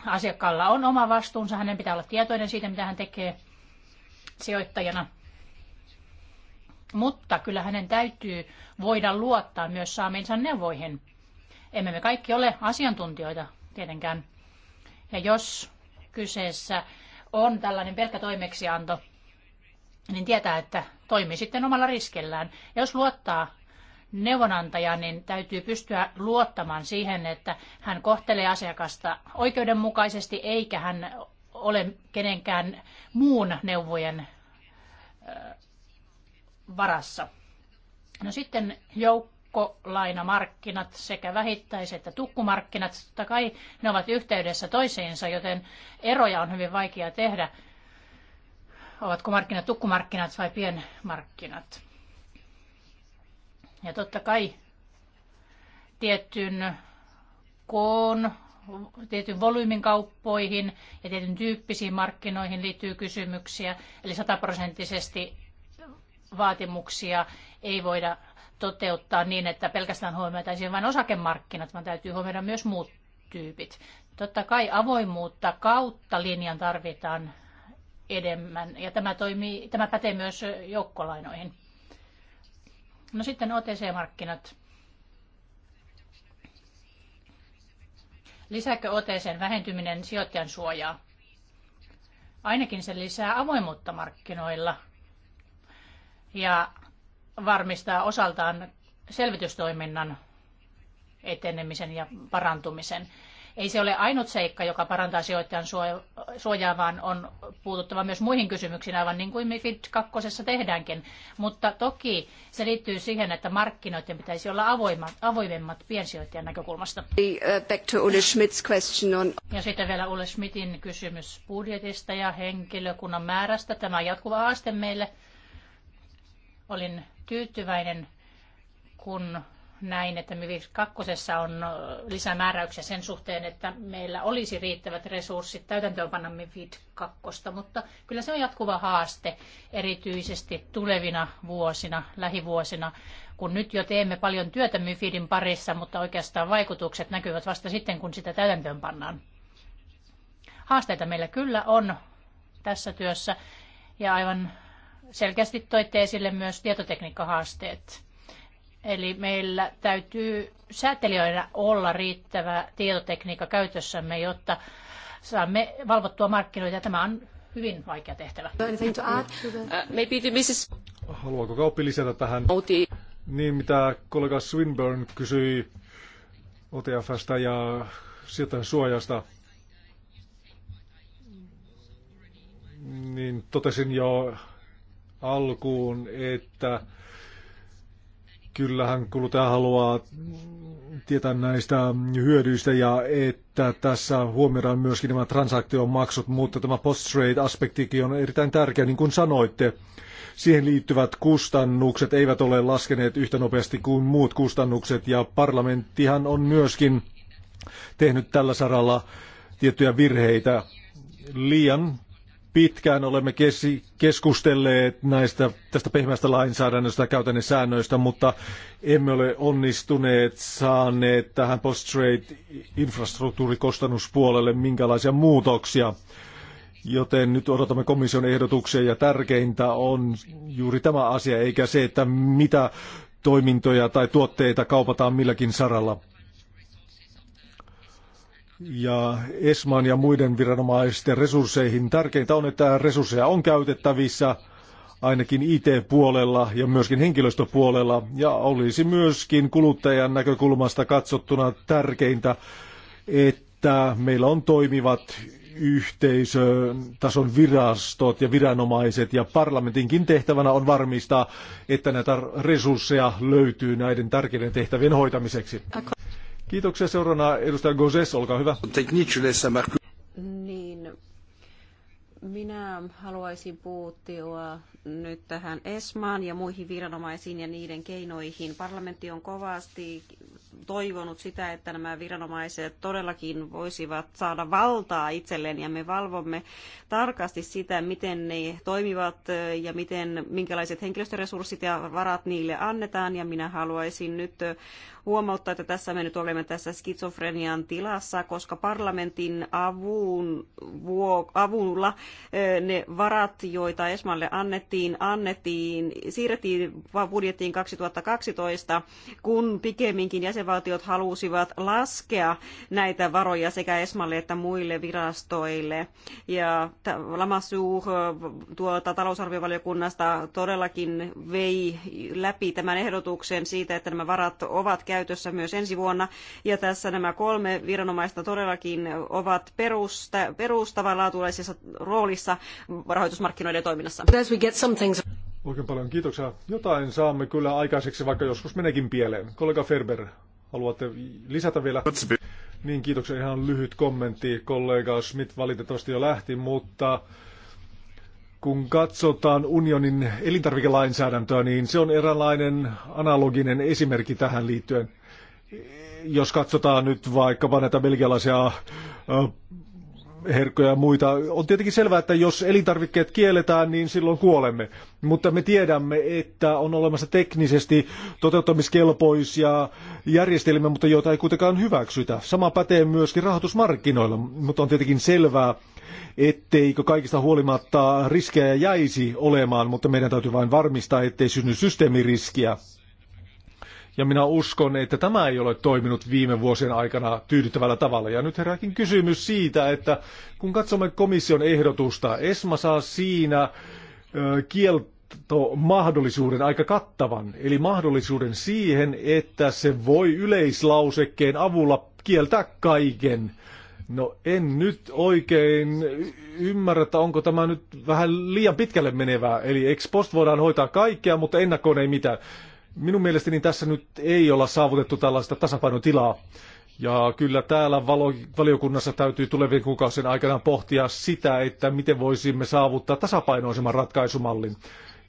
Asiakkaalla on oma vastuunsa, hänen pitää olla tietoinen siitä, mitä hän tekee sijoittajana. Mutta kyllä hänen täytyy voida luottaa myös saamiinsa neuvoihin. Emme me kaikki ole asiantuntijoita tietenkään. Ja jos kyseessä on tällainen pelkkä toimeksianto, niin tietää, että toimii sitten omalla riskellään. Ja jos luottaa neuvonantaja, niin täytyy pystyä luottamaan siihen, että hän kohtelee asiakasta oikeudenmukaisesti, eikä hän ole kenenkään muun neuvojen varassa. No sitten joukkolainamarkkinat sekä vähittäiset että tukkumarkkinat, totta kai ne ovat yhteydessä toisiinsa, joten eroja on hyvin vaikea tehdä. Ovatko markkinat tukkumarkkinat vai pienmarkkinat? Ja totta kai tietyn koon, tietyn volyymin kauppoihin ja tietyn tyyppisiin markkinoihin liittyy kysymyksiä. Eli sataprosenttisesti vaatimuksia ei voida toteuttaa niin, että pelkästään huomioitaisiin vain osakemarkkinat, vaan täytyy huomioida myös muut tyypit. Totta kai avoimuutta kautta linjan tarvitaan enemmän, ja tämä, toimii, tämä pätee myös joukkolainoihin. No sitten OTC-markkinat. Lisääkö OTCn vähentyminen sijoittajan suojaa? Ainakin se lisää avoimuutta markkinoilla ja varmistaa osaltaan selvitystoiminnan etenemisen ja parantumisen. Ei se ole ainut seikka, joka parantaa sijoittajan suojaa, vaan on puututtava myös muihin kysymyksiin, aivan niin kuin MIFID 2. tehdäänkin. Mutta toki se liittyy siihen, että markkinoiden pitäisi olla avoimmat, avoimemmat piensijoittajan näkökulmasta. Uh, back to Ulle Schmidt's question on... Ja sitten vielä Ulle Schmidtin kysymys budjetista ja henkilökunnan määrästä. Tämä on jatkuva haaste meille. Olin tyytyväinen, kun näin, että MIVIS 2 on lisämääräyksiä sen suhteen, että meillä olisi riittävät resurssit täytäntöönpanna MIVIS 2, mutta kyllä se on jatkuva haaste, erityisesti tulevina vuosina, lähivuosina, kun nyt jo teemme paljon työtä MIFIDin parissa, mutta oikeastaan vaikutukset näkyvät vasta sitten, kun sitä täytäntöönpannaan. Haasteita meillä kyllä on tässä työssä ja aivan selkeästi toitte esille myös tietotekniikkahaasteet Eli meillä täytyy säätelijöillä olla riittävä tietotekniikka käytössämme, jotta saamme valvottua markkinoita. Tämä on hyvin vaikea tehtävä. Uh, Haluaako kauppi lisätä tähän? Niin, mitä kollega Swinburne kysyi OTFstä ja sieltä suojasta. Niin totesin jo alkuun, että kyllähän kuluttaja haluaa tietää näistä hyödyistä ja että tässä huomioidaan myöskin nämä transaktiomaksut, mutta tämä post-trade-aspektikin on erittäin tärkeä, niin kuin sanoitte. Siihen liittyvät kustannukset eivät ole laskeneet yhtä nopeasti kuin muut kustannukset ja parlamenttihan on myöskin tehnyt tällä saralla tiettyjä virheitä. Liian pitkään olemme keskustelleet näistä tästä pehmeästä lainsäädännöstä ja käytännön säännöistä, mutta emme ole onnistuneet saaneet tähän post-trade infrastruktuurikostannuspuolelle minkälaisia muutoksia. Joten nyt odotamme komission ehdotuksia ja tärkeintä on juuri tämä asia, eikä se, että mitä toimintoja tai tuotteita kaupataan milläkin saralla ja ESMAN ja muiden viranomaisten resursseihin. Tärkeintä on, että resursseja on käytettävissä ainakin IT-puolella ja myöskin henkilöstöpuolella ja olisi myöskin kuluttajan näkökulmasta katsottuna tärkeintä, että meillä on toimivat yhteisötason virastot ja viranomaiset ja parlamentinkin tehtävänä on varmistaa, että näitä resursseja löytyy näiden tärkeiden tehtävien hoitamiseksi. Kiitoksia seurana edustaja Gozes, olkaa hyvä. Niin, minä haluaisin puuttua nyt tähän ESMAan ja muihin viranomaisiin ja niiden keinoihin. Parlamentti on kovasti toivonut sitä, että nämä viranomaiset todellakin voisivat saada valtaa itselleen ja me valvomme tarkasti sitä, miten ne toimivat ja miten, minkälaiset henkilöstöresurssit ja varat niille annetaan ja minä haluaisin nyt huomauttaa, että tässä me nyt olemme tässä skitsofrenian tilassa, koska parlamentin avun, vuo, avulla ne varat, joita Esmalle annettiin, annettiin, siirrettiin budjettiin 2012, kun pikemminkin jäsenvaltiot halusivat laskea näitä varoja sekä Esmalle että muille virastoille. Ja Lamassuur tuolta talousarviovaliokunnasta todellakin vei läpi tämän ehdotuksen siitä, että nämä varat ovat käytössä myös ensi vuonna. Ja tässä nämä kolme viranomaista todellakin ovat perusta, perustavanlaatuisessa roolissa rahoitusmarkkinoiden toiminnassa. Oikein paljon kiitoksia. Jotain saamme kyllä aikaiseksi, vaikka joskus menekin pieleen. Kollega Ferber, haluatte lisätä vielä? Niin, kiitoksia. Ihan lyhyt kommentti. Kollega Schmidt valitettavasti jo lähti, mutta kun katsotaan unionin elintarvikelainsäädäntöä, niin se on eräänlainen analoginen esimerkki tähän liittyen. Jos katsotaan nyt vaikkapa näitä belgialaisia herkkoja ja muita. On tietenkin selvää, että jos elintarvikkeet kielletään, niin silloin kuolemme. Mutta me tiedämme, että on olemassa teknisesti toteuttamiskelpoisia järjestelmiä, mutta joita ei kuitenkaan hyväksytä. Sama pätee myöskin rahoitusmarkkinoilla, mutta on tietenkin selvää, etteikö kaikista huolimatta riskejä jäisi olemaan, mutta meidän täytyy vain varmistaa, ettei synny systeemiriskiä. Ja minä uskon, että tämä ei ole toiminut viime vuosien aikana tyydyttävällä tavalla. Ja nyt herääkin kysymys siitä, että kun katsomme komission ehdotusta, ESMA saa siinä kieltomahdollisuuden aika kattavan, eli mahdollisuuden siihen, että se voi yleislausekkeen avulla kieltää kaiken. No en nyt oikein ymmärrä, että onko tämä nyt vähän liian pitkälle menevää. Eli ex post voidaan hoitaa kaikkea, mutta ennakkoon ei mitään. Minun mielestäni tässä nyt ei olla saavutettu tällaista tasapainotilaa. Ja kyllä täällä valo- valiokunnassa täytyy tulevien kuukausien aikana pohtia sitä, että miten voisimme saavuttaa tasapainoisemman ratkaisumallin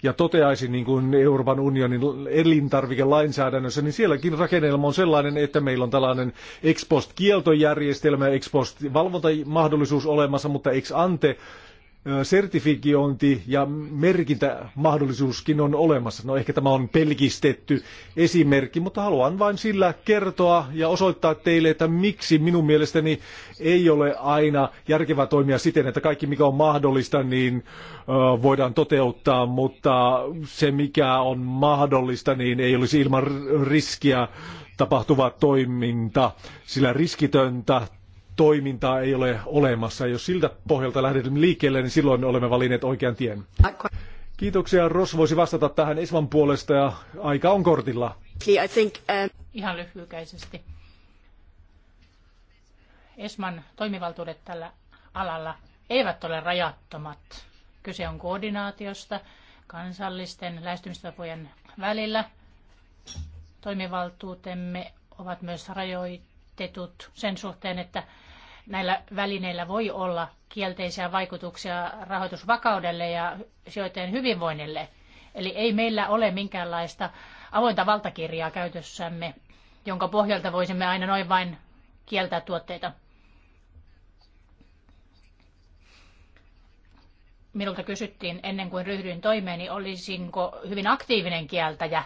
ja toteaisin, niin kuin Euroopan unionin elintarvikelainsäädännössä, niin sielläkin rakennelma on sellainen, että meillä on tällainen ex post kieltojärjestelmä, ex post valvontamahdollisuus olemassa, mutta ex ante sertifikiointi ja merkintämahdollisuuskin on olemassa. No ehkä tämä on pelkistetty esimerkki, mutta haluan vain sillä kertoa ja osoittaa teille, että miksi minun mielestäni ei ole aina järkevää toimia siten, että kaikki mikä on mahdollista, niin voidaan toteuttaa, mutta se mikä on mahdollista, niin ei olisi ilman riskiä tapahtuva toiminta, sillä riskitöntä toimintaa ei ole olemassa. Jos siltä pohjalta lähdemme liikkeelle, niin silloin olemme valinneet oikean tien. Kiitoksia. Ros voisi vastata tähän Esvan puolesta ja aika on kortilla. Um, Ihan lyhykäisesti. Esman toimivaltuudet tällä alalla eivät ole rajattomat. Kyse on koordinaatiosta kansallisten lähestymistapojen välillä. Toimivaltuutemme ovat myös rajoitetut sen suhteen, että näillä välineillä voi olla kielteisiä vaikutuksia rahoitusvakaudelle ja sijoittajien hyvinvoinnille. Eli ei meillä ole minkäänlaista avointa valtakirjaa käytössämme, jonka pohjalta voisimme aina noin vain kieltää tuotteita. Minulta kysyttiin ennen kuin ryhdyin toimeen, niin olisinko hyvin aktiivinen kieltäjä.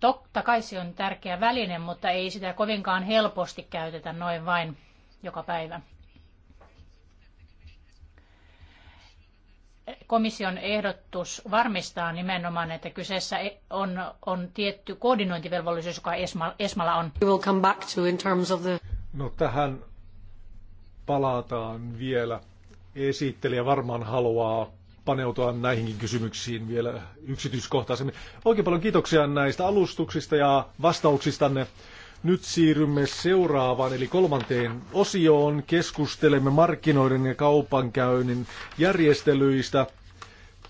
Totta kai se on tärkeä väline, mutta ei sitä kovinkaan helposti käytetä noin vain joka päivä. Komission ehdotus varmistaa nimenomaan, että kyseessä on, on tietty koordinointivelvollisuus, joka ESMA, ESMAlla on. No tähän palataan vielä. Esittelijä varmaan haluaa paneutua näihinkin kysymyksiin vielä yksityiskohtaisemmin. Oikein paljon kiitoksia näistä alustuksista ja vastauksistanne. Nyt siirrymme seuraavaan, eli kolmanteen osioon. Keskustelemme markkinoiden ja kaupankäynnin järjestelyistä.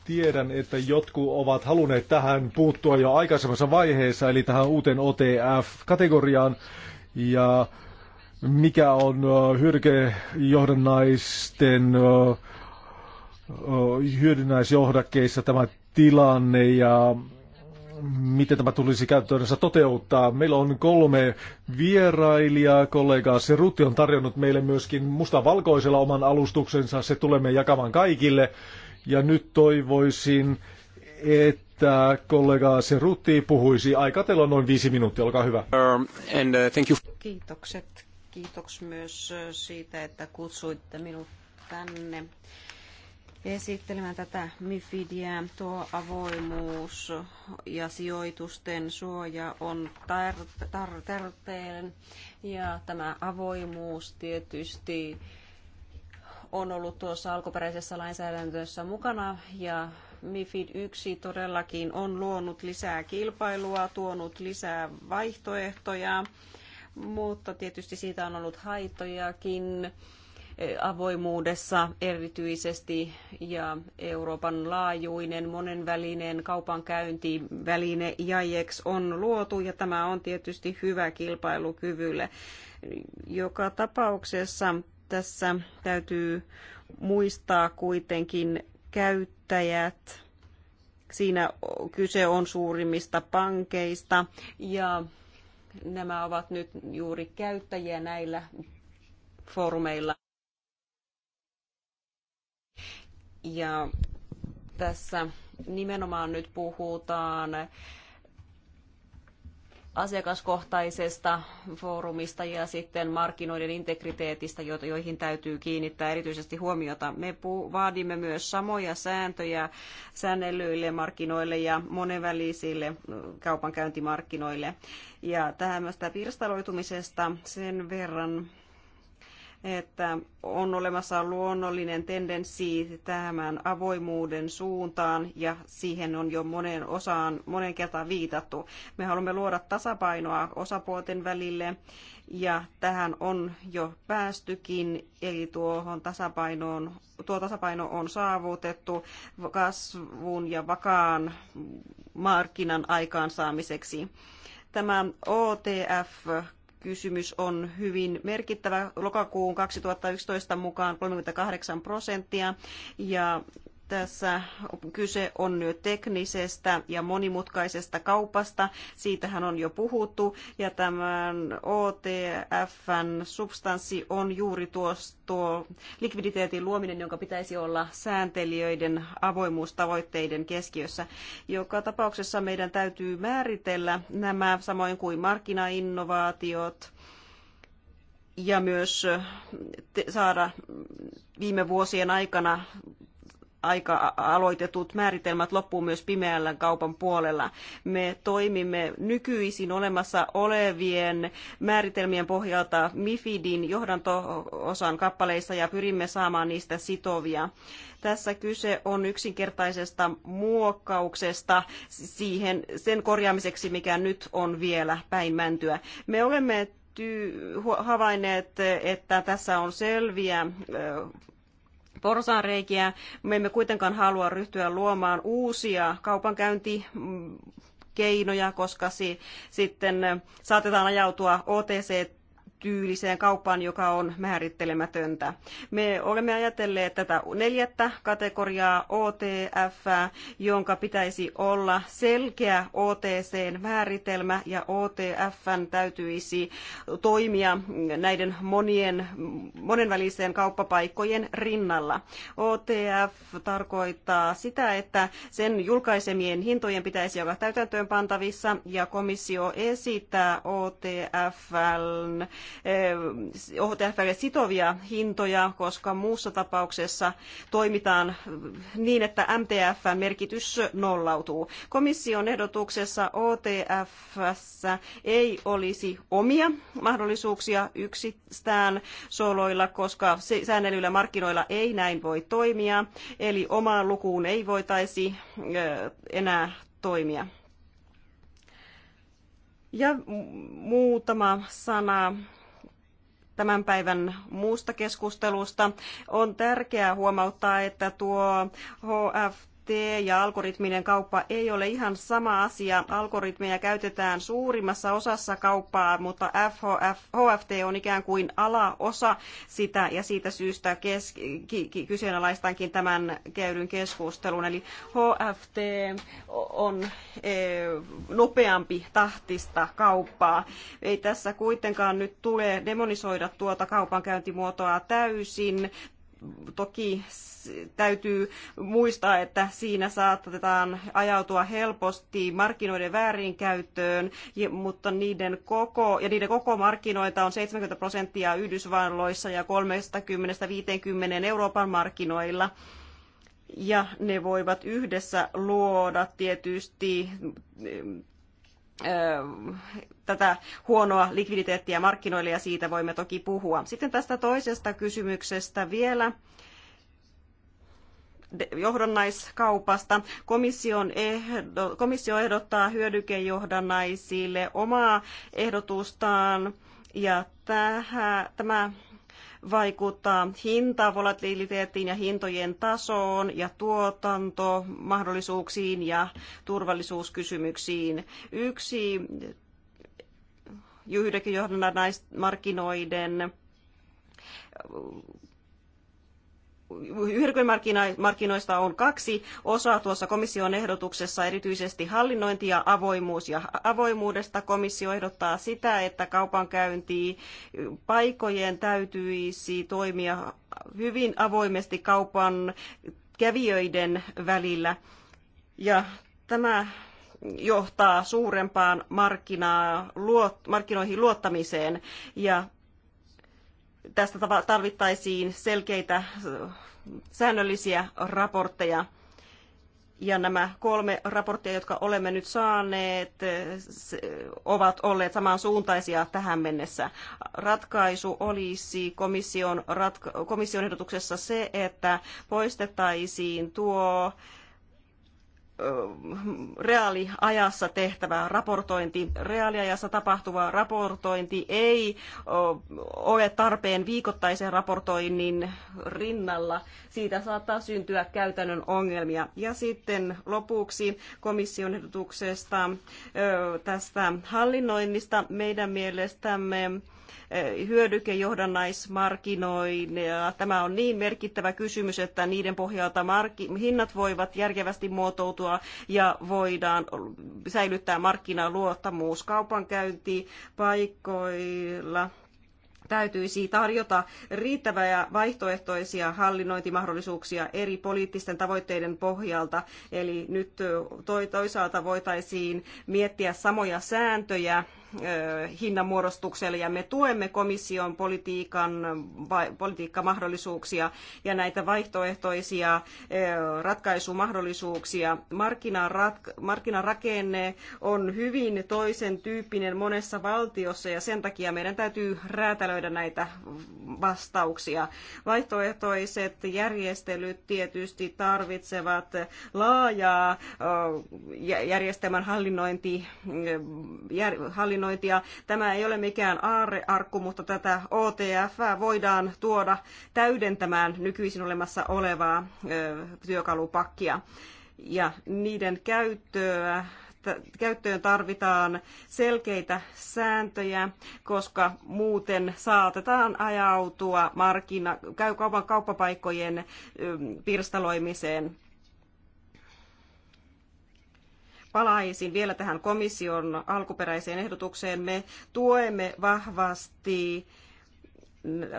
Tiedän, että jotkut ovat halunneet tähän puuttua jo aikaisemmassa vaiheessa, eli tähän uuteen OTF-kategoriaan. Ja mikä on hyödykejohdannaisten hyödynnäisjohdakkeissa tämä tilanne ja miten tämä tulisi käytännössä toteuttaa. Meillä on kolme vierailijaa, kollegaa Rutti on tarjonnut meille myöskin mustavalkoisella oman alustuksensa, se tulemme jakamaan kaikille. Ja nyt toivoisin, että kollega Serutti puhuisi. Aikatella noin viisi minuuttia, olkaa hyvä. Um, and, uh, thank you. Kiitokset. Kiitoks myös siitä, että kutsuitte minut tänne esittelemään tätä MIFIDiä. Tuo avoimuus ja sijoitusten suoja on tar- tar- tarpeen ja tämä avoimuus tietysti on ollut tuossa alkuperäisessä lainsäädäntössä mukana ja MIFID 1 todellakin on luonut lisää kilpailua, tuonut lisää vaihtoehtoja, mutta tietysti siitä on ollut haittojakin avoimuudessa erityisesti ja Euroopan laajuinen monenvälinen kaupankäyntiväline JAIEX on luotu ja tämä on tietysti hyvä kilpailukyvylle. Joka tapauksessa tässä täytyy muistaa kuitenkin käyttäjät. Siinä kyse on suurimmista pankeista ja nämä ovat nyt juuri käyttäjiä näillä foorumeilla. Ja tässä nimenomaan nyt puhutaan asiakaskohtaisesta foorumista ja sitten markkinoiden integriteetistä, joihin täytyy kiinnittää erityisesti huomiota. Me vaadimme myös samoja sääntöjä säännellyille markkinoille ja monenvälisille kaupankäyntimarkkinoille. Ja tähän myös pirstaloitumisesta sen verran että on olemassa luonnollinen tendenssi tämän avoimuuden suuntaan ja siihen on jo monen osaan, monen kertaan viitattu. Me haluamme luoda tasapainoa osapuolten välille ja tähän on jo päästykin, eli tuohon tasapainoon, tuo tasapaino on saavutettu kasvun ja vakaan markkinan aikaansaamiseksi. Tämä OTF kysymys on hyvin merkittävä. Lokakuun 2011 mukaan 38 prosenttia ja tässä kyse on jo teknisestä ja monimutkaisesta kaupasta. Siitähän on jo puhuttu. Ja tämän OTFn substanssi on juuri tuosta tuo likviditeetin luominen, jonka pitäisi olla sääntelijöiden avoimuustavoitteiden keskiössä. Joka tapauksessa meidän täytyy määritellä nämä samoin kuin markkinainnovaatiot ja myös saada viime vuosien aikana aika aloitetut määritelmät loppuu myös pimeällä kaupan puolella. Me toimimme nykyisin olemassa olevien määritelmien pohjalta MIFIDin johdanto-osan kappaleissa ja pyrimme saamaan niistä sitovia. Tässä kyse on yksinkertaisesta muokkauksesta siihen, sen korjaamiseksi, mikä nyt on vielä päinmäntyä. Me olemme havainneet, että tässä on selviä porsaanreikiä. Me emme kuitenkaan halua ryhtyä luomaan uusia kaupankäynti keinoja, koska si, sitten saatetaan ajautua OTC tyyliseen kauppaan, joka on määrittelemätöntä. Me olemme ajatelleet tätä neljättä kategoriaa OTF, jonka pitäisi olla selkeä OTCn määritelmä ja OTFn täytyisi toimia näiden monien, monenvälisen kauppapaikkojen rinnalla. OTF tarkoittaa sitä, että sen julkaisemien hintojen pitäisi olla täytäntöön pantavissa ja komissio esittää OTFn Eh, OTFlle sitovia hintoja, koska muussa tapauksessa toimitaan niin, että MTFn merkitys nollautuu. Komission ehdotuksessa OTFssä ei olisi omia mahdollisuuksia yksistään soloilla, koska säännellyillä markkinoilla ei näin voi toimia, eli omaan lukuun ei voitaisi eh, enää toimia. Ja muutama sana tämän päivän muusta keskustelusta. On tärkeää huomauttaa, että tuo HF NFT ja algoritminen kauppa ei ole ihan sama asia. Algoritmeja käytetään suurimmassa osassa kauppaa, mutta FHF, HFT on ikään kuin alaosa sitä ja siitä syystä kes, ki, ki, kyseenalaistankin tämän käydyn keskustelun. Eli HFT on e, nopeampi tahtista kauppaa. Ei tässä kuitenkaan nyt tule demonisoida tuota kaupankäyntimuotoa täysin toki täytyy muistaa, että siinä saatetaan ajautua helposti markkinoiden väärinkäyttöön, mutta niiden koko, ja niiden koko markkinoita on 70 prosenttia Yhdysvalloissa ja 30-50 Euroopan markkinoilla ja ne voivat yhdessä luoda tietysti tätä huonoa likviditeettiä markkinoille ja siitä voimme toki puhua. Sitten tästä toisesta kysymyksestä vielä johdannaiskaupasta. Komission ehdo, komissio ehdottaa hyödykejohdannaisille omaa ehdotustaan ja tähä, tämä vaikuttaa hintaan, volatiliteettiin ja hintojen tasoon ja tuotantomahdollisuuksiin ja turvallisuuskysymyksiin. Yksi yhdenkin johdannaismarkkinoiden hyödykemarkkinoista on kaksi osaa tuossa komission ehdotuksessa, erityisesti hallinnointi ja avoimuus. Ja avoimuudesta komissio ehdottaa sitä, että kaupankäynti paikojen täytyisi toimia hyvin avoimesti kaupan kävijöiden välillä. Ja tämä johtaa suurempaan markkinoihin luottamiseen ja tästä tarvittaisiin selkeitä säännöllisiä raportteja. Ja nämä kolme raporttia, jotka olemme nyt saaneet, ovat olleet samansuuntaisia tähän mennessä. Ratkaisu olisi komission, ratka- komission ehdotuksessa se, että poistettaisiin tuo äh, reaaliajassa tehtävä raportointi, reaaliajassa tapahtuva raportointi ei ole tarpeen viikoittaisen raportoinnin rinnalla. Siitä saattaa syntyä käytännön ongelmia. Ja sitten lopuksi komission ehdotuksesta tästä hallinnoinnista meidän mielestämme Eh, hyödykejohdannaismarkkinoilla. Tämä on niin merkittävä kysymys, että niiden pohjalta hinnat voivat järkevästi muotoutua ja voidaan säilyttää markkinaluottamus kaupankäyntipaikoilla täytyisi tarjota riittäviä vaihtoehtoisia hallinnointimahdollisuuksia eri poliittisten tavoitteiden pohjalta. Eli nyt toisaalta voitaisiin miettiä samoja sääntöjä Eh, hinnanmuodostukselle ja me tuemme komission politiikan, politiikkamahdollisuuksia ja näitä vaihtoehtoisia eh, ratkaisumahdollisuuksia. markkinarakenne on hyvin toisen tyyppinen monessa valtiossa ja sen takia meidän täytyy räätälöidä näitä vastauksia. Vaihtoehtoiset järjestelyt tietysti tarvitsevat laajaa eh, järjestelmän hallinnointi, hallinnointi markkinointia. Tämä ei ole mikään aarrearkku, mutta tätä OTF voidaan tuoda täydentämään nykyisin olemassa olevaa työkalupakkia. Ja niiden käyttöä käyttöön tarvitaan selkeitä sääntöjä, koska muuten saatetaan ajautua markkina, kaupan kauppapaikkojen pirstaloimiseen palaisin vielä tähän komission alkuperäiseen ehdotukseen. Me tuemme vahvasti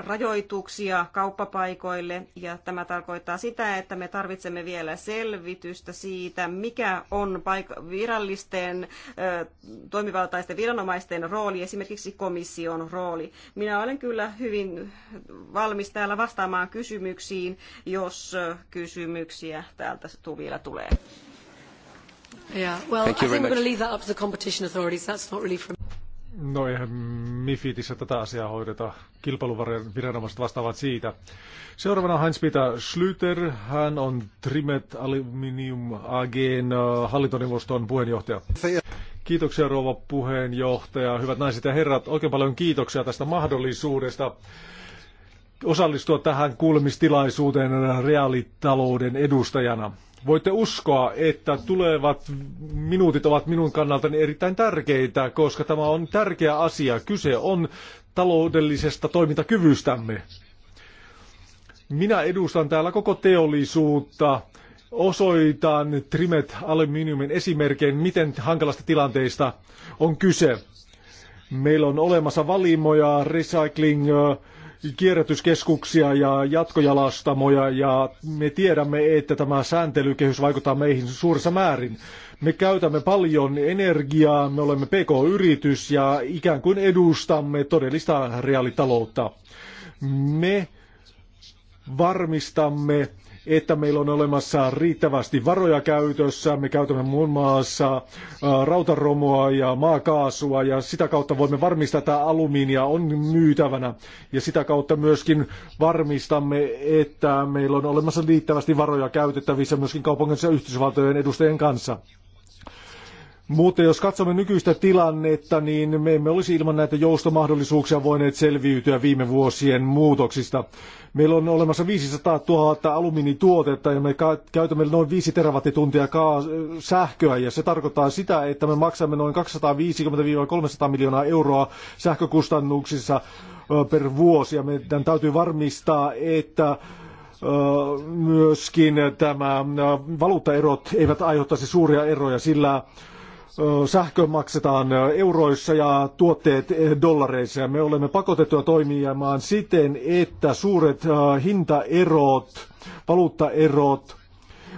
rajoituksia kauppapaikoille ja tämä tarkoittaa sitä, että me tarvitsemme vielä selvitystä siitä, mikä on virallisten toimivaltaisten viranomaisten rooli, esimerkiksi komission rooli. Minä olen kyllä hyvin valmis täällä vastaamaan kysymyksiin, jos kysymyksiä täältä vielä tulee. Yeah, well, Thank you I think much. we're going to leave that up to the competition authorities. That's not really No eihän Mifitissä tätä asiaa hoideta. viranomaiset vastaavat siitä. Seuraavana Heinz-Peter Schlüter. Hän on Trimet Aluminium AGn äh, hallintoneuvoston puheenjohtaja. Kiitoksia rouva puheenjohtaja. Hyvät naiset ja herrat, oikein paljon kiitoksia tästä mahdollisuudesta osallistua tähän kuulemistilaisuuteen reaalitalouden edustajana. Voitte uskoa, että tulevat minuutit ovat minun kannaltani erittäin tärkeitä, koska tämä on tärkeä asia. Kyse on taloudellisesta toimintakyvystämme. Minä edustan täällä koko teollisuutta. Osoitan Trimet Aluminiumin esimerkkein, miten hankalasta tilanteesta on kyse. Meillä on olemassa valimoja, recycling, kierrätyskeskuksia ja jatkojalastamoja ja me tiedämme, että tämä sääntelykehys vaikuttaa meihin suurissa määrin. Me käytämme paljon energiaa, me olemme PK-yritys ja ikään kuin edustamme todellista reaalitaloutta. Me varmistamme että meillä on olemassa riittävästi varoja käytössä. Me käytämme muun muassa rautaromua ja maakaasua ja sitä kautta voimme varmistaa, että alumiinia on myytävänä. Ja sitä kautta myöskin varmistamme, että meillä on olemassa riittävästi varoja käytettävissä myöskin kaupungissa Yhdysvaltojen edustajien kanssa. Mutta jos katsomme nykyistä tilannetta, niin me emme olisi ilman näitä joustomahdollisuuksia voineet selviytyä viime vuosien muutoksista. Meillä on olemassa 500 000 alumiinituotetta ja me käytämme noin 5 terawattituntia sähköä ja se tarkoittaa sitä, että me maksamme noin 250-300 miljoonaa euroa sähkökustannuksissa per vuosi ja meidän täytyy varmistaa, että myöskin tämä valuuttaerot eivät aiheuttaisi suuria eroja, sillä sähkö maksetaan euroissa ja tuotteet dollareissa. Me olemme pakotettuja toimimaan siten, että suuret hintaerot, valuuttaerot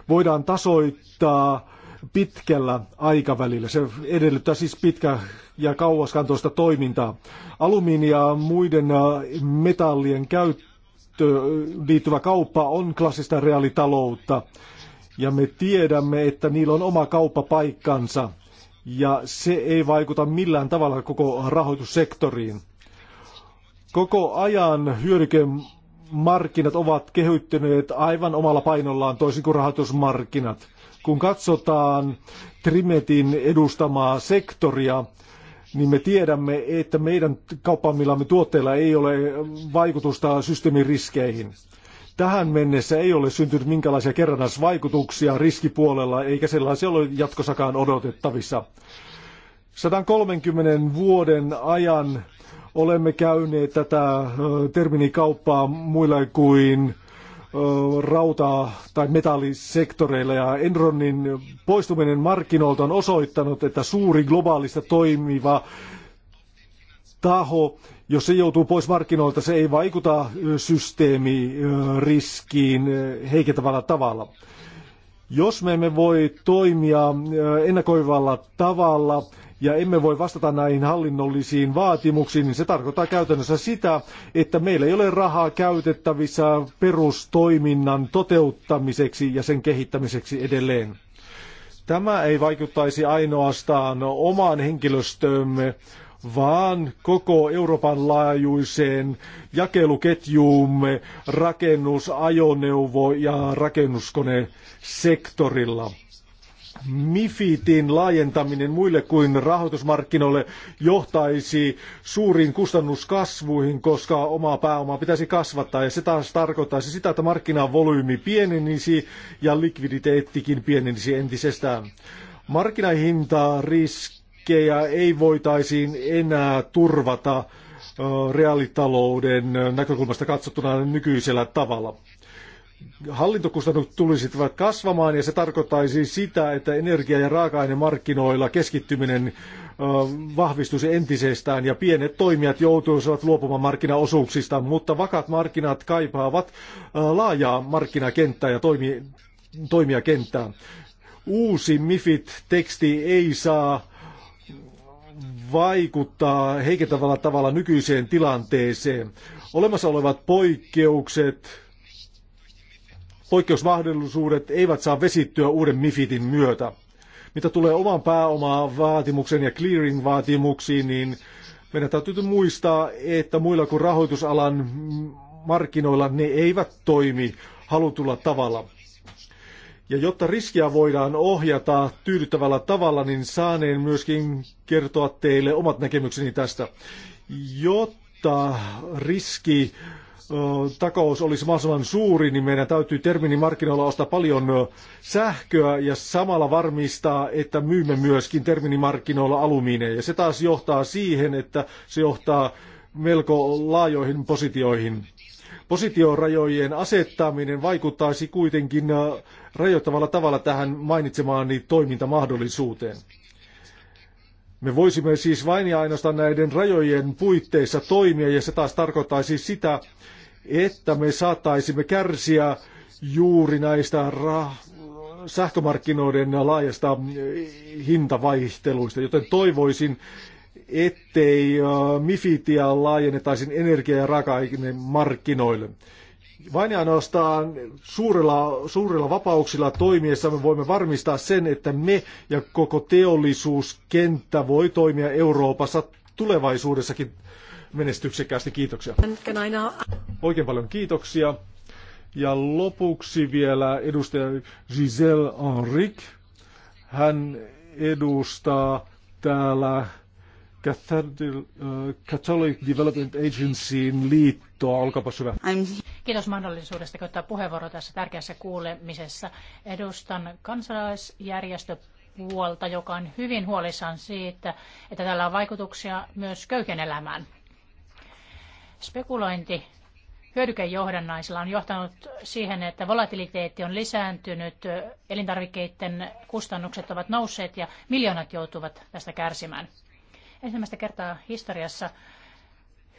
voidaan tasoittaa pitkällä aikavälillä. Se edellyttää siis pitkä ja kauaskantoista toimintaa. Alumiinia ja muiden metallien käyttöön liittyvä kauppa on klassista reaalitaloutta. Ja me tiedämme, että niillä on oma kauppapaikkansa – ja se ei vaikuta millään tavalla koko rahoitussektoriin. Koko ajan hyödykemarkkinat ovat kehittyneet aivan omalla painollaan toisin kuin rahoitusmarkkinat. Kun katsotaan Trimetin edustamaa sektoria, niin me tiedämme, että meidän kauppamillamme tuotteilla ei ole vaikutusta systeemiriskeihin tähän mennessä ei ole syntynyt minkälaisia kerrannaisvaikutuksia riskipuolella, eikä sellaisia ole jatkossakaan odotettavissa. 130 vuoden ajan olemme käyneet tätä terminikauppaa muilla kuin rauta- tai metallisektoreilla ja Enronin poistuminen markkinoilta on osoittanut, että suuri globaalista toimiva taho, jos se joutuu pois markkinoilta, se ei vaikuta systeemiriskiin heikentävällä tavalla. Jos me emme voi toimia ennakoivalla tavalla ja emme voi vastata näihin hallinnollisiin vaatimuksiin, niin se tarkoittaa käytännössä sitä, että meillä ei ole rahaa käytettävissä perustoiminnan toteuttamiseksi ja sen kehittämiseksi edelleen. Tämä ei vaikuttaisi ainoastaan omaan henkilöstöömme, vaan koko Euroopan laajuiseen jakeluketjuumme rakennus-, ajoneuvo- ja rakennuskone-sektorilla rakennuskone-sektorilla. MIFITin laajentaminen muille kuin rahoitusmarkkinoille johtaisi suuriin kustannuskasvuihin, koska omaa pääomaa pitäisi kasvattaa. Ja se taas tarkoittaisi sitä, että markkinavolyymi pienenisi ja likviditeettikin pienenisi entisestään. Markkinahinta riski pankkeja ei voitaisiin enää turvata reaalitalouden näkökulmasta katsottuna nykyisellä tavalla. Hallintokustannukset tulisivat kasvamaan ja se tarkoittaisi sitä, että energia- ja raaka-ainemarkkinoilla keskittyminen vahvistuisi entisestään ja pienet toimijat joutuisivat luopumaan markkinaosuuksista, mutta vakat markkinat kaipaavat laajaa markkinakenttää ja toimi, toimijakenttää. Uusi MIFID-teksti ei saa vaikuttaa heikentävällä tavalla nykyiseen tilanteeseen. Olemassa olevat poikkeukset, poikkeusmahdollisuudet eivät saa vesittyä uuden MIFITin myötä. Mitä tulee oman pääomaa vaatimuksen ja clearing vaatimuksiin, niin meidän täytyy muistaa, että muilla kuin rahoitusalan markkinoilla ne eivät toimi halutulla tavalla. Ja jotta riskiä voidaan ohjata tyydyttävällä tavalla, niin saaneen myöskin kertoa teille omat näkemykseni tästä. Jotta riski takaus olisi mahdollisimman suuri, niin meidän täytyy terminimarkkinoilla ostaa paljon sähköä ja samalla varmistaa, että myymme myöskin terminimarkkinoilla alumiineja. Se taas johtaa siihen, että se johtaa melko laajoihin positioihin. Positiorajojen asettaminen vaikuttaisi kuitenkin rajoittavalla tavalla tähän mainitsemaani toimintamahdollisuuteen. Me voisimme siis vain ja ainoastaan näiden rajojen puitteissa toimia, ja se taas tarkoittaisi sitä, että me saattaisimme kärsiä juuri näistä sähkömarkkinoiden laajasta eh, hintavaihteluista, joten toivoisin, ettei eh, Mifitia laajennetaisiin energia- ja raaka-ainemarkkinoille. markkinoille. Vain ja ainoastaan suurilla, suurilla vapauksilla toimiessa me voimme varmistaa sen, että me ja koko teollisuuskenttä voi toimia Euroopassa tulevaisuudessakin menestyksekkäästi. Kiitoksia. Oikein paljon kiitoksia. Ja lopuksi vielä edustaja Giselle Henrik. Hän edustaa täällä Äh, Catholic Development Agencyin liittoa. Olkaapa hyvä. Kiitos mahdollisuudesta käyttää puheenvuoro tässä tärkeässä kuulemisessa. Edustan kansalaisjärjestö puolta, joka on hyvin huolissaan siitä, että tällä on vaikutuksia myös köyhien elämään. Spekulointi hyödykejohdannaisilla on johtanut siihen, että volatiliteetti on lisääntynyt, elintarvikkeiden kustannukset ovat nousseet ja miljoonat joutuvat tästä kärsimään ensimmäistä kertaa historiassa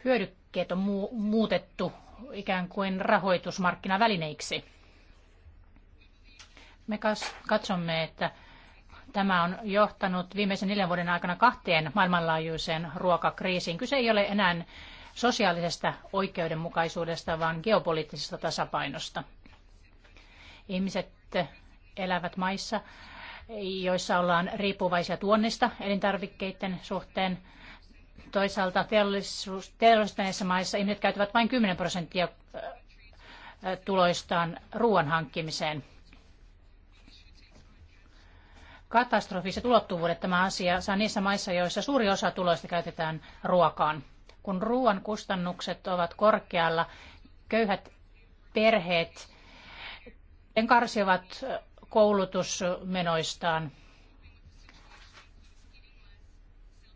hyödykkeet on muutettu ikään kuin rahoitusmarkkinavälineiksi. Me katsomme, että tämä on johtanut viimeisen neljän vuoden aikana kahteen maailmanlaajuiseen ruokakriisiin. Kyse ei ole enää sosiaalisesta oikeudenmukaisuudesta, vaan geopoliittisesta tasapainosta. Ihmiset elävät maissa, joissa ollaan riippuvaisia tuonnista elintarvikkeiden suhteen. Toisaalta teollistuneissa maissa ihmiset käyttävät vain 10 prosenttia tuloistaan ruoan hankkimiseen. Katastrofiset ulottuvuudet tämä asia saa niissä maissa, joissa suuri osa tuloista käytetään ruokaan. Kun ruoan kustannukset ovat korkealla, köyhät perheet karsivat koulutusmenoistaan.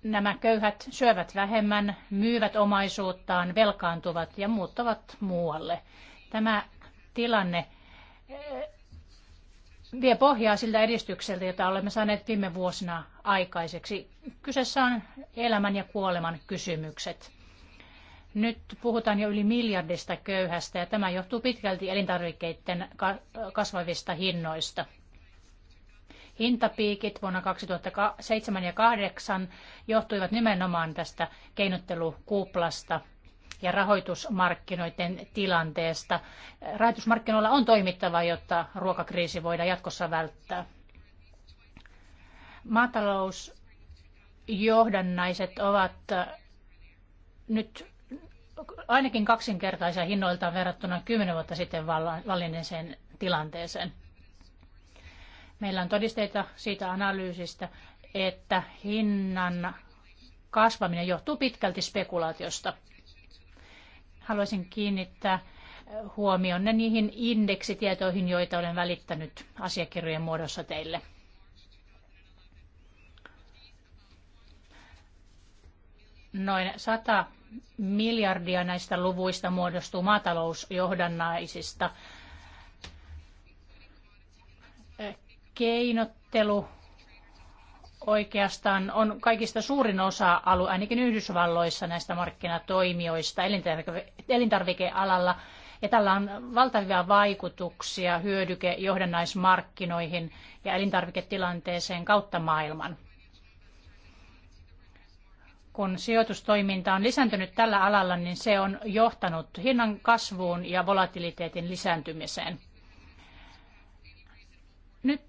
Nämä köyhät syövät vähemmän, myyvät omaisuuttaan, velkaantuvat ja muuttavat muualle. Tämä tilanne eh, vie pohjaa siltä edistykseltä, jota olemme saaneet viime vuosina aikaiseksi. Kyseessä on elämän ja kuoleman kysymykset. Nyt puhutaan jo yli miljardista köyhästä ja tämä johtuu pitkälti elintarvikkeiden kasvavista hinnoista. Hintapiikit vuonna 2007 ja 2008 johtuivat nimenomaan tästä keinottelukuplasta ja rahoitusmarkkinoiden tilanteesta. Rahoitusmarkkinoilla on toimittava, jotta ruokakriisi voidaan jatkossa välttää. Maatalousjohdannaiset ovat nyt ainakin kaksinkertaisia hinnoiltaan verrattuna kymmenen vuotta sitten vallinneeseen tilanteeseen. Meillä on todisteita siitä analyysistä, että hinnan kasvaminen johtuu pitkälti spekulaatiosta. Haluaisin kiinnittää huomionne niihin indeksitietoihin, joita olen välittänyt asiakirjojen muodossa teille. noin 100 miljardia näistä luvuista muodostuu maatalousjohdannaisista. Keinottelu oikeastaan on kaikista suurin osa-alue, ainakin Yhdysvalloissa näistä markkinatoimijoista elintarvikealalla. Ja tällä on valtavia vaikutuksia hyödykejohdannaismarkkinoihin ja elintarviketilanteeseen kautta maailman kun sijoitustoiminta on lisääntynyt tällä alalla, niin se on johtanut hinnan kasvuun ja volatiliteetin lisääntymiseen. Nyt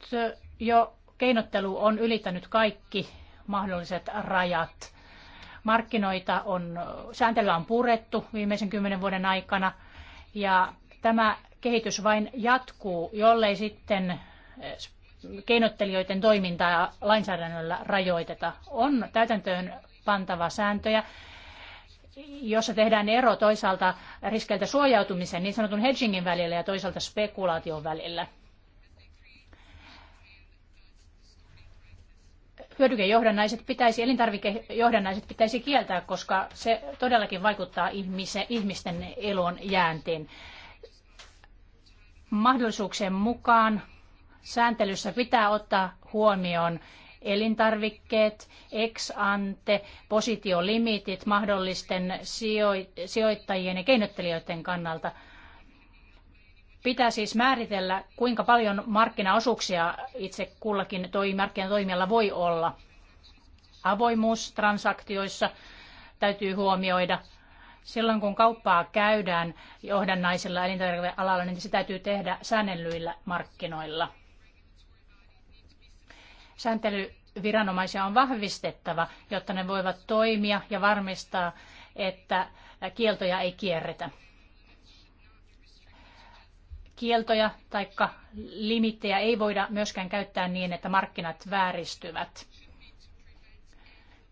jo keinottelu on ylittänyt kaikki mahdolliset rajat. Markkinoita on, sääntelyä on purettu viimeisen kymmenen vuoden aikana ja tämä kehitys vain jatkuu, jollei sitten keinottelijoiden toimintaa lainsäädännöllä rajoiteta. On täytäntöön pantava sääntöjä, jossa tehdään ero toisaalta riskeiltä suojautumisen niin sanotun hedgingin välillä ja toisaalta spekulaation välillä. hyödykejohdannaiset pitäisi, elintarvikejohdannaiset pitäisi kieltää, koska se todellakin vaikuttaa ihmisen, ihmisten elon jääntiin. Mahdollisuuksien mukaan sääntelyssä pitää ottaa huomioon elintarvikkeet, ex ante, positiolimitit mahdollisten sijoittajien ja keinottelijoiden kannalta. Pitää siis määritellä, kuinka paljon markkinaosuuksia itse kullakin toi markkinatoimijalla voi olla. Avoimuus transaktioissa täytyy huomioida silloin kun kauppaa käydään johdannaisilla elintarvikealalla, niin se täytyy tehdä säännellyillä markkinoilla sääntelyviranomaisia on vahvistettava, jotta ne voivat toimia ja varmistaa, että kieltoja ei kierretä. Kieltoja tai limittejä ei voida myöskään käyttää niin, että markkinat vääristyvät.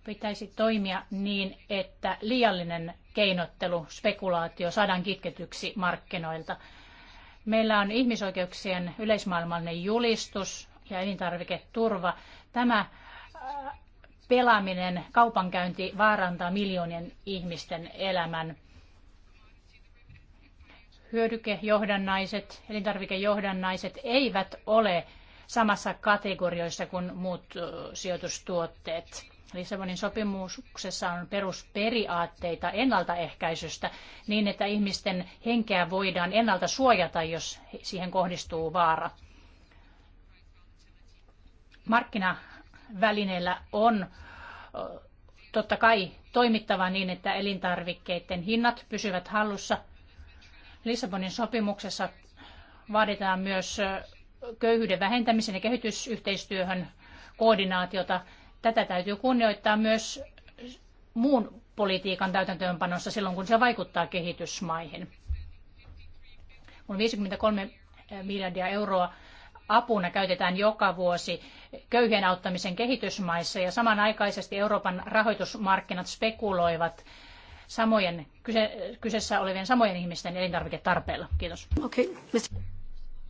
Pitäisi toimia niin, että liiallinen keinottelu, spekulaatio saadaan kitketyksi markkinoilta. Meillä on ihmisoikeuksien yleismaailmallinen julistus, ja elintarviketurva. Tämä äh, pelaaminen, kaupankäynti vaarantaa miljoonien ihmisten elämän. Hyödykejohdannaiset, elintarvikejohdannaiset eivät ole samassa kategorioissa kuin muut sijoitustuotteet. Lissabonin sopimuksessa on perusperiaatteita ennaltaehkäisystä niin, että ihmisten henkeä voidaan ennalta suojata, jos siihen kohdistuu vaara markkinavälineellä on totta kai toimittava niin, että elintarvikkeiden hinnat pysyvät hallussa. Lissabonin sopimuksessa vaaditaan myös köyhyyden vähentämisen ja kehitysyhteistyöhön koordinaatiota. Tätä täytyy kunnioittaa myös muun politiikan täytäntöönpanossa silloin, kun se vaikuttaa kehitysmaihin. Kun 53 miljardia euroa apuna käytetään joka vuosi köyhien auttamisen kehitysmaissa ja samanaikaisesti Euroopan rahoitusmarkkinat spekuloivat samojen, kyse, kyseessä olevien samojen ihmisten elintarviketarpeilla. Kiitos. Okay.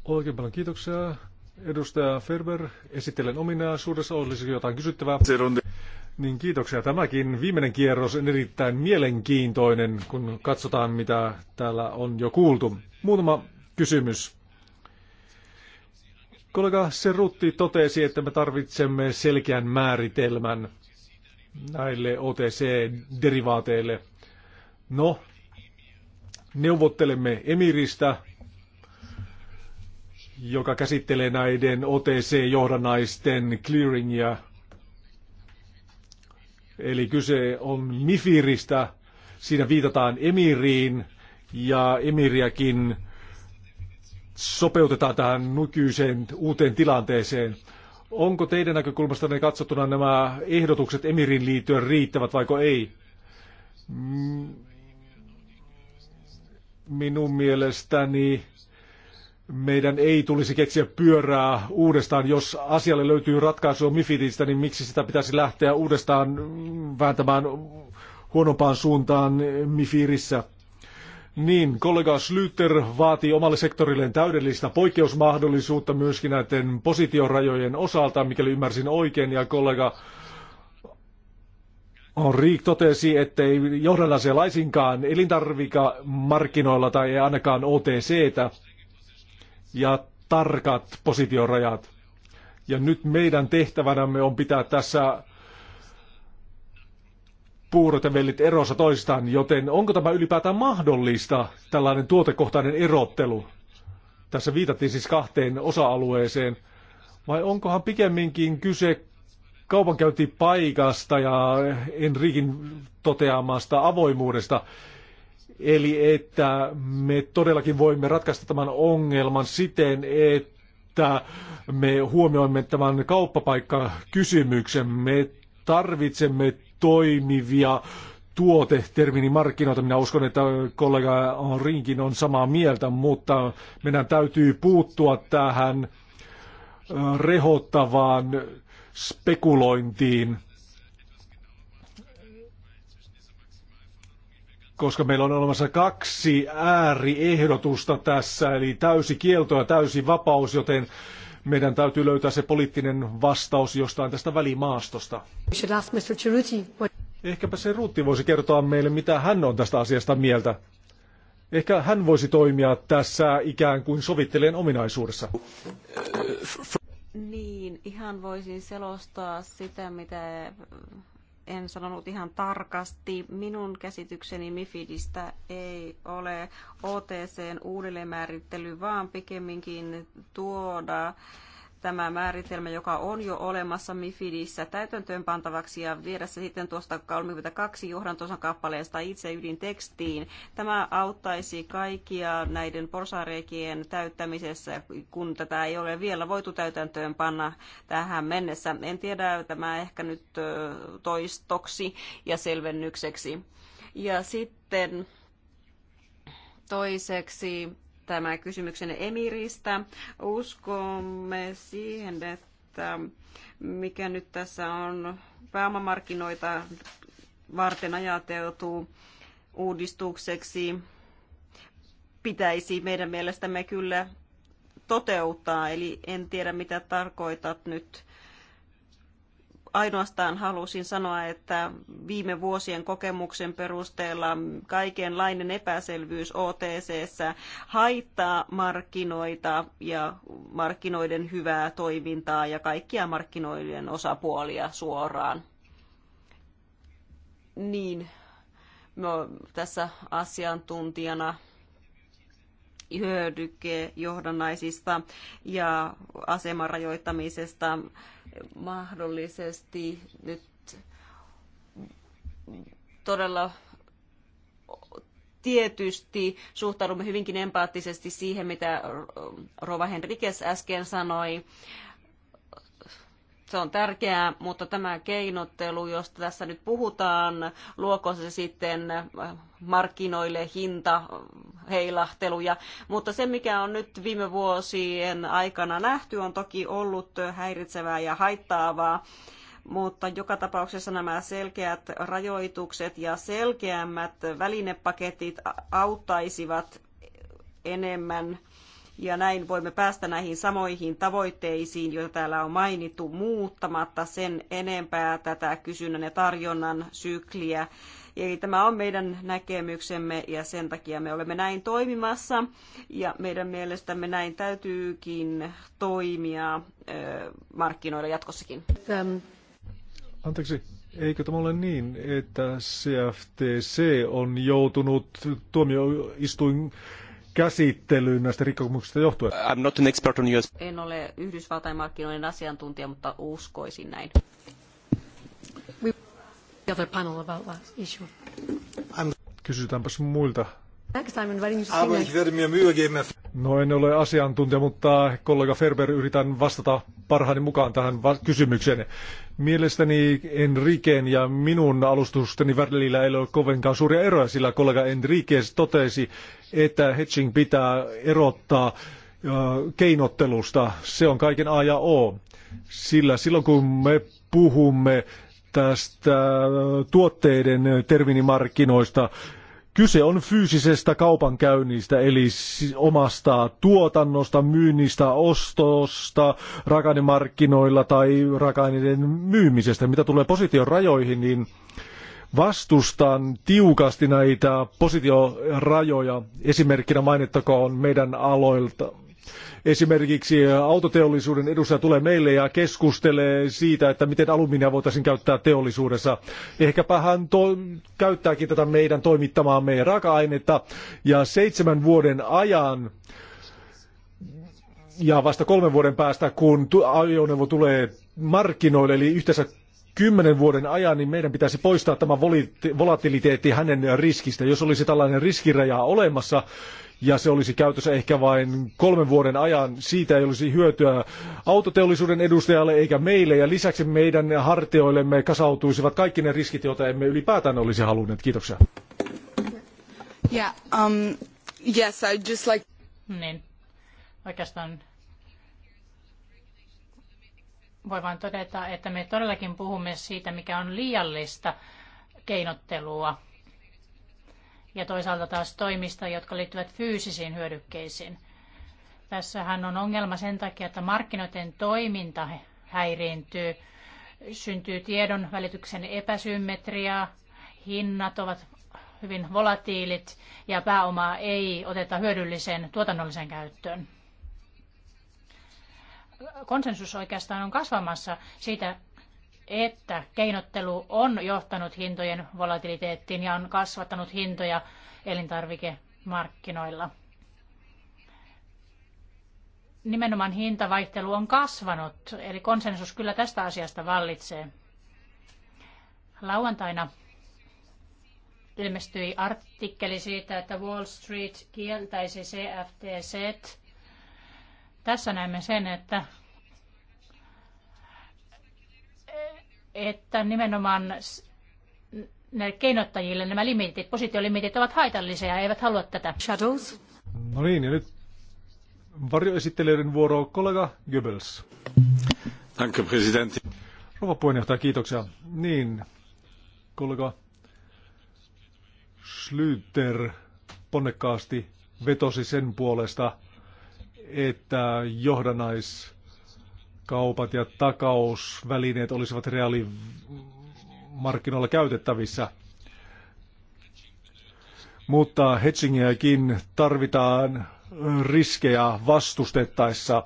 Oikein paljon kiitoksia. Edustaja Ferber, esittelen ominaisuudessa. Olisiko jotain kysyttävää? Niin kiitoksia. Tämäkin viimeinen kierros on erittäin mielenkiintoinen, kun katsotaan, mitä täällä on jo kuultu. Muutama kysymys. Kollega Serutti totesi, että me tarvitsemme selkeän määritelmän näille OTC-derivaateille. No, neuvottelemme Emiristä, joka käsittelee näiden OTC-johdannaisten clearingia. Eli kyse on MIFIRistä. Siinä viitataan Emiriin ja Emiriäkin sopeutetaan tähän nykyiseen uuteen tilanteeseen. Onko teidän näkökulmastanne katsottuna nämä ehdotukset Emirin liittyen riittävät vaiko ei? Minun mielestäni meidän ei tulisi keksiä pyörää uudestaan. Jos asialle löytyy ratkaisua Mifidistä, niin miksi sitä pitäisi lähteä uudestaan vääntämään huonompaan suuntaan Mifirissä? Niin, kollega Slyter vaatii omalle sektorilleen täydellistä poikkeusmahdollisuutta myöskin näiden positiorajojen osalta, mikäli ymmärsin oikein, ja kollega Riik totesi, ettei johdannaisia laisinkaan elintarvikamarkkinoilla tai ei ainakaan OTCtä ja tarkat positiorajat. Ja nyt meidän tehtävänämme on pitää tässä puurot ja vellit erossa toistaan, joten onko tämä ylipäätään mahdollista, tällainen tuotekohtainen erottelu? Tässä viitattiin siis kahteen osa-alueeseen. Vai onkohan pikemminkin kyse kaupankäyntipaikasta ja Enrikin toteamasta avoimuudesta? Eli että me todellakin voimme ratkaista tämän ongelman siten, että me huomioimme tämän kauppapaikkakysymyksen. kysymyksen. Me tarvitsemme toimivia markkinoita Minä uskon, että kollega Rinkin on samaa mieltä, mutta meidän täytyy puuttua tähän rehottavaan spekulointiin, koska meillä on olemassa kaksi ääriehdotusta tässä, eli täysi kielto ja täysi vapaus, joten meidän täytyy löytää se poliittinen vastaus jostain tästä välimaastosta. Ehkäpä se Ruutti voisi kertoa meille, mitä hän on tästä asiasta mieltä. Ehkä hän voisi toimia tässä ikään kuin sovittelijan ominaisuudessa. Niin, ihan voisin selostaa sitä, mitä en sanonut ihan tarkasti. Minun käsitykseni MIFIDistä ei ole OTCn uudelleenmäärittely, vaan pikemminkin tuoda tämä määritelmä, joka on jo olemassa MIFIDissä täytäntöön pantavaksi ja viedä se sitten tuosta 32 johdantosan kappaleesta itse ydintekstiin. Tämä auttaisi kaikkia näiden porsareikien täyttämisessä, kun tätä ei ole vielä voitu täytäntöön panna tähän mennessä. En tiedä, tämä ehkä nyt toistoksi ja selvennykseksi. Ja sitten toiseksi tämä kysymyksen emiristä. Uskomme siihen, että mikä nyt tässä on pääomamarkkinoita varten ajateltu uudistukseksi, pitäisi meidän mielestämme kyllä toteuttaa. Eli en tiedä, mitä tarkoitat nyt ainoastaan halusin sanoa, että viime vuosien kokemuksen perusteella kaikenlainen epäselvyys otc haittaa markkinoita ja markkinoiden hyvää toimintaa ja kaikkia markkinoiden osapuolia suoraan. Niin, no, tässä asiantuntijana hyödykkeen johdannaisista ja aseman rajoittamisesta mahdollisesti nyt todella tietysti suhtaudumme hyvinkin empaattisesti siihen, mitä Rova Henrikes äsken sanoi se on tärkeää, mutta tämä keinottelu, josta tässä nyt puhutaan, luoko se sitten markkinoille hinta, heilahteluja. Mutta se, mikä on nyt viime vuosien aikana nähty, on toki ollut häiritsevää ja haittaavaa mutta joka tapauksessa nämä selkeät rajoitukset ja selkeämmät välinepaketit auttaisivat enemmän ja näin voimme päästä näihin samoihin tavoitteisiin, joita täällä on mainittu, muuttamatta sen enempää tätä kysynnän ja tarjonnan sykliä. Eli tämä on meidän näkemyksemme ja sen takia me olemme näin toimimassa ja meidän mielestämme näin täytyykin toimia markkinoilla jatkossakin. Anteeksi, eikö tämä ole niin, että CFTC on joutunut tuomioistuin käsittelyyn näistä rikkomuksista johtuen? I'm not an expert on US. En ole Yhdysvaltain markkinoiden asiantuntija, mutta uskoisin näin. We... The other panel about that issue. I'm... Kysytäänpäs muilta Aber ich werde mir Mühe geben. No en ole asiantuntija, mutta kollega Ferber yritän vastata parhaani mukaan tähän kysymykseen. Mielestäni Enriken ja minun alustusteni välillä ei ole kovinkaan suuria eroja, sillä kollega Enriquez totesi, että hedging pitää erottaa keinottelusta. Se on kaiken A ja O. Sillä silloin kun me puhumme tästä tuotteiden terminimarkkinoista, Kyse on fyysisestä kaupankäynnistä, eli omasta tuotannosta, myynnistä, ostosta, rakennemarkkinoilla tai rakenneiden myymisestä. Mitä tulee position rajoihin, niin vastustan tiukasti näitä positiorajoja. Esimerkkinä mainittakoon meidän aloilta, Esimerkiksi autoteollisuuden edustaja tulee meille ja keskustelee siitä, että miten alumiinia voitaisiin käyttää teollisuudessa. Ehkäpä hän käyttääkin tätä meidän toimittamaamme raaka-ainetta ja seitsemän vuoden ajan ja vasta kolmen vuoden päästä, kun ajoneuvo tulee markkinoille, eli yhteensä kymmenen vuoden ajan, niin meidän pitäisi poistaa tämä volatiliteetti hänen riskistä. Jos olisi tällainen riskiraja olemassa, ja se olisi käytössä ehkä vain kolmen vuoden ajan. Siitä ei olisi hyötyä autoteollisuuden edustajalle eikä meille ja lisäksi meidän hartioillemme kasautuisivat kaikki ne riskit, joita emme ylipäätään olisi halunneet. Kiitoksia. Yeah, um, yes, I just like... Niin. Oikeastaan voi vain todeta, että me todellakin puhumme siitä, mikä on liiallista keinottelua ja toisaalta taas toimista, jotka liittyvät fyysisiin hyödykkeisiin. Tässähän on ongelma sen takia, että markkinoiden toiminta häiriintyy, syntyy tiedon välityksen epäsymmetriaa, hinnat ovat hyvin volatiilit ja pääomaa ei oteta hyödylliseen tuotannolliseen käyttöön konsensus oikeastaan on kasvamassa siitä, että keinottelu on johtanut hintojen volatiliteettiin ja on kasvattanut hintoja elintarvikemarkkinoilla. Nimenomaan hintavaihtelu on kasvanut, eli konsensus kyllä tästä asiasta vallitsee. Lauantaina ilmestyi artikkeli siitä, että Wall Street kieltäisi CFTC. Tässä näemme sen, että että nimenomaan keinottajille nämä limitit, positiolimitit ovat haitallisia ja eivät halua tätä. Shadows. No niin, ja nyt varjoesittelijöiden vuoro kollega Goebbels. Danke, presidentti. Rouva puheenjohtaja, kiitoksia. Niin, kollega Schlüter ponnekkaasti vetosi sen puolesta, että johdanais kaupat ja takausvälineet olisivat reaalimarkkinoilla käytettävissä. Mutta hedgingiäkin tarvitaan riskejä vastustettaessa.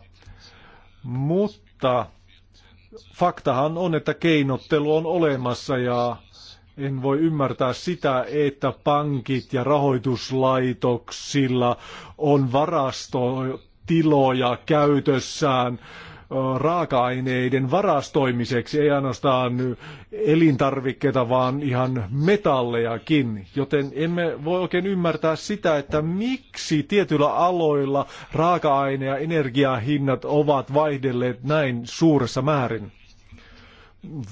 Mutta faktahan on, että keinottelu on olemassa ja en voi ymmärtää sitä, että pankit ja rahoituslaitoksilla on varastotiloja käytössään raaka-aineiden varastoimiseksi, ei ainoastaan elintarvikkeita, vaan ihan metallejakin. Joten emme voi oikein ymmärtää sitä, että miksi tietyillä aloilla raaka-aine- ja energiahinnat ovat vaihdelleet näin suuressa määrin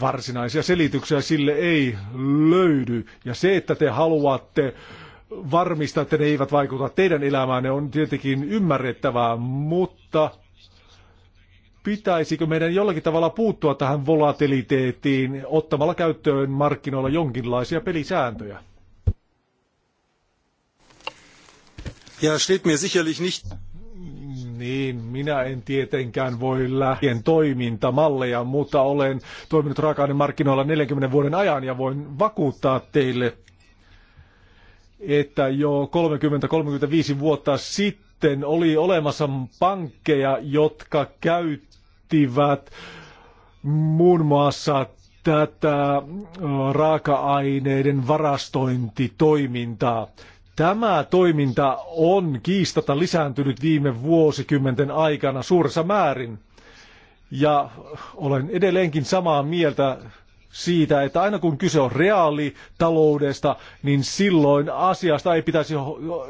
varsinaisia selityksiä sille ei löydy. Ja se, että te haluatte varmistaa, että ne eivät vaikuta teidän elämäänne, on tietenkin ymmärrettävää, mutta pitäisikö meidän jollakin tavalla puuttua tähän volatiliteettiin ottamalla käyttöön markkinoilla jonkinlaisia pelisääntöjä? Ja, steht mir sicherlich nicht. Niin, minä en tietenkään voi lähtien toimintamalleja, mutta olen toiminut raaka markkinoilla 40 vuoden ajan ja voin vakuuttaa teille, että jo 30-35 vuotta sitten oli olemassa pankkeja, jotka käyttivät käyttivät muun muassa tätä raaka-aineiden varastointitoimintaa. Tämä toiminta on kiistata lisääntynyt viime vuosikymmenten aikana suuressa määrin. Ja olen edelleenkin samaa mieltä siitä, että aina kun kyse on reaalitaloudesta, niin silloin asiasta ei pitäisi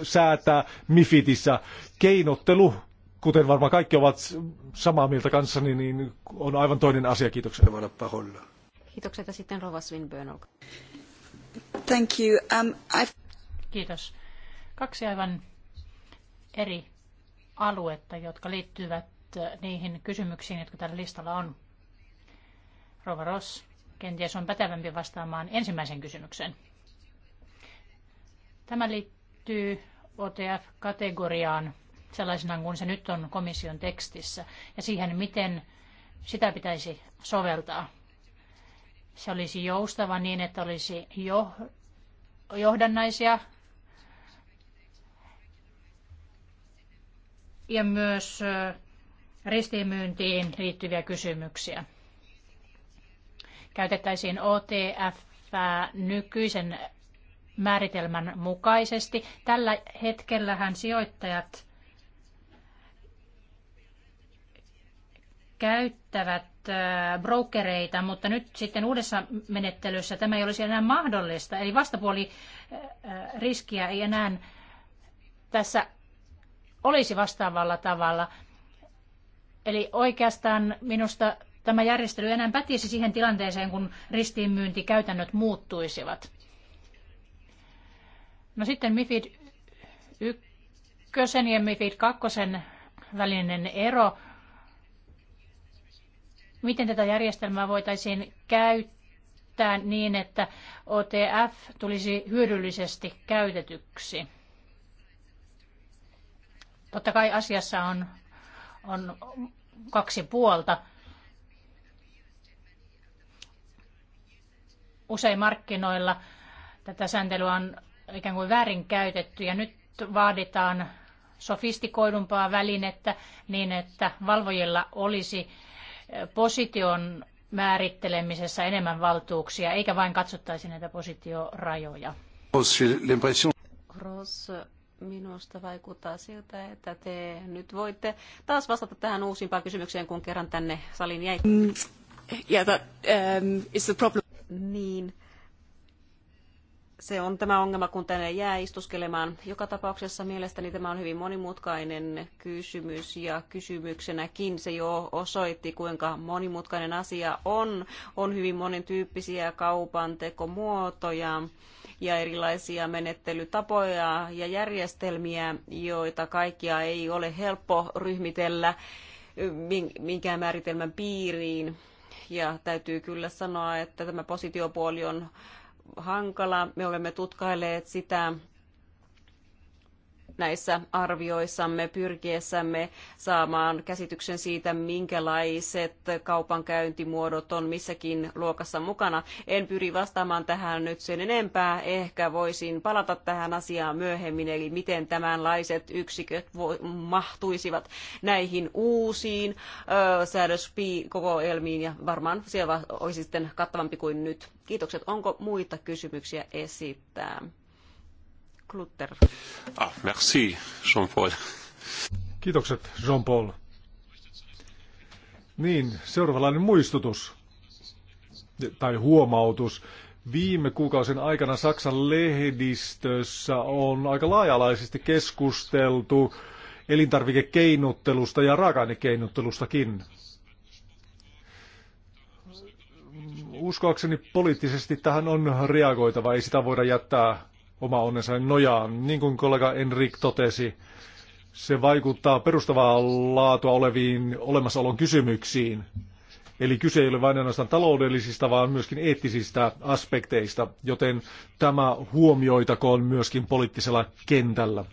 säätää Mifitissä. Keinottelu kuten varmaan kaikki ovat samaa mieltä kanssani, niin on aivan toinen asia. Kiitoksia. Kiitokset ja sitten Rova Swinburne. Thank you. Um, Kiitos. Kaksi aivan eri aluetta, jotka liittyvät äh, niihin kysymyksiin, jotka tällä listalla on. Rova Ross kenties on pätevämpi vastaamaan ensimmäisen kysymykseen. Tämä liittyy OTF-kategoriaan sellaisena kuin se nyt on komission tekstissä ja siihen, miten sitä pitäisi soveltaa. Se olisi joustava niin, että olisi jo, johdannaisia ja myös ristimyyntiin liittyviä kysymyksiä. Käytettäisiin OTF nykyisen määritelmän mukaisesti. Tällä hetkellähän sijoittajat käyttävät äh, brokereita, mutta nyt sitten uudessa menettelyssä tämä ei olisi enää mahdollista. Eli vastapuoli äh, äh, riskiä ei enää tässä olisi vastaavalla tavalla. Eli oikeastaan minusta tämä järjestely enää pätisi siihen tilanteeseen, kun ristiinmyyntikäytännöt muuttuisivat. No sitten MIFID 1 ja MIFID 2 välinen ero miten tätä järjestelmää voitaisiin käyttää niin, että OTF tulisi hyödyllisesti käytetyksi? Totta kai asiassa on, on kaksi puolta. Usein markkinoilla tätä sääntelyä on ikään kuin väärinkäytetty ja nyt vaaditaan sofistikoidumpaa välinettä niin, että valvojilla olisi position määrittelemisessä enemmän valtuuksia, eikä vain katsottaisi näitä positiorajoja. Gross, minusta vaikuttaa siltä, että te nyt voitte taas vastata tähän uusimpaan kysymykseen, kun kerran tänne salin jäi. Mm, yeah, that, um, the problem. Niin, se on tämä ongelma, kun tänne jää istuskelemaan. Joka tapauksessa mielestäni tämä on hyvin monimutkainen kysymys ja kysymyksenäkin se jo osoitti, kuinka monimutkainen asia on. On hyvin monentyyppisiä tekomuotoja ja erilaisia menettelytapoja ja järjestelmiä, joita kaikkia ei ole helppo ryhmitellä minkään määritelmän piiriin. Ja täytyy kyllä sanoa, että tämä positiopuoli on hankala. Me olemme tutkailleet sitä, näissä arvioissamme pyrkiessämme saamaan käsityksen siitä, minkälaiset kaupankäyntimuodot on missäkin luokassa mukana. En pyri vastaamaan tähän nyt sen enempää. Ehkä voisin palata tähän asiaan myöhemmin, eli miten tämänlaiset yksiköt mahtuisivat näihin uusiin ö, säädöskokoelmiin, ja varmaan siellä olisi sitten kattavampi kuin nyt. Kiitokset. Onko muita kysymyksiä esittää? Klutter. Ah, merci, Jean-Paul. Kiitokset, Jean-Paul. Niin, seuraavalainen muistutus tai huomautus. Viime kuukausien aikana Saksan lehdistössä on aika laajalaisesti keskusteltu elintarvikekeinottelusta ja raaka-ainekeinottelustakin. Uskoakseni poliittisesti tähän on reagoitava, ei sitä voida jättää oma onnensa nojaan. Niin kuin kollega Enrik totesi, se vaikuttaa perustavaa laatua oleviin olemassaolon kysymyksiin. Eli kyse ei ole vain ainoastaan taloudellisista, vaan myöskin eettisistä aspekteista, joten tämä huomioitakoon myöskin poliittisella kentällä.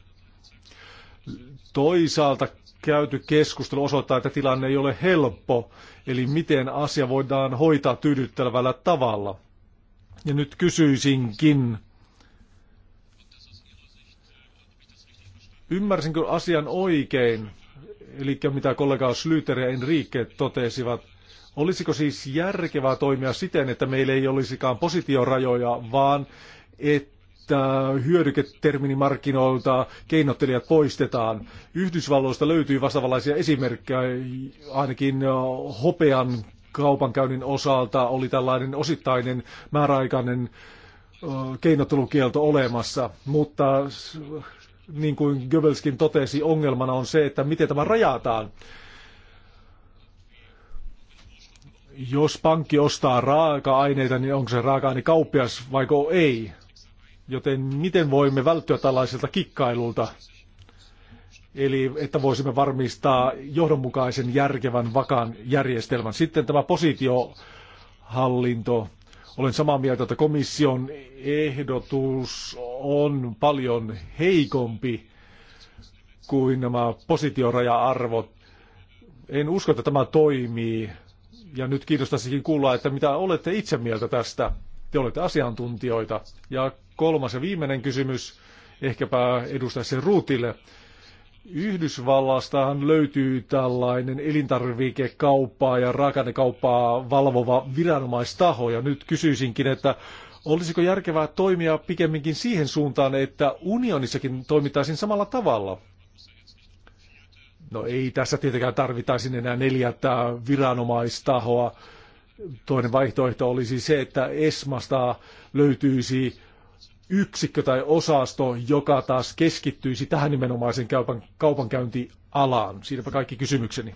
Toisaalta käyty keskustelu osoittaa, että tilanne ei ole helppo, eli miten asia voidaan hoitaa tyydyttävällä tavalla. Ja nyt kysyisinkin, Ymmärsinkö asian oikein, eli mitä kollega Slyter ja Enrique totesivat, olisiko siis järkevää toimia siten, että meillä ei olisikaan positiorajoja, vaan että hyödyketerminimarkkinoilta keinottelijat poistetaan. Yhdysvalloista löytyy vastaavanlaisia esimerkkejä, ainakin hopean kaupankäynnin osalta oli tällainen osittainen määräaikainen keinottelukielto olemassa, mutta niin kuin Goebbelskin totesi, ongelmana on se, että miten tämä rajataan. Jos pankki ostaa raaka-aineita, niin onko se raaka-aine kauppias vai ei? Joten miten voimme välttyä tällaiselta kikkailulta? Eli että voisimme varmistaa johdonmukaisen, järkevän, vakaan järjestelmän. Sitten tämä positiohallinto. Olen samaa mieltä, että komission ehdotus on paljon heikompi kuin nämä positioraja-arvot. En usko, että tämä toimii. Ja nyt kiinnostaisikin kuulla, että mitä olette itse mieltä tästä. Te olette asiantuntijoita. Ja kolmas ja viimeinen kysymys ehkäpä edustaisi Ruutille. Yhdysvallastahan löytyy tällainen elintarvikekauppaa ja raakannekauppaa valvova viranomaistaho, ja nyt kysyisinkin, että olisiko järkevää toimia pikemminkin siihen suuntaan, että unionissakin toimittaisiin samalla tavalla? No ei tässä tietenkään tarvitaisi enää neljättä viranomaistahoa. Toinen vaihtoehto olisi se, että ESMasta löytyisi yksikkö tai osasto, joka taas keskittyisi tähän nimenomaisen kaupan, kaupankäyntialaan. Siinäpä kaikki kysymykseni.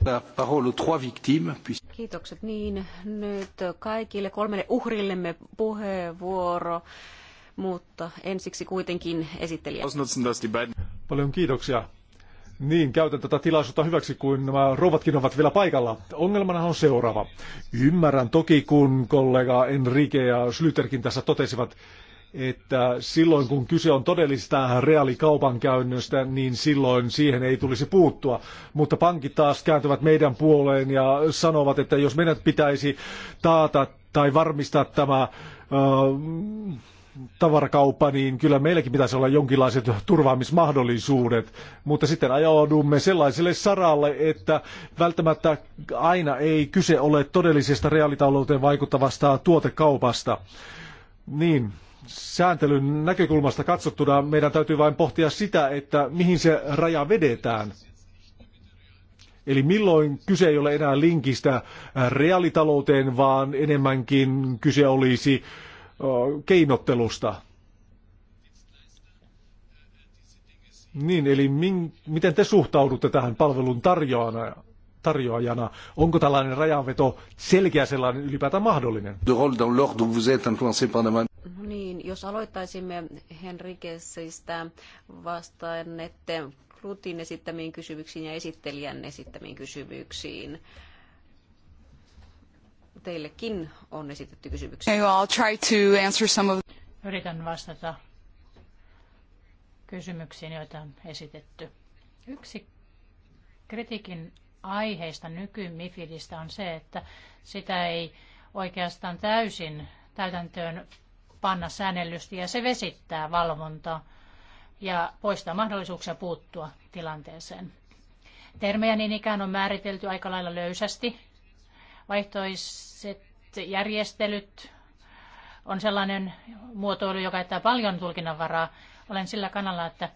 Kiitokset niin. Nyt kaikille kolmelle uhrillemme puheenvuoro, mutta ensiksi kuitenkin esittelijä. Paljon kiitoksia. Niin, käytän tätä tilaisuutta hyväksi, kun nämä rouvatkin ovat vielä paikalla. Ongelmana on seuraava. Ymmärrän toki, kun kollega Enrique ja Slyterkin tässä totesivat, että silloin kun kyse on todellisesta reaalikaupankäynnöstä, niin silloin siihen ei tulisi puuttua. Mutta pankit taas kääntyvät meidän puoleen ja sanovat, että jos meidän pitäisi taata tai varmistaa tämä äh, tavarakauppa, niin kyllä meilläkin pitäisi olla jonkinlaiset turvaamismahdollisuudet, mutta sitten ajaudumme sellaiselle saralle, että välttämättä aina ei kyse ole todellisesta reaalitalouteen vaikuttavasta tuotekaupasta. Niin, sääntelyn näkökulmasta katsottuna meidän täytyy vain pohtia sitä, että mihin se raja vedetään. Eli milloin kyse ei ole enää linkistä reaalitalouteen, vaan enemmänkin kyse olisi keinottelusta. Niin, eli min, miten te suhtaudutte tähän palvelun tarjoajana? tarjoajana? Onko tällainen rajanveto selkeä sellainen ylipäätään mahdollinen? No niin, jos aloittaisimme Henrikesistä vastaannette Klutin esittämiin kysymyksiin ja esittelijän esittämiin kysymyksiin. Teillekin on esitetty kysymyksiä. I'll try to answer some of... Yritän vastata kysymyksiin, joita on esitetty. Yksi kritiikin aiheista nyky-Mifidistä on se, että sitä ei oikeastaan täysin täytäntöön panna säännellysti ja se vesittää valvontaa ja poistaa mahdollisuuksia puuttua tilanteeseen. Termejä niin ikään on määritelty aika lailla löysästi. Vaihtoiset järjestelyt on sellainen muotoilu, joka jättää paljon tulkinnanvaraa. Olen sillä kannalla, että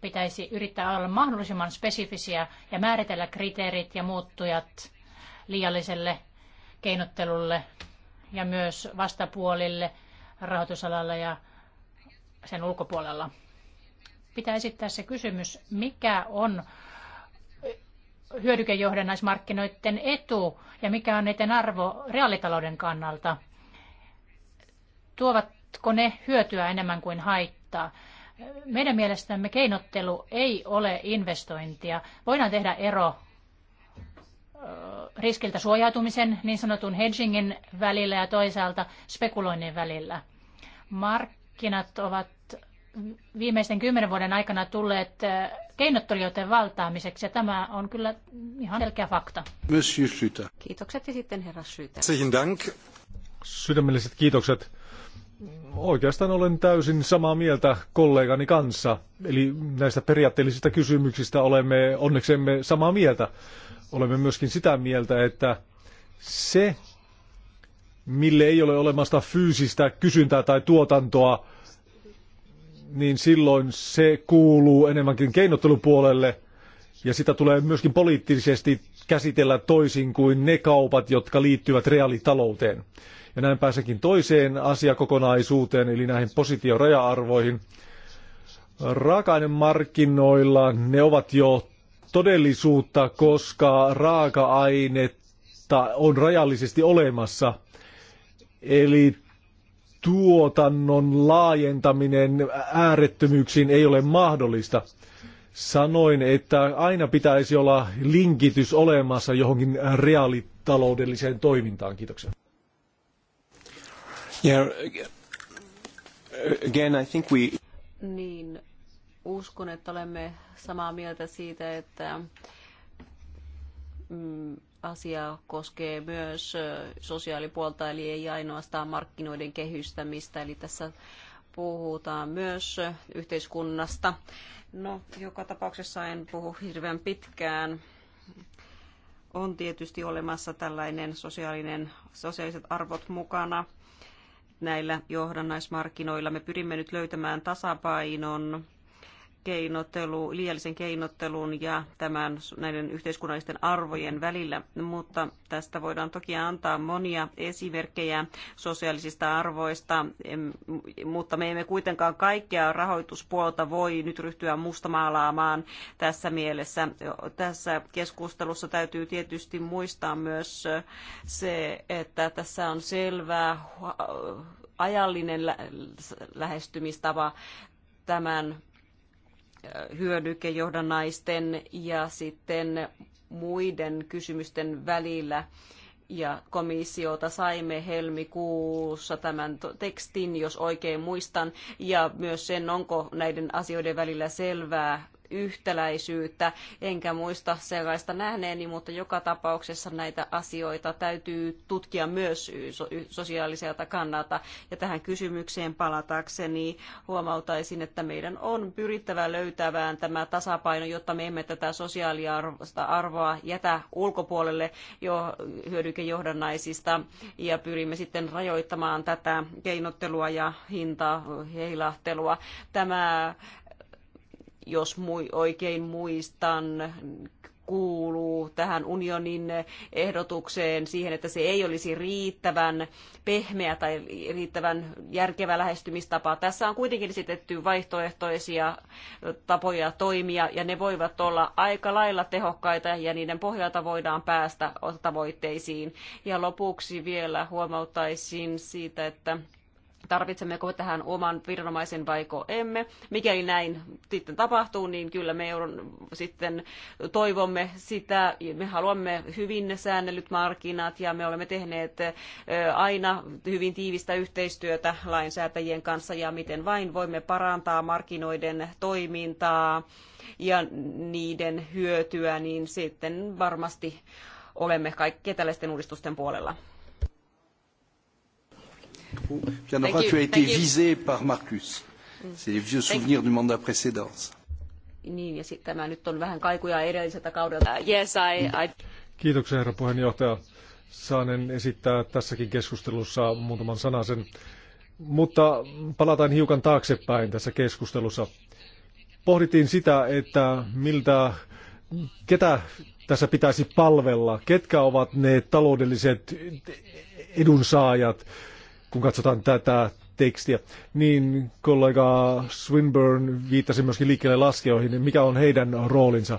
pitäisi yrittää olla mahdollisimman spesifisiä ja määritellä kriteerit ja muuttujat liialliselle keinottelulle ja myös vastapuolille – rahoitusalalla ja sen ulkopuolella. Pitää esittää se kysymys, mikä on hyödykejohdannaismarkkinoiden etu ja mikä on niiden arvo reaalitalouden kannalta? Tuovatko ne hyötyä enemmän kuin haittaa? Meidän mielestämme keinottelu ei ole investointia. Voidaan tehdä ero riskiltä suojautumisen, niin sanotun hedgingin välillä ja toisaalta spekuloinnin välillä. Markkinat ovat viimeisten kymmenen vuoden aikana tulleet eh, keinottelijoiden valtaamiseksi, ja tämä on kyllä ihan selkeä fakta. Kiitokset ja sitten herra Syytä. dank. Sydämelliset kiitokset. Oikeastaan olen täysin samaa mieltä kollegani kanssa. Eli näistä periaatteellisista kysymyksistä olemme onneksemme samaa mieltä olemme myöskin sitä mieltä, että se, mille ei ole olemasta fyysistä kysyntää tai tuotantoa, niin silloin se kuuluu enemmänkin keinottelupuolelle ja sitä tulee myöskin poliittisesti käsitellä toisin kuin ne kaupat, jotka liittyvät reaalitalouteen. Ja näin pääsenkin toiseen asiakokonaisuuteen, eli näihin positioraja-arvoihin. Raaka-ainemarkkinoilla ne ovat jo todellisuutta, koska raaka-ainetta on rajallisesti olemassa. Eli tuotannon laajentaminen äärettömyyksiin ei ole mahdollista. Sanoin, että aina pitäisi olla linkitys olemassa johonkin reaalitaloudelliseen toimintaan. Kiitoksia. Yeah, again, I think we... Niin, uskon, että olemme samaa mieltä siitä, että mm, asia koskee myös sosiaalipuolta, eli ei ainoastaan markkinoiden kehystämistä, eli tässä puhutaan myös yhteiskunnasta. No, joka tapauksessa en puhu hirveän pitkään. On tietysti olemassa tällainen sosiaalinen, sosiaaliset arvot mukana näillä johdannaismarkkinoilla. Me pyrimme nyt löytämään tasapainon keinottelu, liiallisen keinottelun ja tämän, näiden yhteiskunnallisten arvojen välillä, mutta tästä voidaan toki antaa monia esimerkkejä sosiaalisista arvoista, mutta me emme kuitenkaan kaikkea rahoituspuolta voi nyt ryhtyä mustamaalaamaan tässä mielessä. Tässä keskustelussa täytyy tietysti muistaa myös se, että tässä on selvää ajallinen lähestymistapa tämän hyödykejohdannaisten ja sitten muiden kysymysten välillä. Ja komissiota saimme helmikuussa tämän tekstin, jos oikein muistan, ja myös sen, onko näiden asioiden välillä selvää yhtäläisyyttä, enkä muista sellaista nähneeni, mutta joka tapauksessa näitä asioita täytyy tutkia myös sosiaaliselta kannalta. Ja tähän kysymykseen palatakseni huomautaisin, että meidän on pyrittävä löytämään tämä tasapaino, jotta me emme tätä sosiaaliarvoista arvoa jätä ulkopuolelle jo hyödykejohdannaisista ja pyrimme sitten rajoittamaan tätä keinottelua ja hinta heilahtelua. Tämä jos mui oikein muistan, kuuluu tähän unionin ehdotukseen siihen, että se ei olisi riittävän pehmeä tai riittävän järkevä lähestymistapa. Tässä on kuitenkin esitetty vaihtoehtoisia tapoja toimia ja ne voivat olla aika lailla tehokkaita ja niiden pohjalta voidaan päästä tavoitteisiin. Ja lopuksi vielä huomauttaisin siitä, että tarvitsemmeko tähän oman viranomaisen vaiko emme. Mikäli näin sitten tapahtuu, niin kyllä me euron sitten toivomme sitä. Me haluamme hyvin säännellyt markkinat ja me olemme tehneet aina hyvin tiivistä yhteistyötä lainsäätäjien kanssa ja miten vain voimme parantaa markkinoiden toimintaa ja niiden hyötyä, niin sitten varmasti olemme kaikkien tällaisten uudistusten puolella aura, tu as été visé par Marcus. Mm. C'est les vieux souvenirs du mandat précédent. Niin, ja sitten tämä nyt on vähän kaikuja edelliseltä kaudelta. Yes, I, I... Kiitoksia, herra puheenjohtaja. Saanen esittää tässäkin keskustelussa muutaman sanasen. Mutta palataan hiukan taaksepäin tässä keskustelussa. Pohdittiin sitä, että miltä, ketä tässä pitäisi palvella, ketkä ovat ne taloudelliset edunsaajat, kun katsotaan tätä tekstiä, niin kollega Swinburne viittasi myöskin liikkeelle laskeoihin, niin mikä on heidän roolinsa.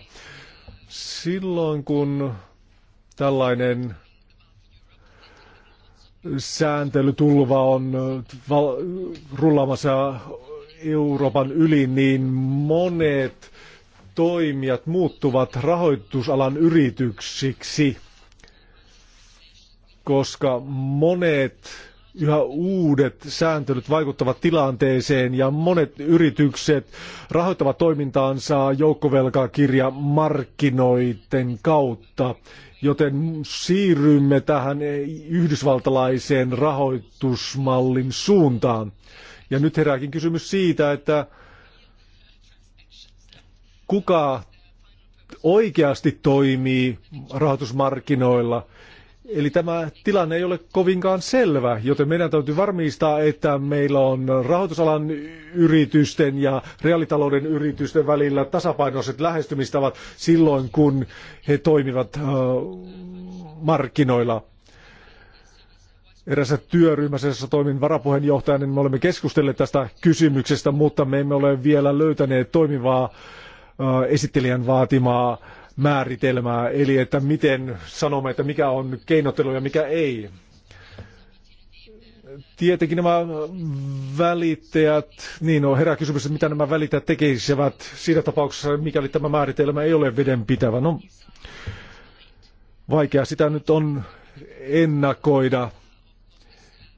Silloin kun tällainen sääntelytulva on val- rullaamassa Euroopan yli, niin monet toimijat muuttuvat rahoitusalan yrityksiksi, koska monet yhä uudet sääntelyt vaikuttavat tilanteeseen ja monet yritykset rahoittavat toimintaansa joukkovelkakirja markkinoiden kautta, joten siirrymme tähän yhdysvaltalaiseen rahoitusmallin suuntaan. Ja nyt herääkin kysymys siitä, että kuka oikeasti toimii rahoitusmarkkinoilla – Eli tämä tilanne ei ole kovinkaan selvä, joten meidän täytyy varmistaa, että meillä on rahoitusalan yritysten ja reaalitalouden yritysten välillä tasapainoiset lähestymistavat silloin, kun he toimivat markkinoilla. Erässä työryhmässä, jossa toimin varapuheenjohtajana, niin me olemme keskustelleet tästä kysymyksestä, mutta me emme ole vielä löytäneet toimivaa esittelijän vaatimaa määritelmää, eli että miten sanomme, että mikä on keinottelu ja mikä ei. Tietenkin nämä välittäjät, niin on herää kysymys, että mitä nämä välittäjät tekisivät siinä tapauksessa, mikäli tämä määritelmä ei ole vedenpitävä. No, vaikea sitä nyt on ennakoida.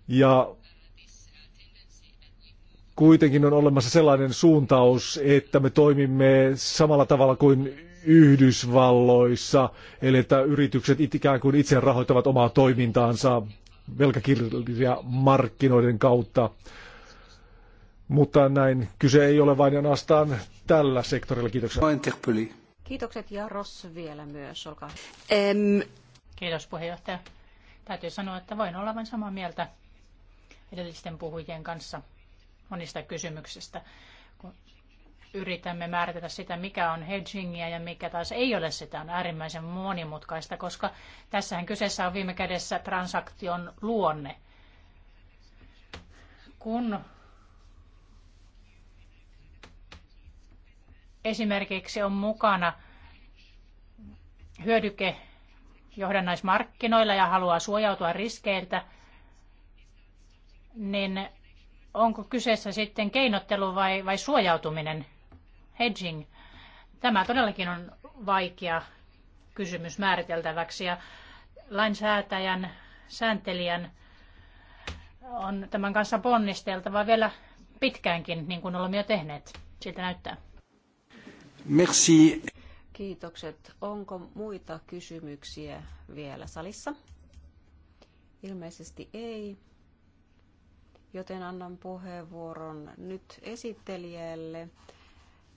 Ja kuitenkin on olemassa sellainen suuntaus, että me toimimme samalla tavalla kuin Yhdysvalloissa, eli että yritykset ikään kuin itse rahoittavat omaa toimintaansa markkinoiden kautta. Mutta näin, kyse ei ole vain ainoastaan tällä sektorilla. Kiitoksia. Kiitokset ja Ross vielä myös, olkaa Em... Kiitos puheenjohtaja. Täytyy sanoa, että voin olla vain samaa mieltä edellisten puhujien kanssa monista kysymyksistä yritämme määritellä sitä, mikä on hedgingiä ja mikä taas ei ole sitä, on äärimmäisen monimutkaista, koska tässähän kyseessä on viime kädessä transaktion luonne. Kun esimerkiksi on mukana hyödyke johdannaismarkkinoilla ja haluaa suojautua riskeiltä, niin onko kyseessä sitten keinottelu vai, vai suojautuminen? hedging. Tämä todellakin on vaikea kysymys määriteltäväksi ja lainsäätäjän, sääntelijän on tämän kanssa ponnisteltava vielä pitkäänkin, niin kuin olemme jo tehneet. Siltä näyttää. Merci. Kiitokset. Onko muita kysymyksiä vielä salissa? Ilmeisesti ei, joten annan puheenvuoron nyt esittelijälle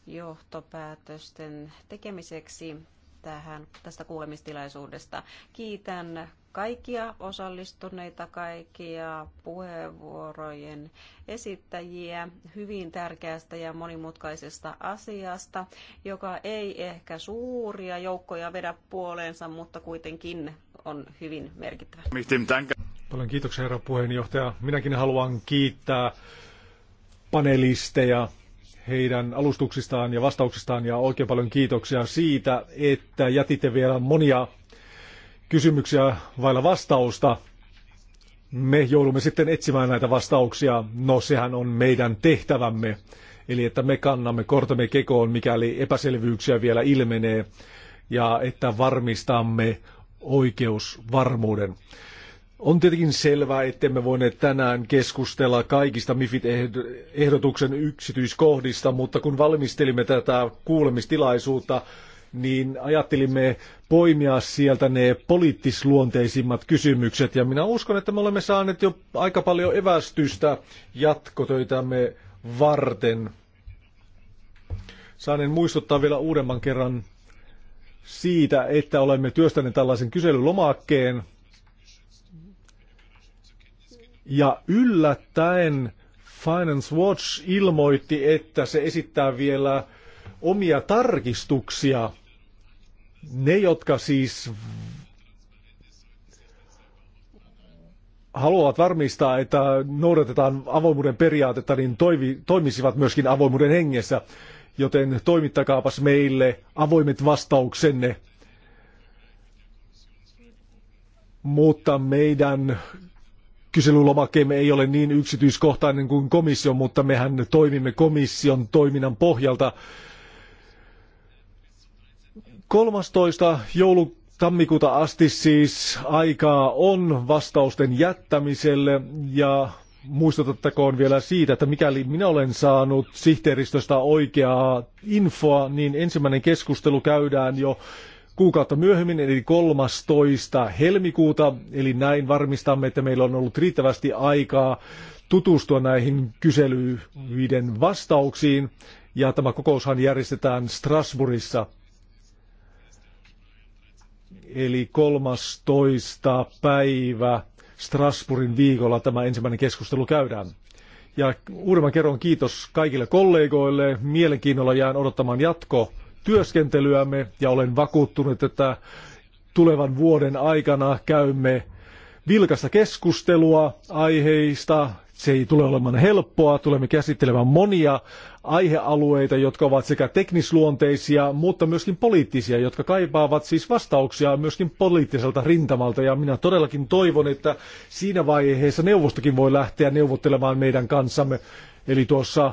johtopäätösten tekemiseksi tähän, tästä kuulemistilaisuudesta. Kiitän kaikkia osallistuneita, kaikkia puheenvuorojen esittäjiä hyvin tärkeästä ja monimutkaisesta asiasta, joka ei ehkä suuria joukkoja vedä puoleensa, mutta kuitenkin on hyvin merkittävä. Paljon kiitoksia herra puheenjohtaja. Minäkin haluan kiittää panelisteja heidän alustuksistaan ja vastauksistaan ja oikein paljon kiitoksia siitä, että jätitte vielä monia kysymyksiä vailla vastausta. Me joudumme sitten etsimään näitä vastauksia. No sehän on meidän tehtävämme. Eli että me kannamme kortamme kekoon, mikäli epäselvyyksiä vielä ilmenee ja että varmistamme oikeusvarmuuden. On tietenkin selvää, ettemme voineet tänään keskustella kaikista MIFID-ehdotuksen yksityiskohdista, mutta kun valmistelimme tätä kuulemistilaisuutta, niin ajattelimme poimia sieltä ne poliittisluonteisimmat kysymykset. Ja minä uskon, että me olemme saaneet jo aika paljon evästystä jatkotöitämme varten. Saanen muistuttaa vielä uudemman kerran siitä, että olemme työstäneet tällaisen kyselylomakkeen, ja yllättäen Finance Watch ilmoitti, että se esittää vielä omia tarkistuksia. Ne, jotka siis haluavat varmistaa, että noudatetaan avoimuuden periaatetta, niin toivi, toimisivat myöskin avoimuuden hengessä. Joten toimittakaapas meille avoimet vastauksenne. Mutta meidän Kyselylomakkeemme ei ole niin yksityiskohtainen kuin komissio, mutta mehän toimimme komission toiminnan pohjalta. 13. joulukuuta tammikuuta asti siis aikaa on vastausten jättämiselle ja muistutettakoon vielä siitä, että mikäli minä olen saanut sihteeristöstä oikeaa infoa, niin ensimmäinen keskustelu käydään jo kuukautta myöhemmin, eli 13. helmikuuta, eli näin varmistamme, että meillä on ollut riittävästi aikaa tutustua näihin kyselyiden vastauksiin, ja tämä kokoushan järjestetään Strasbourgissa. Eli 13. päivä Strasbourgin viikolla tämä ensimmäinen keskustelu käydään. Ja uudemman kerran kiitos kaikille kollegoille. Mielenkiinnolla jään odottamaan jatko työskentelyämme ja olen vakuuttunut, että tulevan vuoden aikana käymme vilkasta keskustelua aiheista. Se ei tule olemaan helppoa. Tulemme käsittelemään monia aihealueita, jotka ovat sekä teknisluonteisia, mutta myöskin poliittisia, jotka kaipaavat siis vastauksia myöskin poliittiselta rintamalta. Ja minä todellakin toivon, että siinä vaiheessa neuvostokin voi lähteä neuvottelemaan meidän kanssamme. Eli tuossa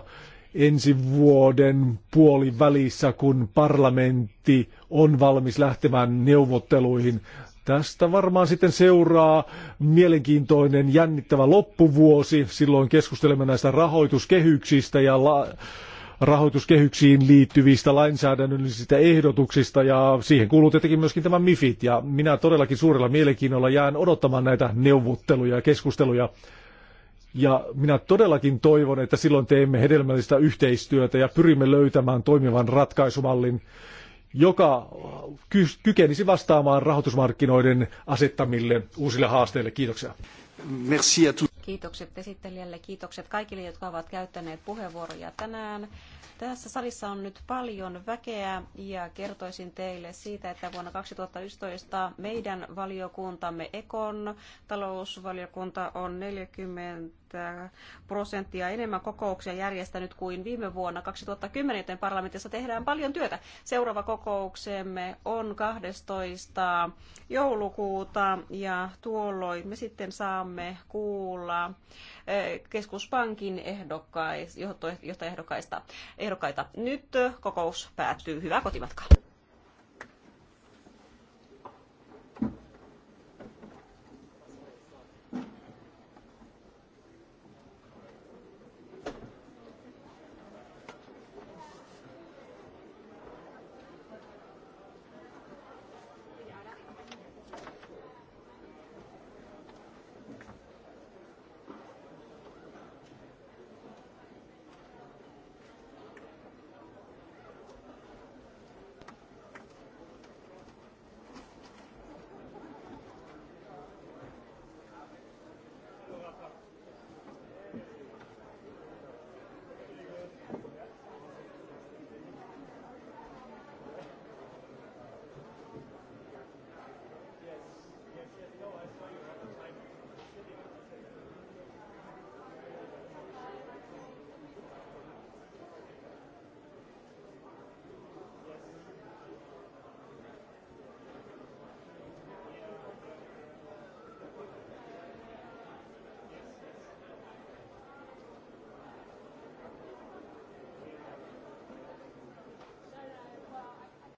ensi vuoden puolivälissä, kun parlamentti on valmis lähtemään neuvotteluihin. Tästä varmaan sitten seuraa mielenkiintoinen, jännittävä loppuvuosi. Silloin keskustelemme näistä rahoituskehyksistä ja la- rahoituskehyksiin liittyvistä lainsäädännöllisistä ehdotuksista ja siihen kuuluu tietenkin myöskin tämä MIFID ja minä todellakin suurella mielenkiinnolla jään odottamaan näitä neuvotteluja ja keskusteluja. Ja minä todellakin toivon, että silloin teemme hedelmällistä yhteistyötä ja pyrimme löytämään toimivan ratkaisumallin, joka kykenisi vastaamaan rahoitusmarkkinoiden asettamille uusille haasteille. Kiitoksia. Merci à tous. Kiitokset esittelijälle, kiitokset kaikille, jotka ovat käyttäneet puheenvuoroja tänään. Tässä salissa on nyt paljon väkeä ja kertoisin teille siitä, että vuonna 2011 meidän valiokuntamme Ekon talousvaliokunta on 40 prosenttia enemmän kokouksia järjestänyt kuin viime vuonna 2010, joten parlamentissa tehdään paljon työtä. Seuraava kokouksemme on 12. joulukuuta ja tuolloin me sitten saamme saamme kuulla eh, keskuspankin ehdokkaista. Nyt kokous päättyy. Hyvää kotimatkaa.